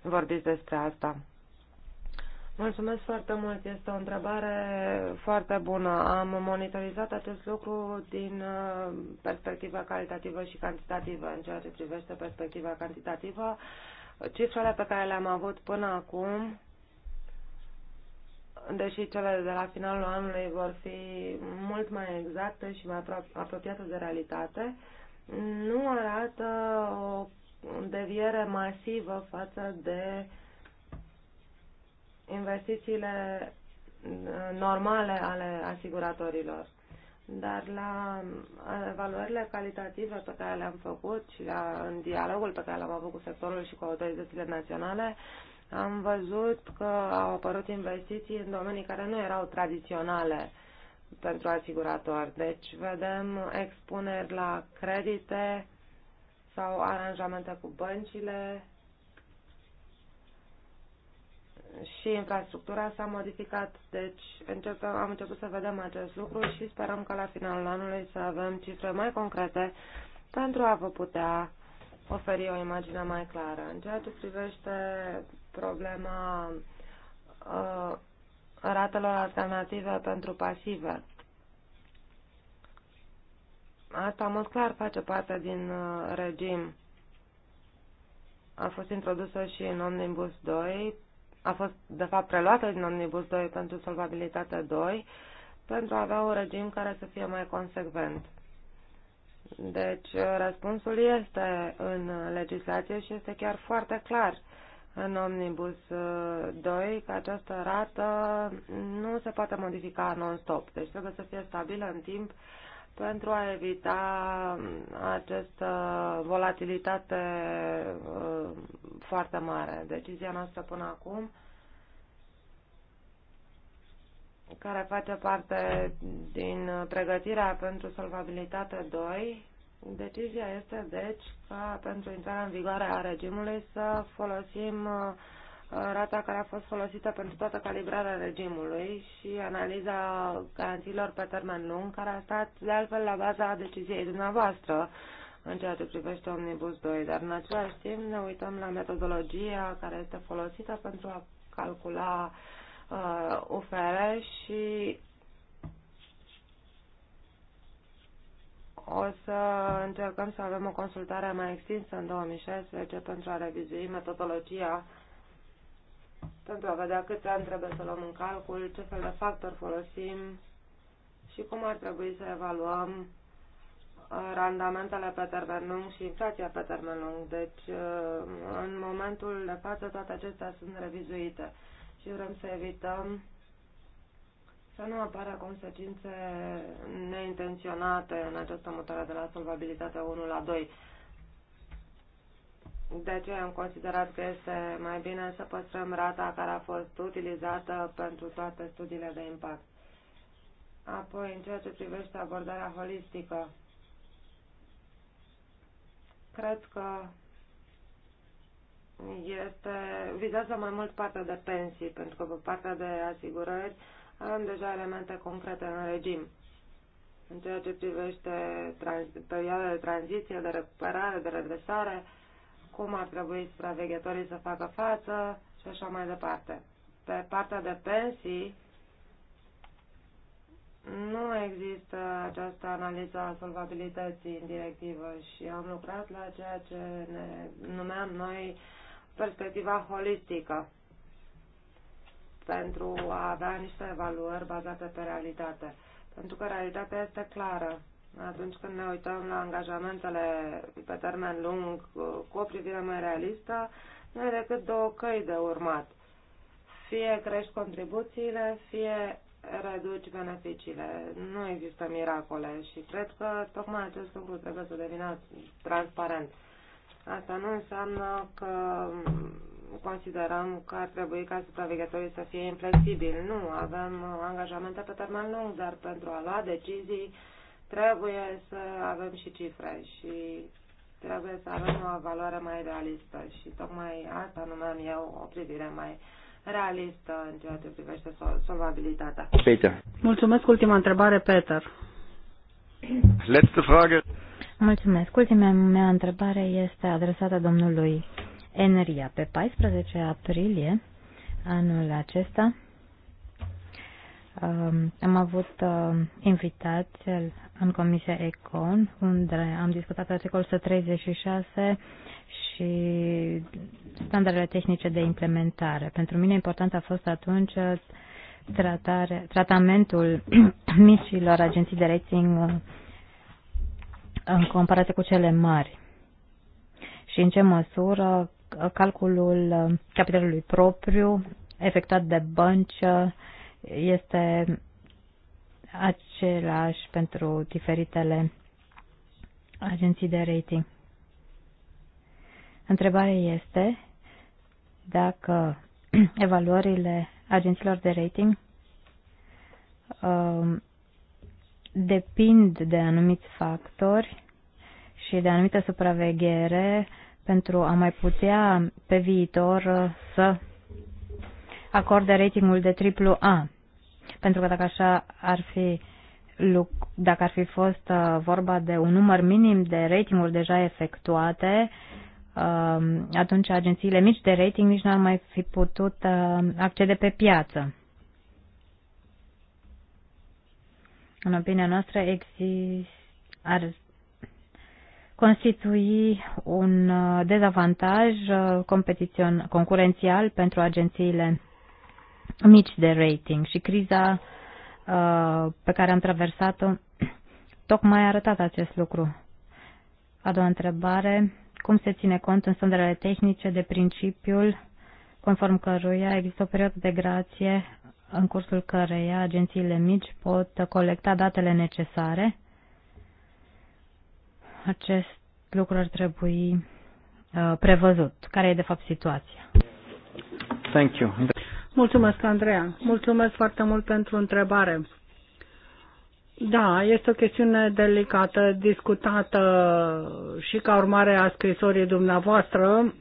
vorbiți despre asta? Mulțumesc foarte mult. Este o întrebare foarte bună. Am monitorizat acest lucru din perspectiva calitativă și cantitativă. În ceea ce privește perspectiva cantitativă, cifrele pe care le-am avut până acum deși cele de la finalul anului vor fi mult mai exacte și mai apropiate de realitate, nu arată o deviere masivă față de investițiile uh, normale ale asiguratorilor. Dar la uh, evaluările calitative pe care le-am făcut și la, în dialogul pe care l-am avut cu sectorul și cu autoritățile naționale, uh, am văzut că au apărut investiții în domenii care nu erau tradiționale pentru asiguratori. Deci vedem expuneri la credite sau aranjamente cu băncile și infrastructura s-a modificat. Deci începem, am început să vedem acest lucru și sperăm că la finalul anului să avem cifre mai concrete pentru a vă putea oferi o imagine mai clară. În ceea ce privește problema uh, ratelor alternative pentru pasive. Asta, mult clar, face parte din uh, regim. A fost introdusă și în Omnibus 2, a fost, de fapt, preluată din Omnibus 2 pentru solvabilitate 2, pentru a avea un regim care să fie mai consecvent. Deci, uh, răspunsul este în legislație și este chiar foarte clar în Omnibus 2 uh, că această rată nu se poate modifica non-stop, deci trebuie să fie stabilă în timp pentru a evita uh, această volatilitate uh, foarte mare. Decizia noastră până acum care face parte din pregătirea pentru solvabilitate 2 Decizia este, deci, ca pentru intrarea în vigoare a regimului să folosim uh, rata care a fost folosită pentru toată calibrarea regimului și analiza garanțiilor pe termen lung, care a stat de altfel la baza deciziei dumneavoastră în ceea ce privește Omnibus 2, dar în același timp ne uităm la metodologia care este folosită pentru a calcula uh, și o să încercăm să avem o consultare mai extinsă în 2016 pentru a revizui metodologia pentru a vedea câți ani trebuie să luăm în calcul, ce fel de factori folosim și cum ar trebui să evaluăm uh, randamentele pe termen lung și inflația pe termen lung. Deci, uh, în momentul de față, toate acestea sunt revizuite și vrem să evităm să nu apară consecințe neintenționate în această mutare de la solvabilitatea 1 la 2. De ce am considerat că este mai bine să păstrăm rata care a fost utilizată pentru toate studiile de impact. Apoi, în ceea ce privește abordarea holistică, cred că este, vizează mai mult partea de pensii, pentru că pe partea de asigurări avem deja elemente concrete în regim. În ceea ce privește perioada de tranziție, de recuperare, de redresare, cum ar trebui supraveghetorii să facă față și așa mai departe. Pe partea de pensii, nu există această analiză a solvabilității în directivă și am lucrat la ceea ce ne numeam noi perspectiva holistică pentru a avea niște evaluări bazate pe realitate. Pentru că realitatea este clară. Atunci când ne uităm la angajamentele pe termen lung cu o privire mai realistă, nu e decât două căi de urmat. Fie crești contribuțiile, fie reduci beneficiile. Nu există miracole și cred că tocmai acest lucru trebuie să devină transparent. Asta nu înseamnă că consideram că ar trebui ca supraveghetorii să fie inflexibili. Nu, avem angajamente pe termen lung, dar pentru a lua decizii trebuie să avem și cifre și trebuie să avem o valoare mai realistă și tocmai asta numeam eu o privire mai realistă în ceea ce privește solvabilitatea. Peter. Mulțumesc. Ultima întrebare, Peter. Letzte Frage. Mulțumesc. Ultima mea întrebare este adresată domnului Enria. Pe 14 aprilie anul acesta um, am avut um, invitați în Comisia Econ, unde am discutat articolul 136 și standardele tehnice de implementare. Pentru mine important a fost atunci tratare, tratamentul micilor agenții de rating uh, în comparație cu cele mari și în ce măsură calculul uh, capitalului propriu efectuat de bănci uh, este același pentru diferitele agenții de rating. Întrebarea este dacă evaluările agențiilor de rating uh, depind de anumiți factori și de anumită supraveghere pentru a mai putea pe viitor să acorde ratingul de triplu A. Pentru că dacă așa ar fi dacă ar fi fost uh, vorba de un număr minim de ratinguri deja efectuate, um, atunci agențiile mici de rating nici n-ar mai fi putut uh, accede pe piață. În opinia noastră, exist, ar constitui un uh, dezavantaj uh, concurențial pentru agențiile mici de rating și criza uh, pe care am traversat-o tocmai a arătat acest lucru. A doua întrebare, cum se ține cont în standardele tehnice de principiul conform căruia există o perioadă de grație în cursul căreia agențiile mici pot colecta datele necesare acest lucru ar trebui uh, prevăzut? Care e de fapt situația? Thank you. Mulțumesc, Andreea. Mulțumesc foarte mult pentru întrebare. Da, este o chestiune delicată, discutată și ca urmare a scrisorii dumneavoastră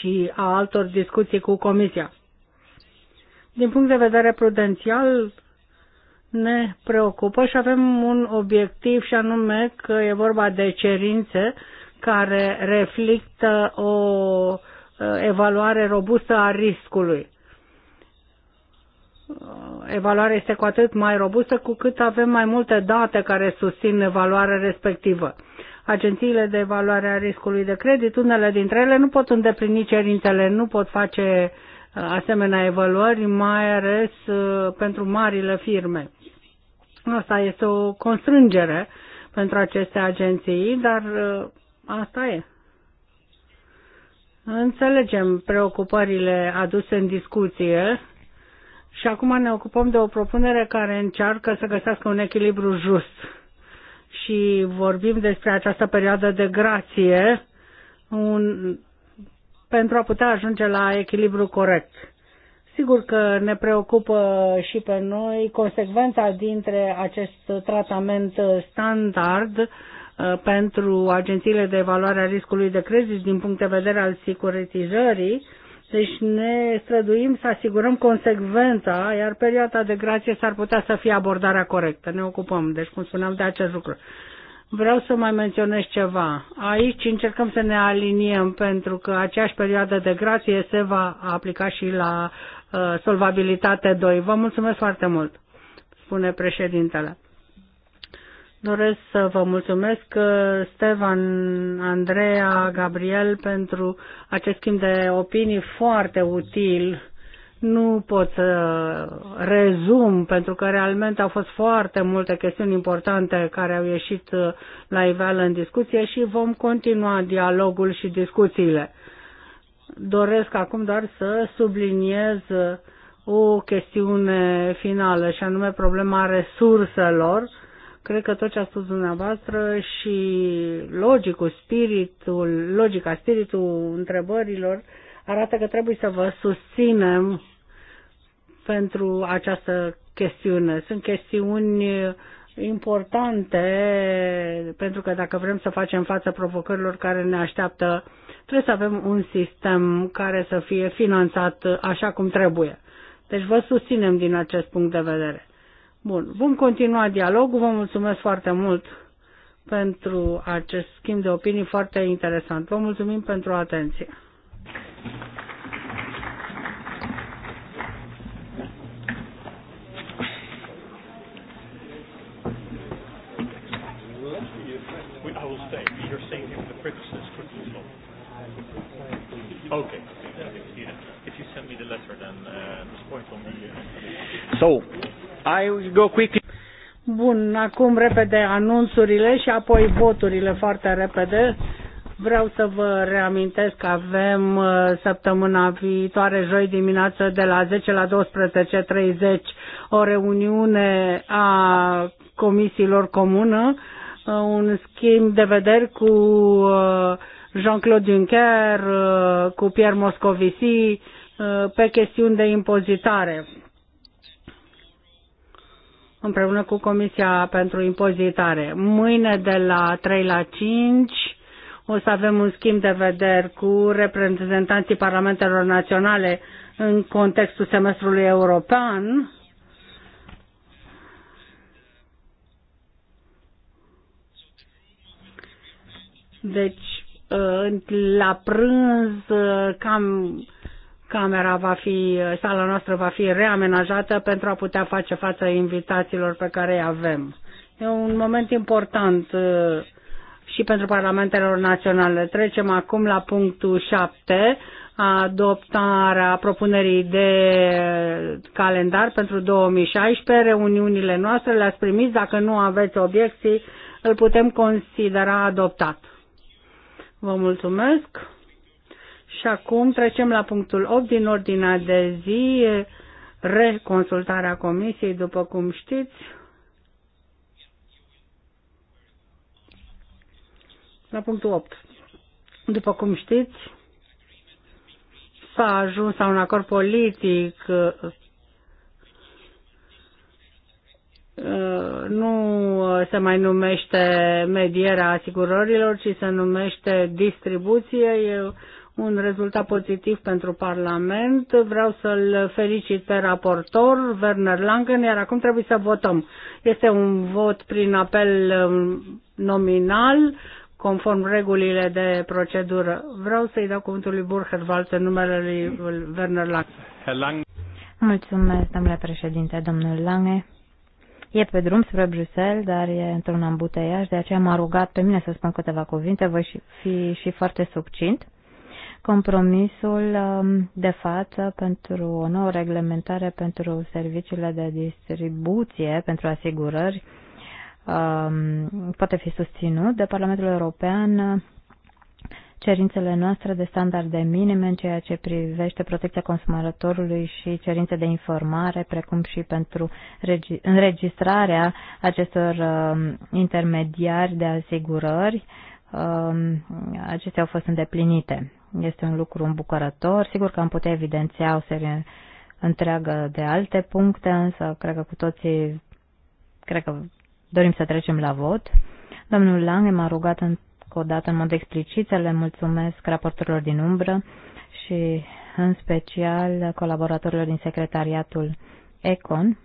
și a altor discuții cu Comisia. Din punct de vedere prudențial, ne preocupă și avem un obiectiv și anume că e vorba de cerințe care reflectă o evaluare robustă a riscului. Evaluarea este cu atât mai robustă cu cât avem mai multe date care susțin evaluarea respectivă. Agențiile de evaluare a riscului de credit, unele dintre ele nu pot îndeplini cerințele, nu pot face uh, asemenea evaluări, mai ales uh, pentru marile firme. Asta este o constrângere pentru aceste agenții, dar uh, asta e. Înțelegem preocupările aduse în discuție și acum ne ocupăm de o propunere care încearcă să găsească un echilibru just. Și vorbim despre această perioadă de grație un, pentru a putea ajunge la echilibru corect. Sigur că ne preocupă și pe noi consecvența dintre acest tratament standard uh, pentru agențiile de evaluare a riscului de credit din punct de vedere al securitizării. Deci ne străduim să asigurăm consecvența, iar perioada de grație s-ar putea să fie abordarea corectă. Ne ocupăm, deci cum spuneam, de acest lucru. Vreau să mai menționez ceva. Aici încercăm să ne aliniem pentru că aceeași perioadă de grație se va aplica și la Uh, solvabilitate 2. Vă mulțumesc foarte mult, spune președintele. Doresc să vă mulțumesc, uh, Stefan, Andreea, Gabriel, pentru acest schimb de opinii foarte util. Nu pot să rezum, pentru că realmente au fost foarte multe chestiuni importante care au ieșit uh, la iveală în discuție și vom continua dialogul și discuțiile. Doresc acum doar să subliniez o chestiune finală și anume problema resurselor. Cred că tot ce a spus dumneavoastră și logicul, spiritul, logica, spiritul întrebărilor arată că trebuie să vă susținem pentru această chestiune. Sunt chestiuni importante, pentru că dacă vrem să facem față provocărilor care ne așteaptă, trebuie să avem un sistem care să fie finanțat așa cum trebuie. Deci vă susținem din acest punct de vedere. Bun, vom continua dialogul, vă mulțumesc foarte mult pentru acest schimb de opinii foarte interesant. Vă mulțumim pentru atenție. So, I will go quickly. Bun, acum repede anunțurile și apoi voturile foarte repede. Vreau să vă reamintesc că avem uh, săptămâna viitoare, joi dimineață, de la 10 la 12.30, o reuniune a comisiilor comună, uh, un schimb de vederi cu uh, Jean-Claude Juncker, cu Pierre Moscovici, pe chestiuni de impozitare împreună cu Comisia pentru Impozitare. Mâine de la 3 la 5 o să avem un schimb de vederi cu reprezentanții parlamentelor naționale în contextul semestrului european. Deci, ă, la prânz, cam camera va fi, sala noastră va fi reamenajată pentru a putea face față invitațiilor pe care îi avem. E un moment important uh, și pentru parlamentele naționale. Trecem acum la punctul 7, adoptarea propunerii de calendar pentru 2016. Reuniunile noastre le-ați primit, dacă nu aveți obiecții, îl putem considera adoptat. Vă mulțumesc. Și acum trecem la punctul 8 din ordinea de zi, reconsultarea comisiei, după cum știți. La punctul 8. După cum știți, s-a ajuns la un acord politic uh, uh, nu se mai numește medierea asigurărilor, ci se numește distribuție. Eu un rezultat pozitiv pentru Parlament. Vreau să-l felicit pe raportor, Werner Langen, iar acum trebuie să votăm. Este un vot prin apel um, nominal, conform regulile de procedură. Vreau să-i dau cuvântul lui Burherwald în numele lui Werner Langen. Mulțumesc, domnule președinte, domnul Lange. E pe drum spre Bruxelles, dar e într-un ambuteiaj, de aceea m-a rugat pe mine să spun câteva cuvinte, voi fi și foarte subcint compromisul um, de față pentru o nouă reglementare pentru serviciile de distribuție, pentru asigurări, um, poate fi susținut de Parlamentul European cerințele noastre de standarde minime în ceea ce privește protecția consumatorului și cerințe de informare, precum și pentru înregistrarea acestor um, intermediari de asigurări, acestea au fost îndeplinite. Este un lucru îmbucurător. Sigur că am putea evidenția o serie întreagă de alte puncte, însă cred că cu toții cred că dorim să trecem la vot. Domnul Lange m-a rugat încă o dată în mod explicit să le mulțumesc raporturilor din umbră și în special colaboratorilor din secretariatul ECON,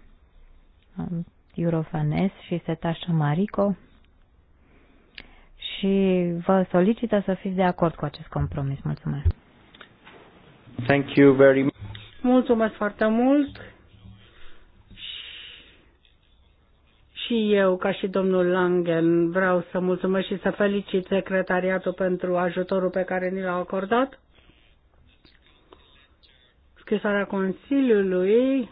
Eurofanes și Setașa Marico, și vă solicită să fiți de acord cu acest compromis. Mulțumesc. Thank you very much. Mulțumesc foarte mult. Și eu, ca și domnul Langen, vreau să mulțumesc și să felicit secretariatul pentru ajutorul pe care ni l-a acordat. Scrisoarea Consiliului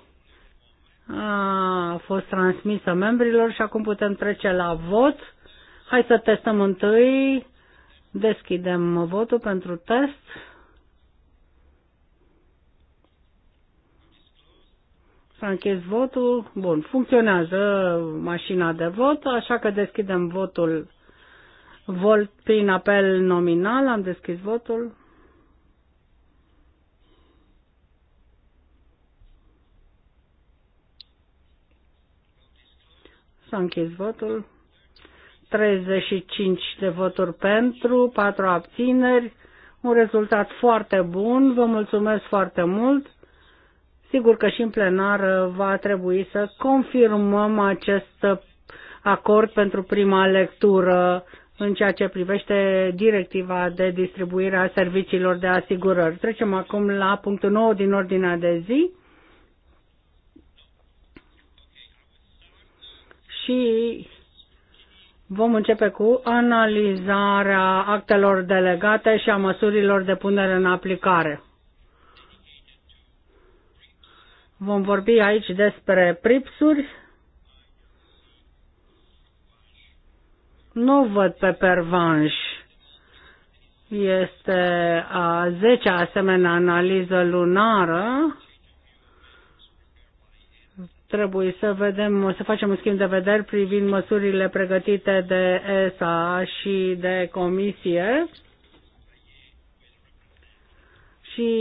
a fost transmisă membrilor și acum putem trece la vot. Hai să testăm întâi. Deschidem votul pentru test. S-a închis votul. Bun, funcționează mașina de vot, așa că deschidem votul Volt prin apel nominal. Am deschis votul. S-a închis votul. 35 de voturi pentru, 4 abțineri, un rezultat foarte bun, vă mulțumesc foarte mult. Sigur că și în plenar va trebui să confirmăm acest acord pentru prima lectură în ceea ce privește directiva de distribuire a serviciilor de asigurări. Trecem acum la punctul 9 din ordinea de zi. Și Vom începe cu analizarea actelor delegate și a măsurilor de punere în aplicare. Vom vorbi aici despre pripsuri. Nu văd pe pervanș. Este a zecea asemenea analiză lunară Trebuie să vedem, să facem un schimb de vederi privind măsurile pregătite de ESA și de Comisie. Și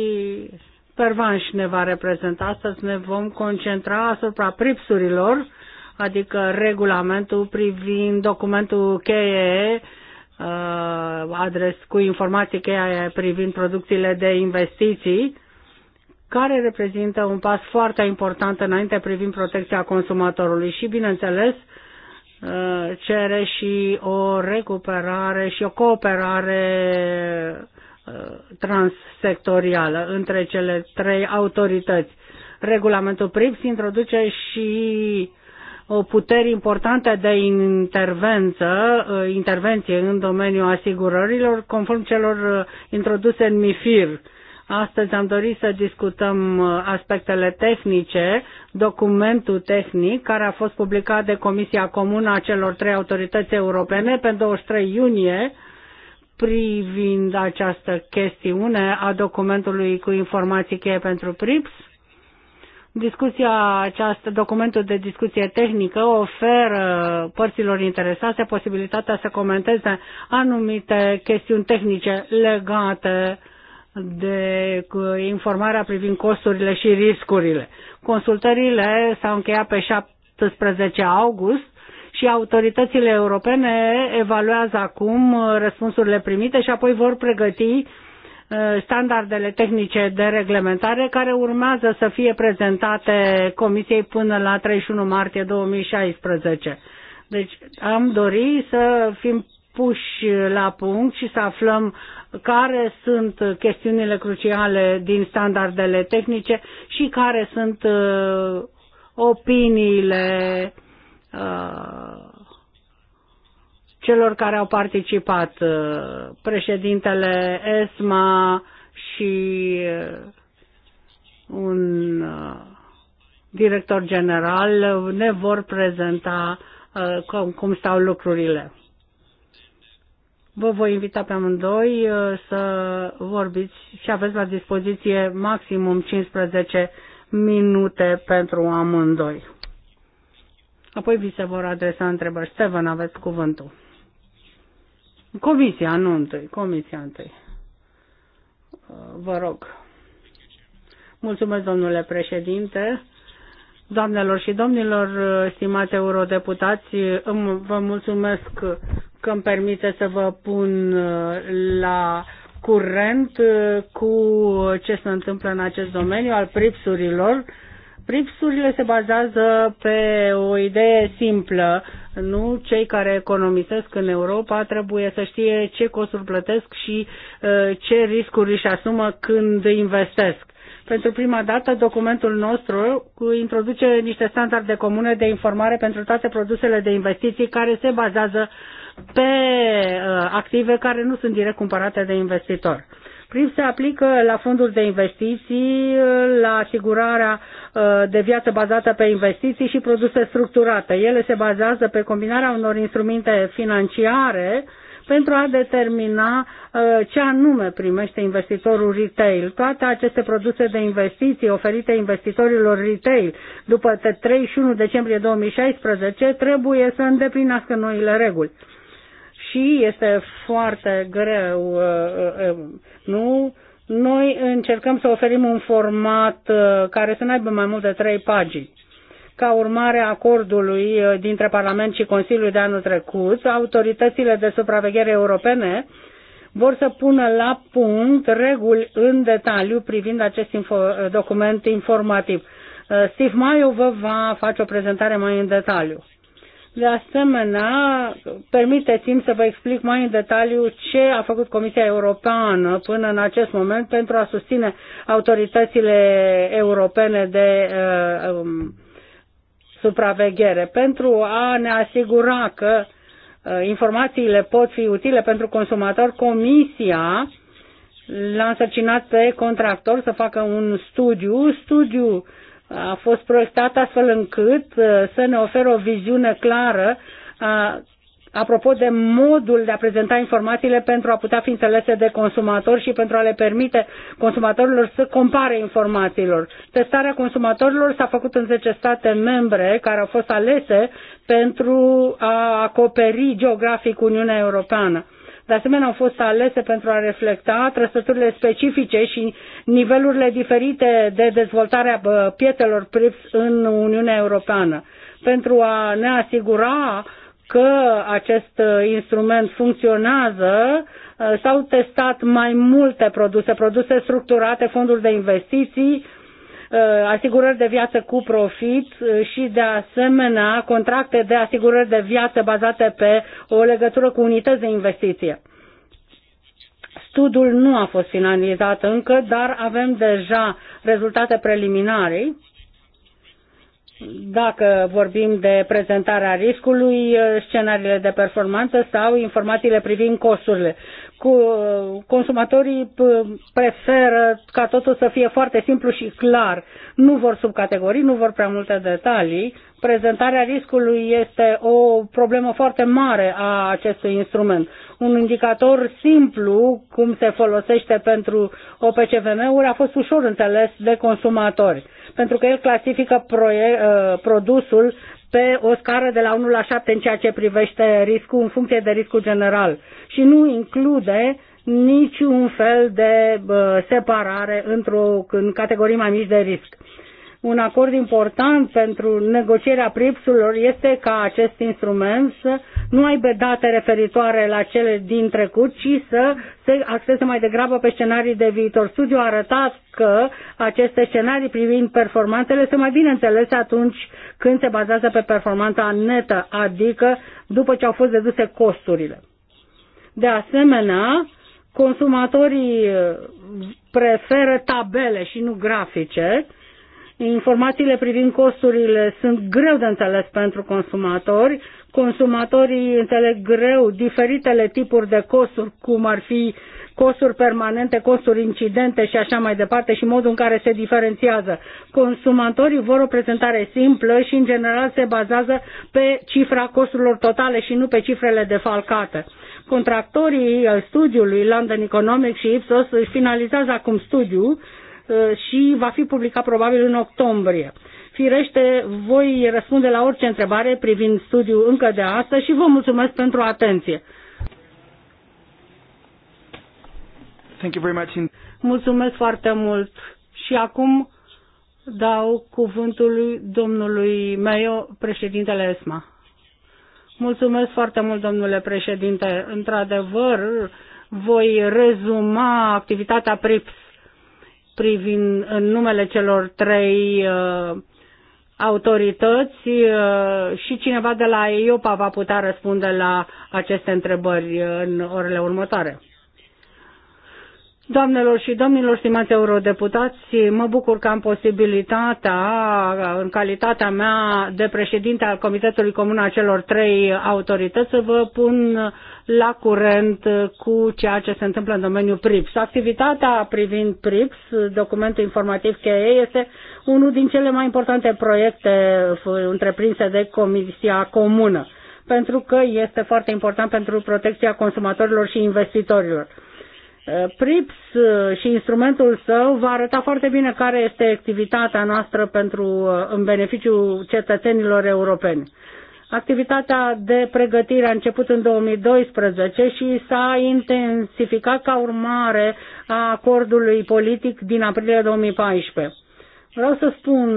Pervanș ne va reprezenta. Astăzi ne vom concentra asupra pripsurilor, adică regulamentul privind documentul cheie uh, adres cu informații cheie privind producțiile de investiții care reprezintă un pas foarte important înainte privind protecția consumatorului și, bineînțeles, uh, cere și o recuperare și o cooperare uh, transsectorială între cele trei autorități. Regulamentul PRIPS introduce și o puteri importante de intervență, uh, intervenție în domeniul asigurărilor, conform celor introduse în MIFIR Astăzi am dorit să discutăm uh, aspectele tehnice, documentul tehnic care a fost publicat de Comisia Comună a celor trei autorități europene pe 23 iunie privind această chestiune a documentului cu informații cheie pentru PRIPS. Discuția această, documentul de discuție tehnică oferă părților interesate posibilitatea să comenteze anumite chestiuni tehnice legate uh, de informarea privind costurile și riscurile. Consultările s-au încheiat pe 17 august și autoritățile europene evaluează acum răspunsurile primite și apoi vor pregăti uh, standardele tehnice de reglementare care urmează să fie prezentate Comisiei până la 31 martie 2016. Deci am dori să fim puși la punct și să aflăm care sunt chestiunile cruciale din standardele tehnice și care sunt uh, opiniile uh, celor care au participat, uh, președintele ESMA și un director general ne vor prezenta cum stau lucrurile. Vă voi invita pe amândoi uh, să vorbiți și aveți la dispoziție maximum 15 minute pentru amândoi. Apoi vi se vor adresa întrebări. Steven, aveți cuvântul. Comisia, nu întâi, comisia întâi. Uh, vă rog. Mulțumesc, domnule președinte. Doamnelor și domnilor, uh, stimați eurodeputați, vă mulțumesc că îmi permite să vă pun uh, la curent uh, cu ce se întâmplă în acest domeniu al pripsurilor. Pripsurile se bazează pe o idee simplă. Nu cei care economisesc în Europa trebuie să știe ce costuri plătesc și uh, ce riscuri își asumă când investesc. Pentru prima dată, documentul nostru introduce niște standarde comune de informare pentru toate produsele de investiții care se bazează pe uh, active care nu sunt direct cumpărate de investitor. Prim se aplică la fonduri de investiții, uh, la asigurarea uh, de viață bazată pe investiții și produse structurate. Ele se bazează pe combinarea unor instrumente financiare pentru a determina ce anume primește investitorul retail. Toate aceste produse de investiții oferite investitorilor retail după 31 decembrie 2016 trebuie să îndeplinească noile reguli și este foarte greu, uh, uh, uh, nu? Noi încercăm să oferim un format care să n-aibă mai mult de trei pagini. Ca urmare a acordului dintre Parlament și Consiliul de anul trecut, autoritățile de supraveghere europene vor să pună la punct reguli în detaliu privind acest info- document informativ. Steve Maio vă va face o prezentare mai în detaliu. De asemenea, permiteți-mi să vă explic mai în detaliu ce a făcut Comisia Europeană până în acest moment pentru a susține autoritățile europene de uh, um, supraveghere, pentru a ne asigura că uh, informațiile pot fi utile pentru consumator. Comisia l-a însărcinat pe contractor să facă un studiu, studiu uh, a fost proiectat astfel încât uh, să ne oferă o viziune clară a, apropo de modul de a prezenta informațiile pentru a putea fi înțelese de consumatori și pentru a le permite consumatorilor să compare informațiilor. Testarea consumatorilor s-a făcut în 10 state membre care au fost alese pentru a acoperi geografic Uniunea Europeană de asemenea, au fost alese pentru a reflecta trăsăturile specifice și nivelurile diferite de dezvoltare a pietelor PRIPS în Uniunea Europeană. Pentru a ne asigura că acest ă, instrument funcționează, s-au testat mai multe produse, produse structurate, fonduri de investiții, Uh, asigurări de viață cu profit uh, și de asemenea contracte de asigurări de viață bazate pe o legătură cu unități de investiție. Studiul nu a fost finalizat încă, dar avem deja rezultate preliminare dacă vorbim de prezentarea riscului, eh, scenariile de performanță sau informațiile privind costurile. Cu eh, consumatorii eh, preferă ca totul să fie foarte simplu și clar. Nu vor subcategorii, nu vor prea multe detalii. Prezentarea riscului este o problemă foarte mare a acestui instrument un indicator simplu, cum se folosește pentru OPCVM-uri, a fost ușor înțeles de consumatori, pentru că el clasifică uh, produsul pe o scară de la 1 la 7 în ceea ce privește riscul, în funcție de riscul general și nu include niciun fel de uh, separare într-o în categorii mai mici de risc. Un acord important pentru negocierea pripsurilor este ca acest instrument să nu aibă date referitoare la cele din trecut, ci să se axeze mai degrabă pe scenarii de viitor. Studiul a arătat că aceste scenarii privind performanțele sunt mai bine înțelese atunci când se bazează pe performanța netă, adică după ce au fost deduse costurile. De asemenea, consumatorii preferă tabele și nu grafice Informațiile privind costurile sunt greu de înțeles pentru consumatori. Consumatorii înțeleg greu diferitele tipuri de costuri, cum ar fi costuri permanente, costuri incidente și așa mai departe și modul în care se diferențiază. Consumatorii vor o prezentare simplă și în general se bazează pe cifra costurilor totale și nu pe cifrele defalcate. Contractorii studiului London Economics și Ipsos își finalizează acum studiul Uh, și va fi publicat probabil în octombrie. Firește, voi răspunde la orice întrebare privind studiul încă de astăzi și vă mulțumesc pentru atenție. Thank you very much. Mulțumesc foarte mult și acum dau cuvântul domnului Meio, președintele ESMA. Mulțumesc foarte mult, domnule președinte. Într-adevăr, voi rezuma activitatea PRIPS privind în numele celor trei uh, autorități uh, și cineva de la EIOPA va putea răspunde la aceste întrebări uh, în orele următoare. Doamnelor și domnilor, stimați eurodeputați, mă bucur că am posibilitatea, în calitatea mea de președinte al Comitetului Comun a celor trei autorități, să vă pun la curent uh, cu ceea ce se întâmplă în domeniul PRIPS. Activitatea privind PRIPS, documentul informativ cheie, este unul din cele mai importante proiecte uh, întreprinse de Comisia Comună, pentru că este foarte important pentru protecția consumatorilor și investitorilor. Uh, PRIPS și instrumentul său va arăta foarte bine care este activitatea noastră pentru, în beneficiul cetățenilor europeni. Activitatea de pregătire a început în 2012 și s-a intensificat ca urmare a acordului politic din aprilie 2014. Vreau să spun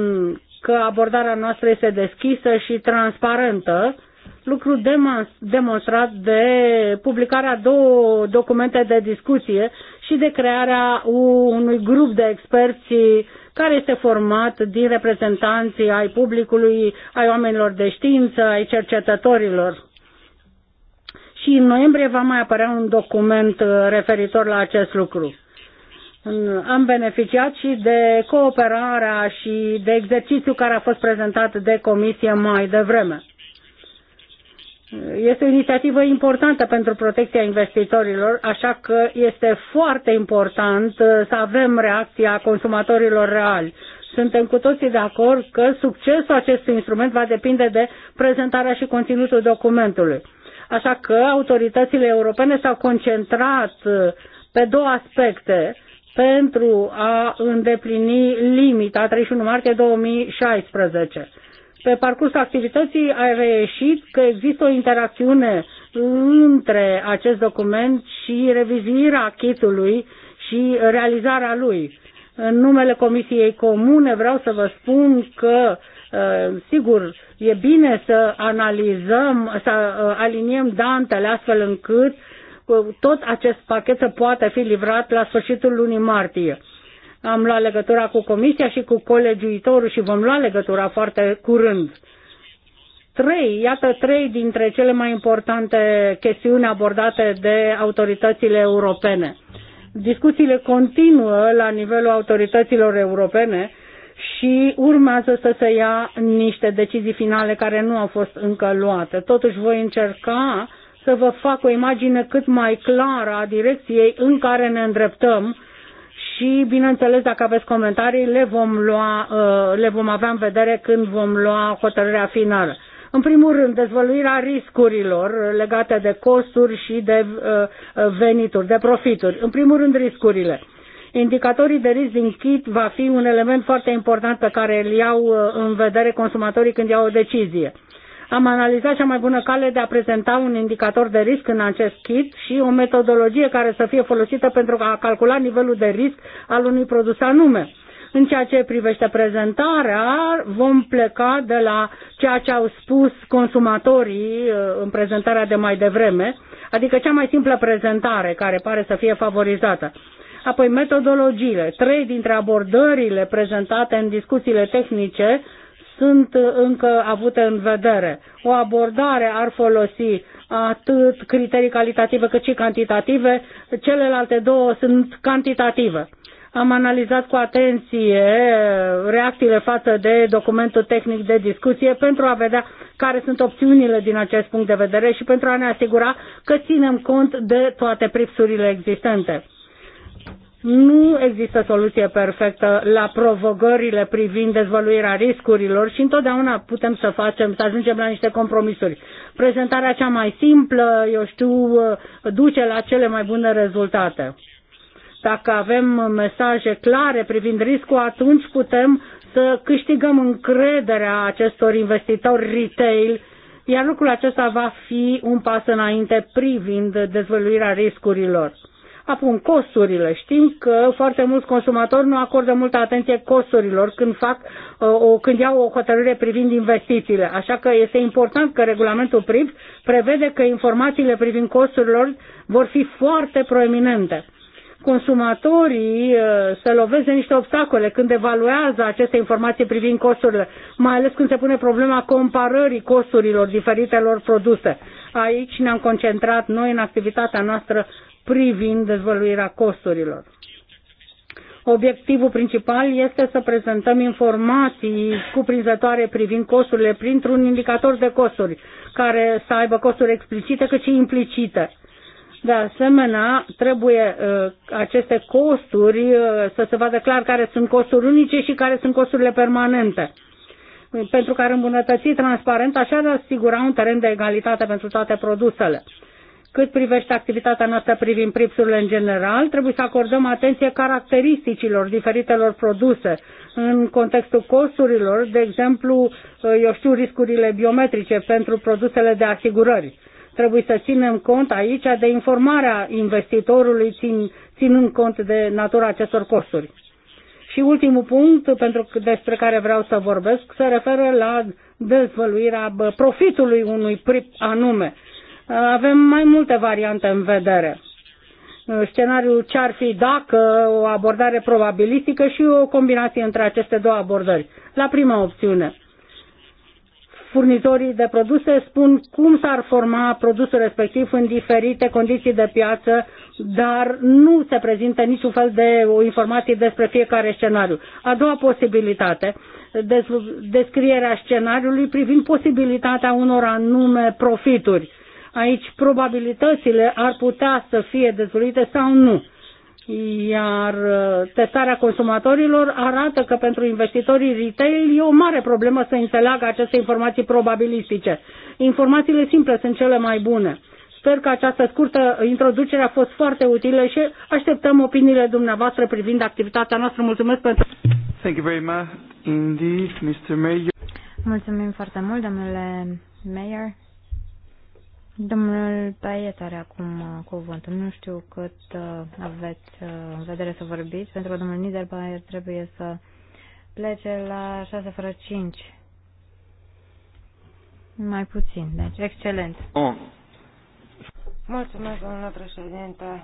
că abordarea noastră este deschisă și transparentă, lucru demonstrat de publicarea două documente de discuție și de crearea unui grup de experți care este format din reprezentanții ai publicului, ai oamenilor de știință, ai cercetătorilor. Și în noiembrie va mai apărea un document uh, referitor la acest lucru. Am beneficiat și de cooperarea și de exercițiul care a fost prezentat de comisie mai devreme. Este o inițiativă importantă pentru protecția investitorilor, așa că este foarte important uh, să avem reacția consumatorilor reali. Suntem cu toții de acord că succesul acestui instrument va depinde de prezentarea și conținutul documentului. Așa că autoritățile europene s-au concentrat uh, pe două aspecte pentru a îndeplini limita 31 martie 2016 pe parcursul activității a reieșit că există o interacțiune între acest document și revizuirea chitului și realizarea lui. În numele Comisiei Comune vreau să vă spun că, ă, sigur, e bine să analizăm, să ă, aliniem dantele astfel încât tot acest pachet să poată fi livrat la sfârșitul lunii martie. Am luat legătura cu comisia și cu colegiuitorul și vom lua legătura foarte curând. Trei, iată trei dintre cele mai importante chestiuni abordate de autoritățile europene. Discuțiile continuă la nivelul autorităților europene și urmează să se ia niște decizii finale care nu au fost încă luate. Totuși voi încerca să vă fac o imagine cât mai clară a direcției în care ne îndreptăm și, bineînțeles, dacă aveți comentarii, le vom, lua, uh, le vom avea în vedere când vom lua hotărârea finală. În primul rând, dezvăluirea riscurilor legate de costuri și de uh, uh, venituri, de profituri. În primul rând, riscurile. Indicatorii de risc din kit va fi un element foarte important pe care îl iau în vedere consumatorii când iau o decizie. Am analizat cea mai bună cale de a prezenta un indicator de risc în acest kit și o metodologie care să fie folosită pentru a calcula nivelul de risc al unui produs anume. În ceea ce privește prezentarea, vom pleca de la ceea ce au spus consumatorii uh, în prezentarea de mai devreme, adică cea mai simplă prezentare care pare să fie favorizată. Apoi metodologiile. Trei dintre abordările prezentate în discuțiile tehnice sunt uh, încă avute în vedere. O abordare ar folosi atât criterii calitative cât și cantitative, celelalte două sunt cantitative. Am analizat cu atenție reacțiile față de documentul tehnic de discuție pentru a vedea care sunt opțiunile din acest punct de vedere și pentru a ne asigura că ținem cont de toate pripsurile existente. Nu există soluție perfectă la provocările privind dezvăluirea riscurilor și întotdeauna putem să facem, să ajungem la niște compromisuri. Prezentarea cea mai simplă, eu știu, duce la cele mai bune rezultate. Dacă avem mesaje clare privind riscul, atunci putem să câștigăm încrederea acestor investitori retail, iar lucrul acesta va fi un pas înainte privind dezvăluirea riscurilor Acum, costurile. Știm că foarte mulți consumatori nu acordă multă atenție costurilor când, fac, uh, o, când iau o hotărâre privind investițiile. Așa că este important că regulamentul PRIV prevede că informațiile privind costurilor vor fi foarte proeminente consumatorii uh, se lovesc de niște obstacole când evaluează aceste informații privind costurile, mai ales când se pune problema comparării costurilor diferitelor produse. Aici ne-am concentrat noi în activitatea noastră privind dezvăluirea costurilor. Obiectivul principal este să prezentăm informații cuprinzătoare privind costurile printr-un indicator de costuri, care să aibă costuri explicite cât și implicite. De asemenea, trebuie uh, aceste costuri uh, să se vadă clar care sunt costuri unice și care sunt costurile permanente pentru care îmbunătăți transparent, așa de asigura un teren de egalitate pentru toate produsele. Cât privește activitatea noastră privind pripsurile în general, trebuie să acordăm atenție caracteristicilor diferitelor produse în contextul costurilor, de exemplu, eu știu, riscurile biometrice pentru produsele de asigurări. Trebuie să ținem cont aici de informarea investitorului, țin, ținând cont de natura acestor costuri. Și ultimul punct pentru, despre care vreau să vorbesc se referă la dezvăluirea profitului unui PRIP anume avem mai multe variante în vedere. Scenariul ce ar fi dacă o abordare probabilistică și o combinație între aceste două abordări. La prima opțiune, furnizorii de produse spun cum s-ar forma produsul respectiv în diferite condiții de piață, dar nu se prezintă niciun fel de informații despre fiecare scenariu. A doua posibilitate, descrierea scenariului privind posibilitatea unor anume profituri Aici probabilitățile ar putea să fie dezvoluite sau nu. Iar uh, testarea consumatorilor arată că pentru investitorii retail e o mare problemă să înțeleagă aceste informații probabilistice. Informațiile simple sunt cele mai bune. Sper că această scurtă introducere a fost foarte utilă și așteptăm opiniile dumneavoastră privind activitatea noastră. Mulțumesc pentru... Thank you very much indeed, Mr. Mayor. Mulțumim foarte mult, domnule Mayor. Domnul Paiet are acum uh, cuvântul. Nu știu cât uh, aveți uh, în vedere să vorbiți, pentru că domnul Niederbayer trebuie să plece la 6 fără 5. Mai puțin, deci excelent. Oh. Mulțumesc, domnule președinte.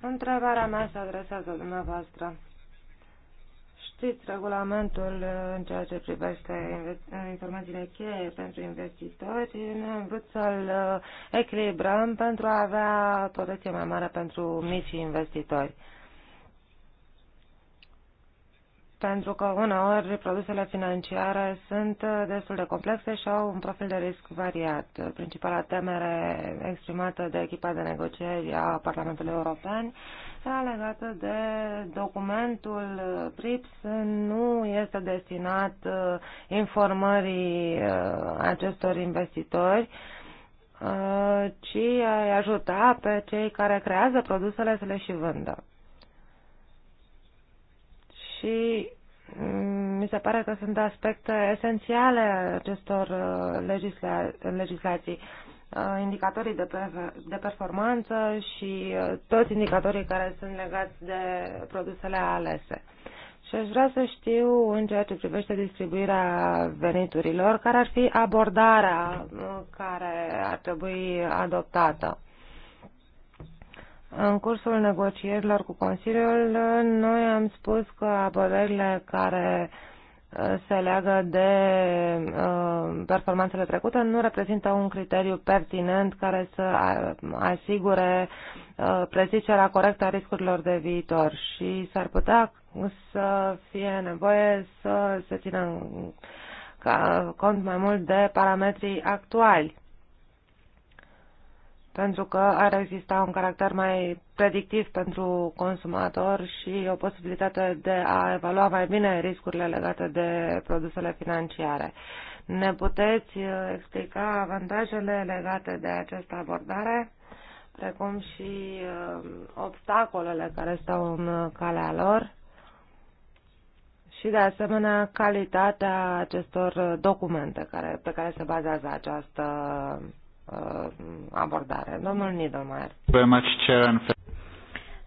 Întrebarea mea se adresează dumneavoastră strict regulamentul în ceea ce privește informațiile cheie pentru investitori, ne-am vrut să-l uh, echilibrăm pentru a avea protecție mai mare pentru micii investitori pentru că uneori produsele financiare sunt destul de complexe și au un profil de risc variat. Principala temere exprimată de echipa de negocieri a Parlamentului European era legată de documentul PRIPS nu este destinat informării uh, acestor investitori, uh, ci a ajuta pe cei care creează produsele să le și vândă. Și mm, mi se pare că sunt aspecte esențiale acestor uh, legisla legislații. Uh, indicatorii de, pe de performanță și uh, toți indicatorii care sunt legați de produsele alese. Și aș vrea să știu, în ceea ce privește distribuirea veniturilor, care ar fi abordarea care ar trebui adoptată. În cursul negocierilor cu Consiliul, noi am spus că apărările care uh, se leagă de uh, performanțele trecute nu reprezintă un criteriu pertinent care să asigure uh, prezicerea corectă a riscurilor de viitor și s-ar putea să fie nevoie să se țină cont mai mult de parametrii actuali pentru că ar exista un caracter mai predictiv pentru consumator și o posibilitate de a evalua mai bine riscurile legate de produsele financiare. Ne puteți uh, explica avantajele legate de această abordare, precum și uh, obstacolele care stau în calea lor și, de asemenea, calitatea acestor documente pe care se bazează această Uh, abordare. Domnul Niedermayer.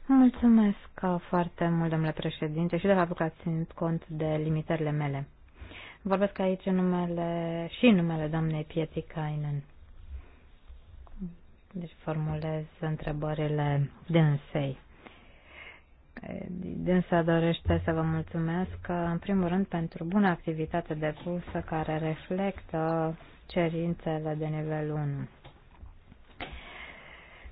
Mulțumesc uh, foarte mult, domnule președinte, și de faptul că ați ținut cont de limitările mele. Vorbesc aici în numele și în numele doamnei Pietikainen. Deci formulez întrebările dânsei. Dânsa dorește să vă mulțumesc, în primul rând, pentru bună activitate depusă care reflectă cerințele de nivel 1.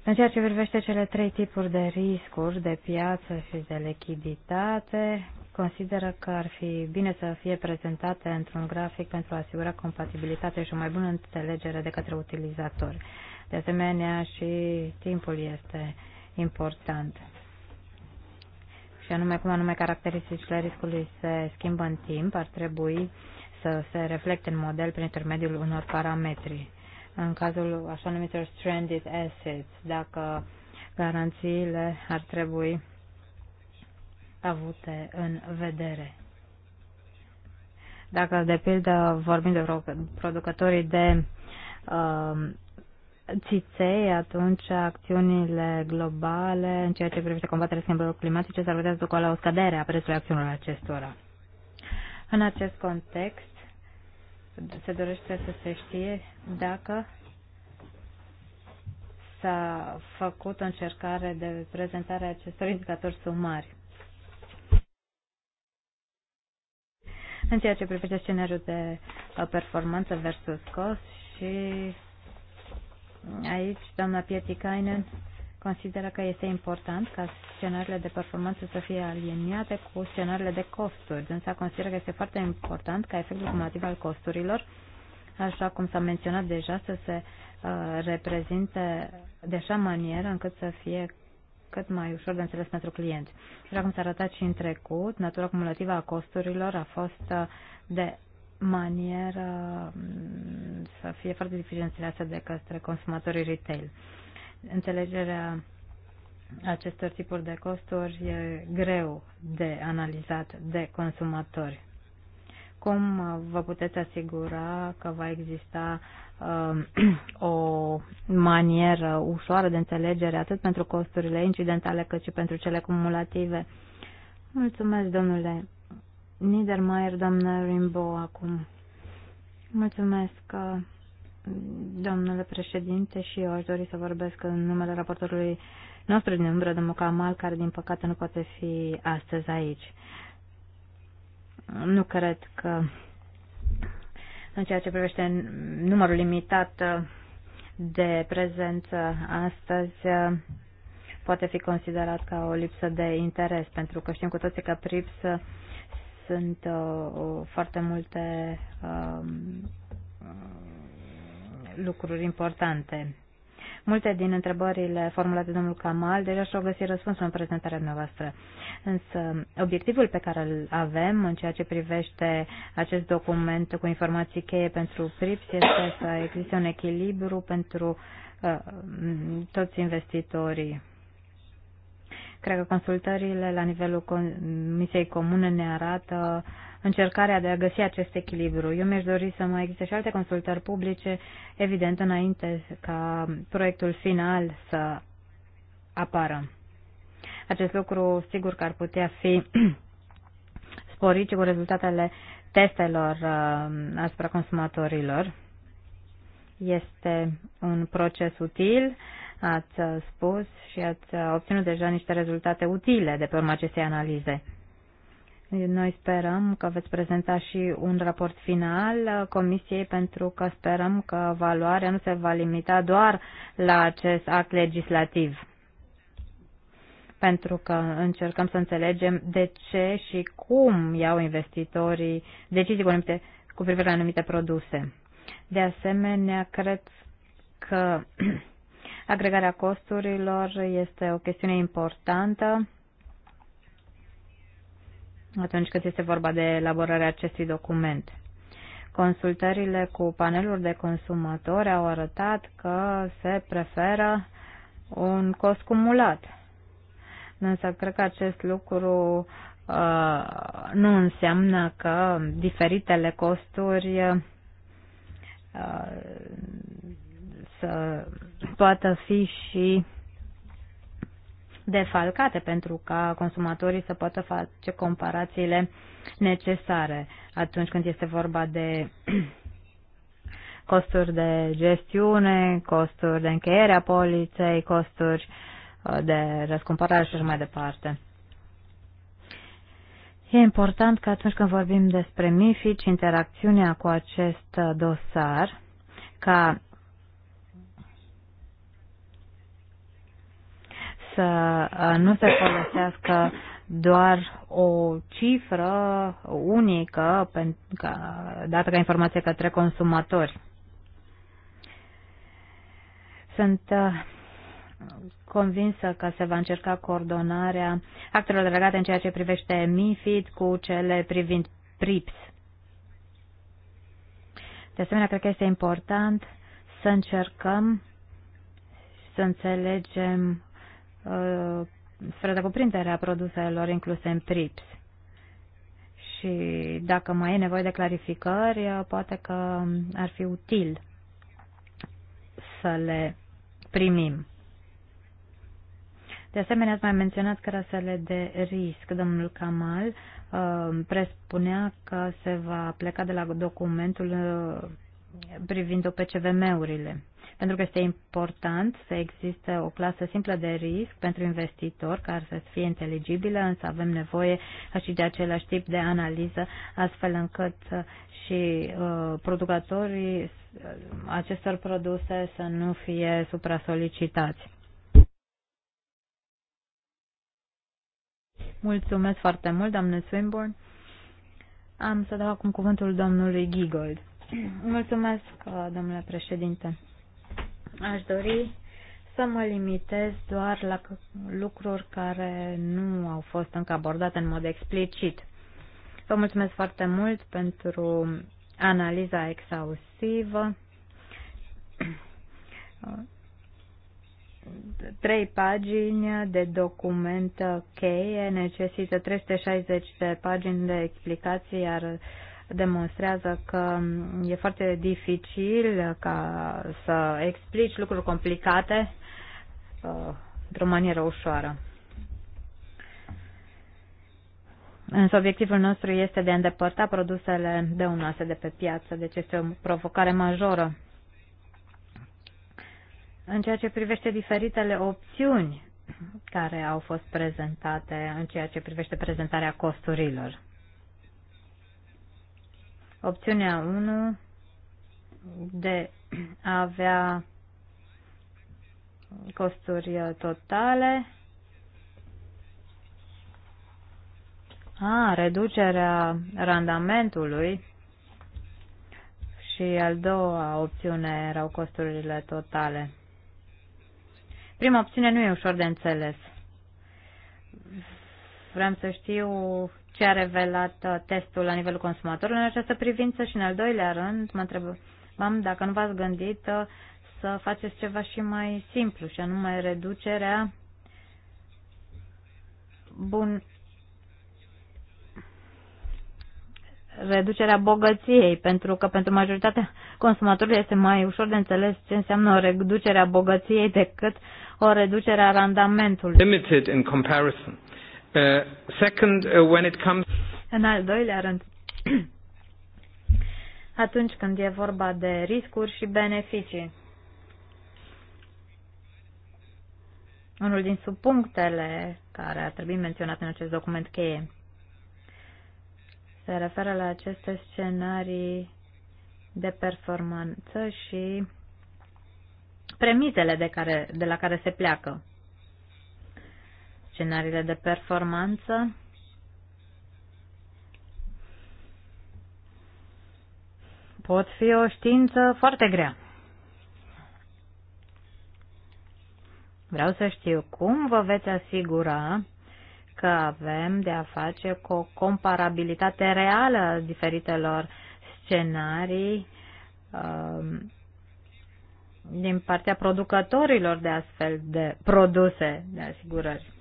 În ceea ce privește cele trei tipuri de riscuri, de piață și de lichiditate, consideră că ar fi bine să fie prezentate într-un grafic pentru a asigura compatibilitate și o mai bună înțelegere de către utilizatori. De asemenea, și timpul este important. Și anume, cum anume caracteristicile riscului se schimbă în timp, ar trebui uh, să se reflecte în model prin intermediul unor parametri. În cazul așa numitor stranded assets, dacă garanțiile ar trebui avute în vedere. Dacă, de pildă, vorbim de producătorii de uh, țiței, atunci acțiunile globale în ceea ce privește combaterea schimbărilor climatice s-ar putea să ducă la o scădere a prețului acțiunilor acestora. În acest context, se dorește să se știe dacă s-a făcut o încercare de prezentare a acestor indicatori sumari. În ceea ce privește scenariul de uh, performanță versus cost și aici, doamna Pietikainen consideră că este important ca scenariile de performanță să fie aliniate cu scenariile de costuri. Însă consideră că este foarte important ca efectul cumulativ al costurilor, așa cum s-a menționat deja, să se uh, reprezinte de așa manieră încât să fie cât mai ușor de înțeles pentru client. Așa cum s-a arătat și în trecut, natura cumulativă a costurilor a fost uh, de manieră mm, să fie foarte dificil înțeleasă de către consumatorii retail. Înțelegerea acestor tipuri de costuri e greu de analizat de consumatori. Cum vă puteți asigura că va exista uh, o manieră ușoară de înțelegere atât pentru costurile incidentale cât și pentru cele cumulative? Mulțumesc, domnule Niedermayer, doamnă Rimbo, acum. Mulțumesc. Uh, domnule președinte, și eu aș dori să vorbesc în numele raportorului nostru din umbră, domnul Camal, care din păcate nu poate fi astăzi aici. Nu cred că în ceea ce privește numărul limitat de prezență astăzi poate fi considerat ca o lipsă de interes, pentru că știm cu toții că PRIPS sunt uh, foarte multe uh, lucruri importante. Multe din întrebările formulate de domnul Kamal deja și-au găsit răspunsul în prezentarea noastră. Însă obiectivul pe care îl avem în ceea ce privește acest document cu informații cheie pentru PRIPS este să existe un echilibru pentru uh, toți investitorii. Cred că consultările la nivelul Comisiei Comune ne arată uh, încercarea de a găsi acest echilibru. Eu mi-aș dori să mai existe și alte consultări publice, evident, înainte ca proiectul final să apară. Acest lucru, sigur că ar putea fi sporit cu rezultatele testelor uh, asupra consumatorilor. Este un proces util, ați spus și ați obținut deja niște rezultate utile de pe urma acestei analize. Noi sperăm că veți prezenta și un raport final Comisiei pentru că sperăm că valoarea nu se va limita doar la acest act legislativ. Pentru că încercăm să înțelegem de ce și cum iau investitorii decizii cu, anumite, cu privire la anumite produse. De asemenea, cred că agregarea costurilor este o chestiune importantă atunci când este vorba de elaborarea acestui document. Consultările cu paneluri de consumatori au arătat că se preferă un cost cumulat. Însă cred că acest lucru uh, nu înseamnă că diferitele costuri uh, să poată fi și uh, defalcate pentru ca consumatorii să poată face comparațiile necesare atunci când este vorba de costuri de gestiune, costuri de încheiere a poliței, costuri uh, de răscumpărare și așa mai departe. E important că atunci când vorbim despre mifi și interacțiunea cu acest dosar, ca să uh, nu se folosească doar o cifră unică dată ca informație către consumatori. Sunt uh, convinsă că se va încerca coordonarea actelor delegate în ceea ce privește MIFID cu cele privind PRIPS. De asemenea, cred că este important să încercăm să înțelegem Uh, spre cuprinderea produselor incluse în PRIPS. Și dacă mai e nevoie de clarificări, uh, poate că ar fi util să le primim. De asemenea, ați mai menționat crasele de risc. Domnul Kamal uh, prespunea că se va pleca de la documentul uh, privind OPCVM-urile pentru că este important să existe o clasă simplă de risc pentru investitor care să fie inteligibilă, însă avem nevoie și de același tip de analiză, astfel încât uh, și uh, producătorii uh, acestor produse să nu fie supra-solicitați. Mulțumesc foarte mult, doamne Swinburne. Am să dau acum cuvântul domnului Gigold. Mulțumesc, uh, domnule președinte. Aș dori să mă limitez doar la lucruri care nu au fost încă abordate în mod explicit. Vă mulțumesc foarte mult pentru analiza exhaustivă. Trei pagini de document cheie necesită 360 de pagini de explicații, iar demonstrează că e foarte dificil ca să explici lucruri complicate uh, într-o manieră ușoară. Însă obiectivul nostru este de a îndepărta produsele dăunoase de pe piață, deci este o provocare majoră. În ceea ce privește diferitele opțiuni care au fost prezentate, în ceea ce privește prezentarea costurilor opțiunea 1 de a avea costuri totale. A, reducerea randamentului și al doua opțiune erau costurile totale. Prima opțiune nu e ușor de înțeles. Vrem să știu ce a revelat uh, testul la nivelul consumatorului în această privință și în al doilea rând mă întrebam dacă nu v-ați gândit uh, să faceți ceva și mai simplu și anume reducerea bun reducerea bogăției, pentru că pentru majoritatea consumatorilor este mai ușor de înțeles ce înseamnă o reducere a bogăției decât o reducere a randamentului. Limited in comparison. Uh, second, uh, when it comes... În al doilea rând, atunci când e vorba de riscuri și beneficii. Unul din subpunctele care ar trebui menționat în acest document cheie se referă la aceste scenarii de performanță și premizele de, care, de la care se pleacă scenariile de performanță. Pot fi o știință foarte grea. Vreau să știu cum vă veți asigura că avem de a face cu o comparabilitate reală a diferitelor scenarii um, din partea producătorilor de astfel de produse de asigurări.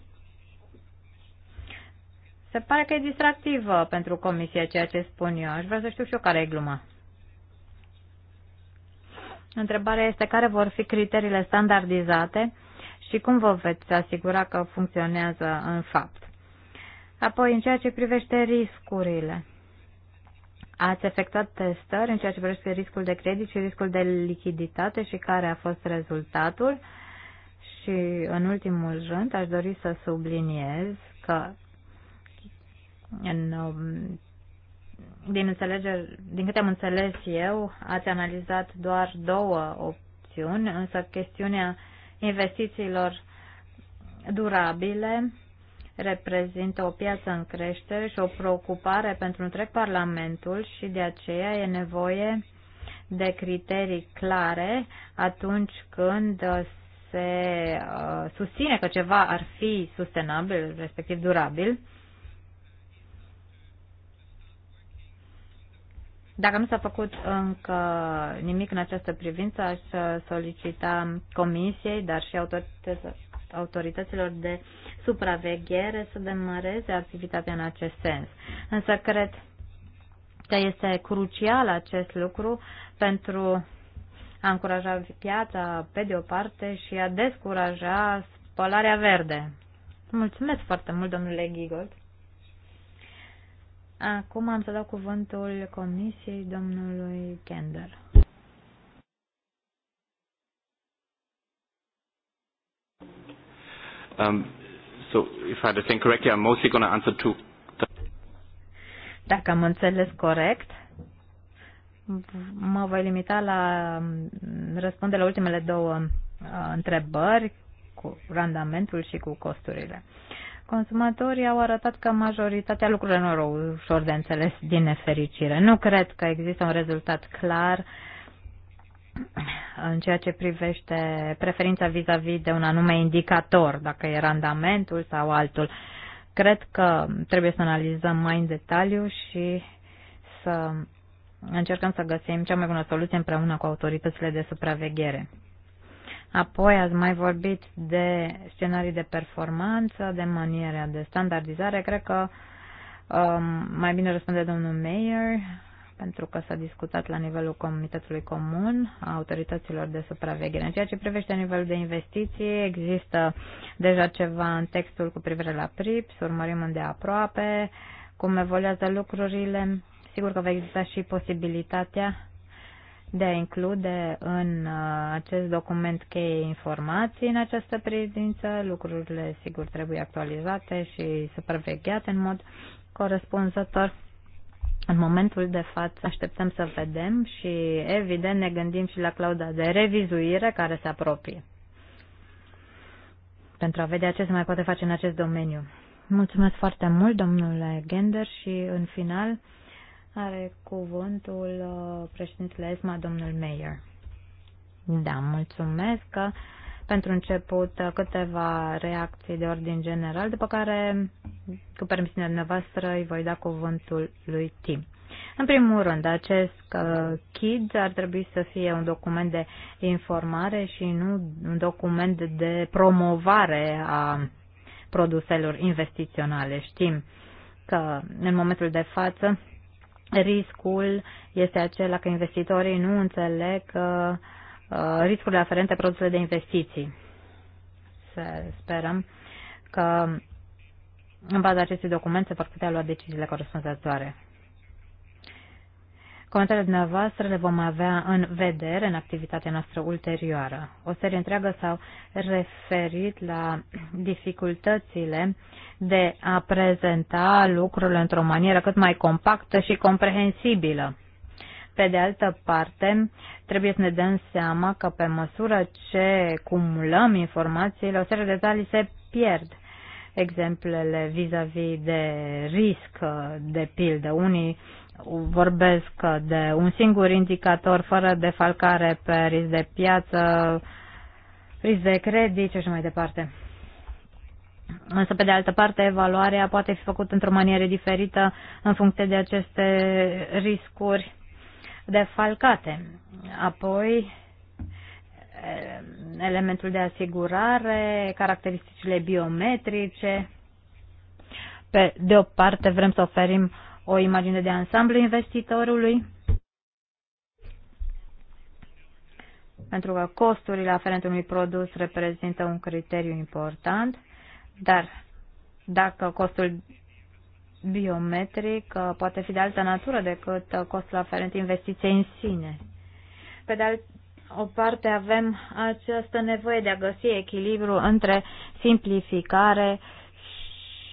Se pare că e distractivă pentru comisia ceea ce spun eu. Aș vrea să știu și eu care e gluma. Întrebarea este care vor fi criteriile standardizate și cum vă veți asigura că funcționează în fapt. Apoi, în ceea ce privește riscurile, ați efectuat testări în ceea ce privește riscul de credit și riscul de lichiditate și care a fost rezultatul. Și, în ultimul rând, aș dori să subliniez că în, um, din, înțelege, din câte am înțeles eu, ați analizat doar două opțiuni, însă chestiunea investițiilor durabile reprezintă o piață în creștere și o preocupare pentru întreg Parlamentul și de aceea e nevoie de criterii clare atunci când se uh, susține că ceva ar fi sustenabil, respectiv durabil. Dacă nu s-a făcut încă nimic în această privință, aș solicita comisiei, dar și autorităților de supraveghere să demăreze activitatea în acest sens. Însă cred că este crucial acest lucru pentru a încuraja piața pe de o parte și a descuraja spălarea verde. Mulțumesc foarte mult, domnule Gigold. Acum am să dau cuvântul comisiei domnului Kender. Um, so, if I think correctly, I'm mostly going to answer two. Dacă am înțeles corect, mă voi limita la um, răspunde la ultimele două uh, întrebări cu randamentul și cu costurile. Uh, consumatorii au arătat că majoritatea lucrurilor nu erau ușor de înțeles, din nefericire. Nu cred că există un rezultat clar în ceea ce privește preferința vis-a-vis -vis de un anume indicator, dacă e randamentul sau altul. Cred că trebuie să analizăm mai în detaliu și să încercăm să găsim cea mai bună soluție împreună cu autoritățile de supraveghere. Apoi ați mai vorbit de scenarii de performanță, de maniera de standardizare. Cred că um, mai bine răspunde domnul Mayer, pentru că s-a discutat la nivelul Comitetului Comun a autorităților de supraveghere. În ceea ce privește nivelul de investiții, există deja ceva în textul cu privire la PRIPS, urmărim îndeaproape cum evoluează lucrurile. Sigur că va exista și posibilitatea de a include în uh, acest document cheie informații în această privință. Lucrurile, sigur, trebuie actualizate și supravegheate în mod corespunzător. În momentul de față așteptăm să vedem și, evident, ne gândim și la clauda de revizuire care se apropie pentru a vedea ce se mai poate face în acest domeniu. Mulțumesc foarte mult, domnule Gender, și în final are cuvântul uh, președintele ESMA, domnul Mayer. Da, mulțumesc. Uh, pentru început uh, câteva reacții de ordin general, după care, cu permisiunea dumneavoastră, îi voi da cuvântul lui Tim. În primul rând, acest uh, KID ar trebui să fie un document de informare și nu un document de promovare a produselor investiționale. Știm că în momentul de față riscul este acela că investitorii nu înțeleg uh, uh, riscurile aferente produsele de investiții. Să sperăm că în baza acestui document se vor putea lua deciziile corespunzătoare. Comentariile dumneavoastră le vom avea în vedere în activitatea noastră ulterioară. O serie întreagă s-au referit la dificultățile de a prezenta lucrurile într-o manieră cât mai compactă și comprehensibilă. Pe de altă parte, trebuie să ne dăm seama că pe măsură ce cumulăm informațiile, o serie de detalii se pierd. Exemplele vis-a-vis -vis de risc, de pildă. Unii vorbesc de un singur indicator fără defalcare pe risc de piață, risc de credit și așa mai departe. Însă, pe de altă parte, evaluarea poate fi făcută într-o manieră diferită în funcție de aceste riscuri defalcate. Apoi, elementul de asigurare, caracteristicile biometrice. Pe de o parte, vrem să oferim uh, o imagine de ansamblu investitorului, pentru că costurile aferente unui produs reprezintă un criteriu important, dar dacă costul biometric uh, poate fi de altă natură decât uh, costul aferent investiției în sine. Pe de alt, o parte avem această nevoie de a găsi echilibru între simplificare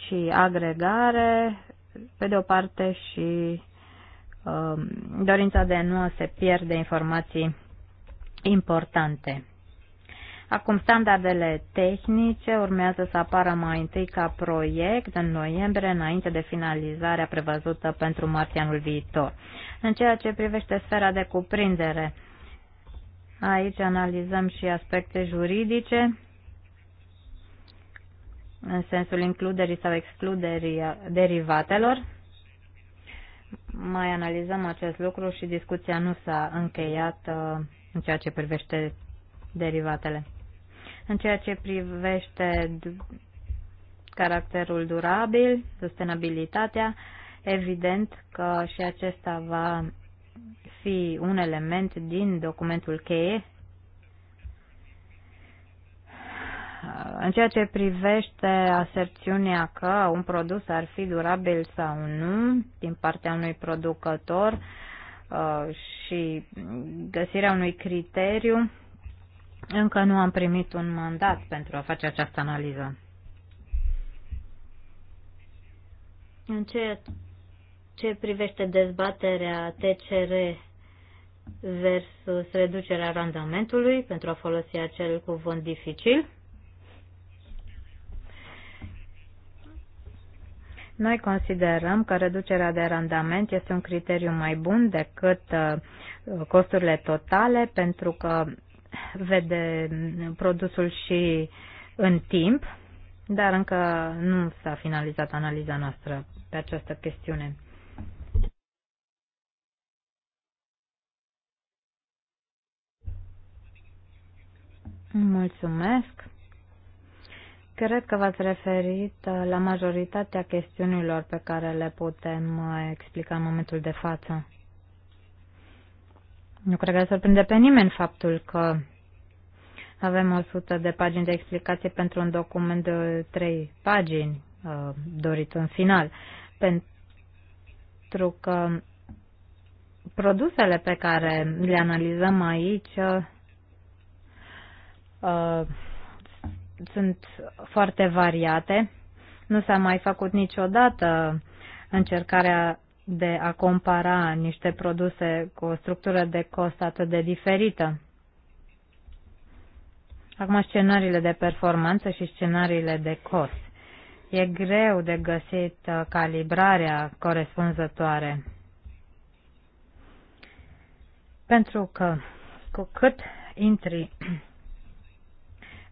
și agregare, pe de o parte, și um, dorința de a nu se pierde informații importante. Acum, standardele tehnice urmează să apară mai întâi ca proiect în noiembrie, înainte de finalizarea prevăzută pentru martie anul viitor. În ceea ce privește sfera de cuprindere, aici analizăm și aspecte juridice în sensul includerii sau excluderii uh, derivatelor. Mai analizăm acest lucru și discuția nu s-a încheiat uh, în ceea ce privește derivatele. În ceea ce privește caracterul durabil, sustenabilitatea, evident că și acesta va fi un element din documentul cheie în ceea ce privește aserțiunea că un produs ar fi durabil sau nu din partea unui producător uh, și găsirea unui criteriu, încă nu am primit un mandat pentru a face această analiză. În ceea ce privește dezbaterea TCR versus reducerea randamentului, pentru a folosi acel cuvânt dificil, Noi considerăm că reducerea de randament este un criteriu mai bun decât uh, costurile totale pentru că vede produsul și în timp, dar încă nu s-a finalizat analiza noastră pe această chestiune. Mulțumesc! Cred că v-ați referit uh, la majoritatea chestiunilor pe care le putem uh, explica în momentul de față. Nu cred că surprinde pe nimeni faptul că avem 100 de pagini de explicație pentru un document de 3 pagini uh, dorit în final, pentru că produsele pe care le analizăm aici sunt foarte variate. Nu s-a mai făcut niciodată încercarea de a compara niște produse cu o structură de cost atât de diferită. Acum scenariile de performanță și scenariile de cost. E greu de găsit uh, calibrarea corespunzătoare. Pentru că cu cât intri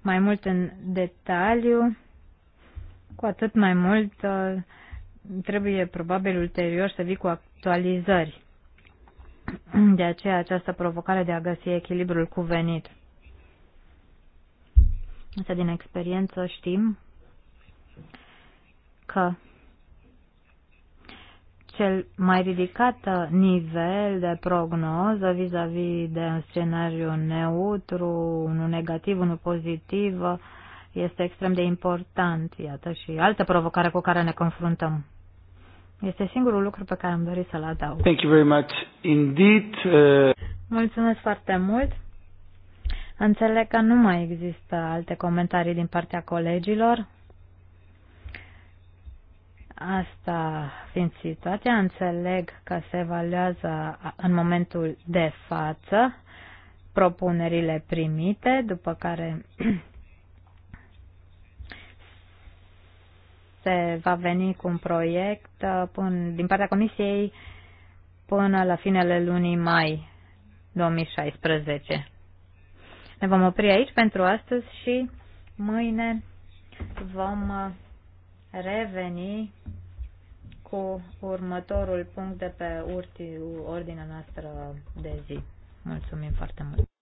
mai mult în detaliu, cu atât mai mult uh, trebuie probabil ulterior să vii cu actualizări. De aceea această provocare de a găsi echilibrul cuvenit. Însă din experiență știm că cel mai ridicat nivel de prognoză vis-a-vis -vis de un scenariu neutru, unul negativ, unul pozitiv, este extrem de important. Iată și altă provocare cu care ne confruntăm. Este singurul lucru pe care am dorit să-l adaug. Thank you very much indeed. Uh... Mulțumesc foarte mult. Înțeleg că nu mai există alte comentarii din partea colegilor. Asta fiind situația, înțeleg că se evaluează în momentul de față propunerile primite, după care se va veni cu un proiect uh, până, din partea Comisiei până la finele lunii mai 2016. Ne vom opri aici pentru astăzi și mâine vom uh, reveni cu următorul punct de pe ordinea noastră de zi. Mulțumim foarte mult!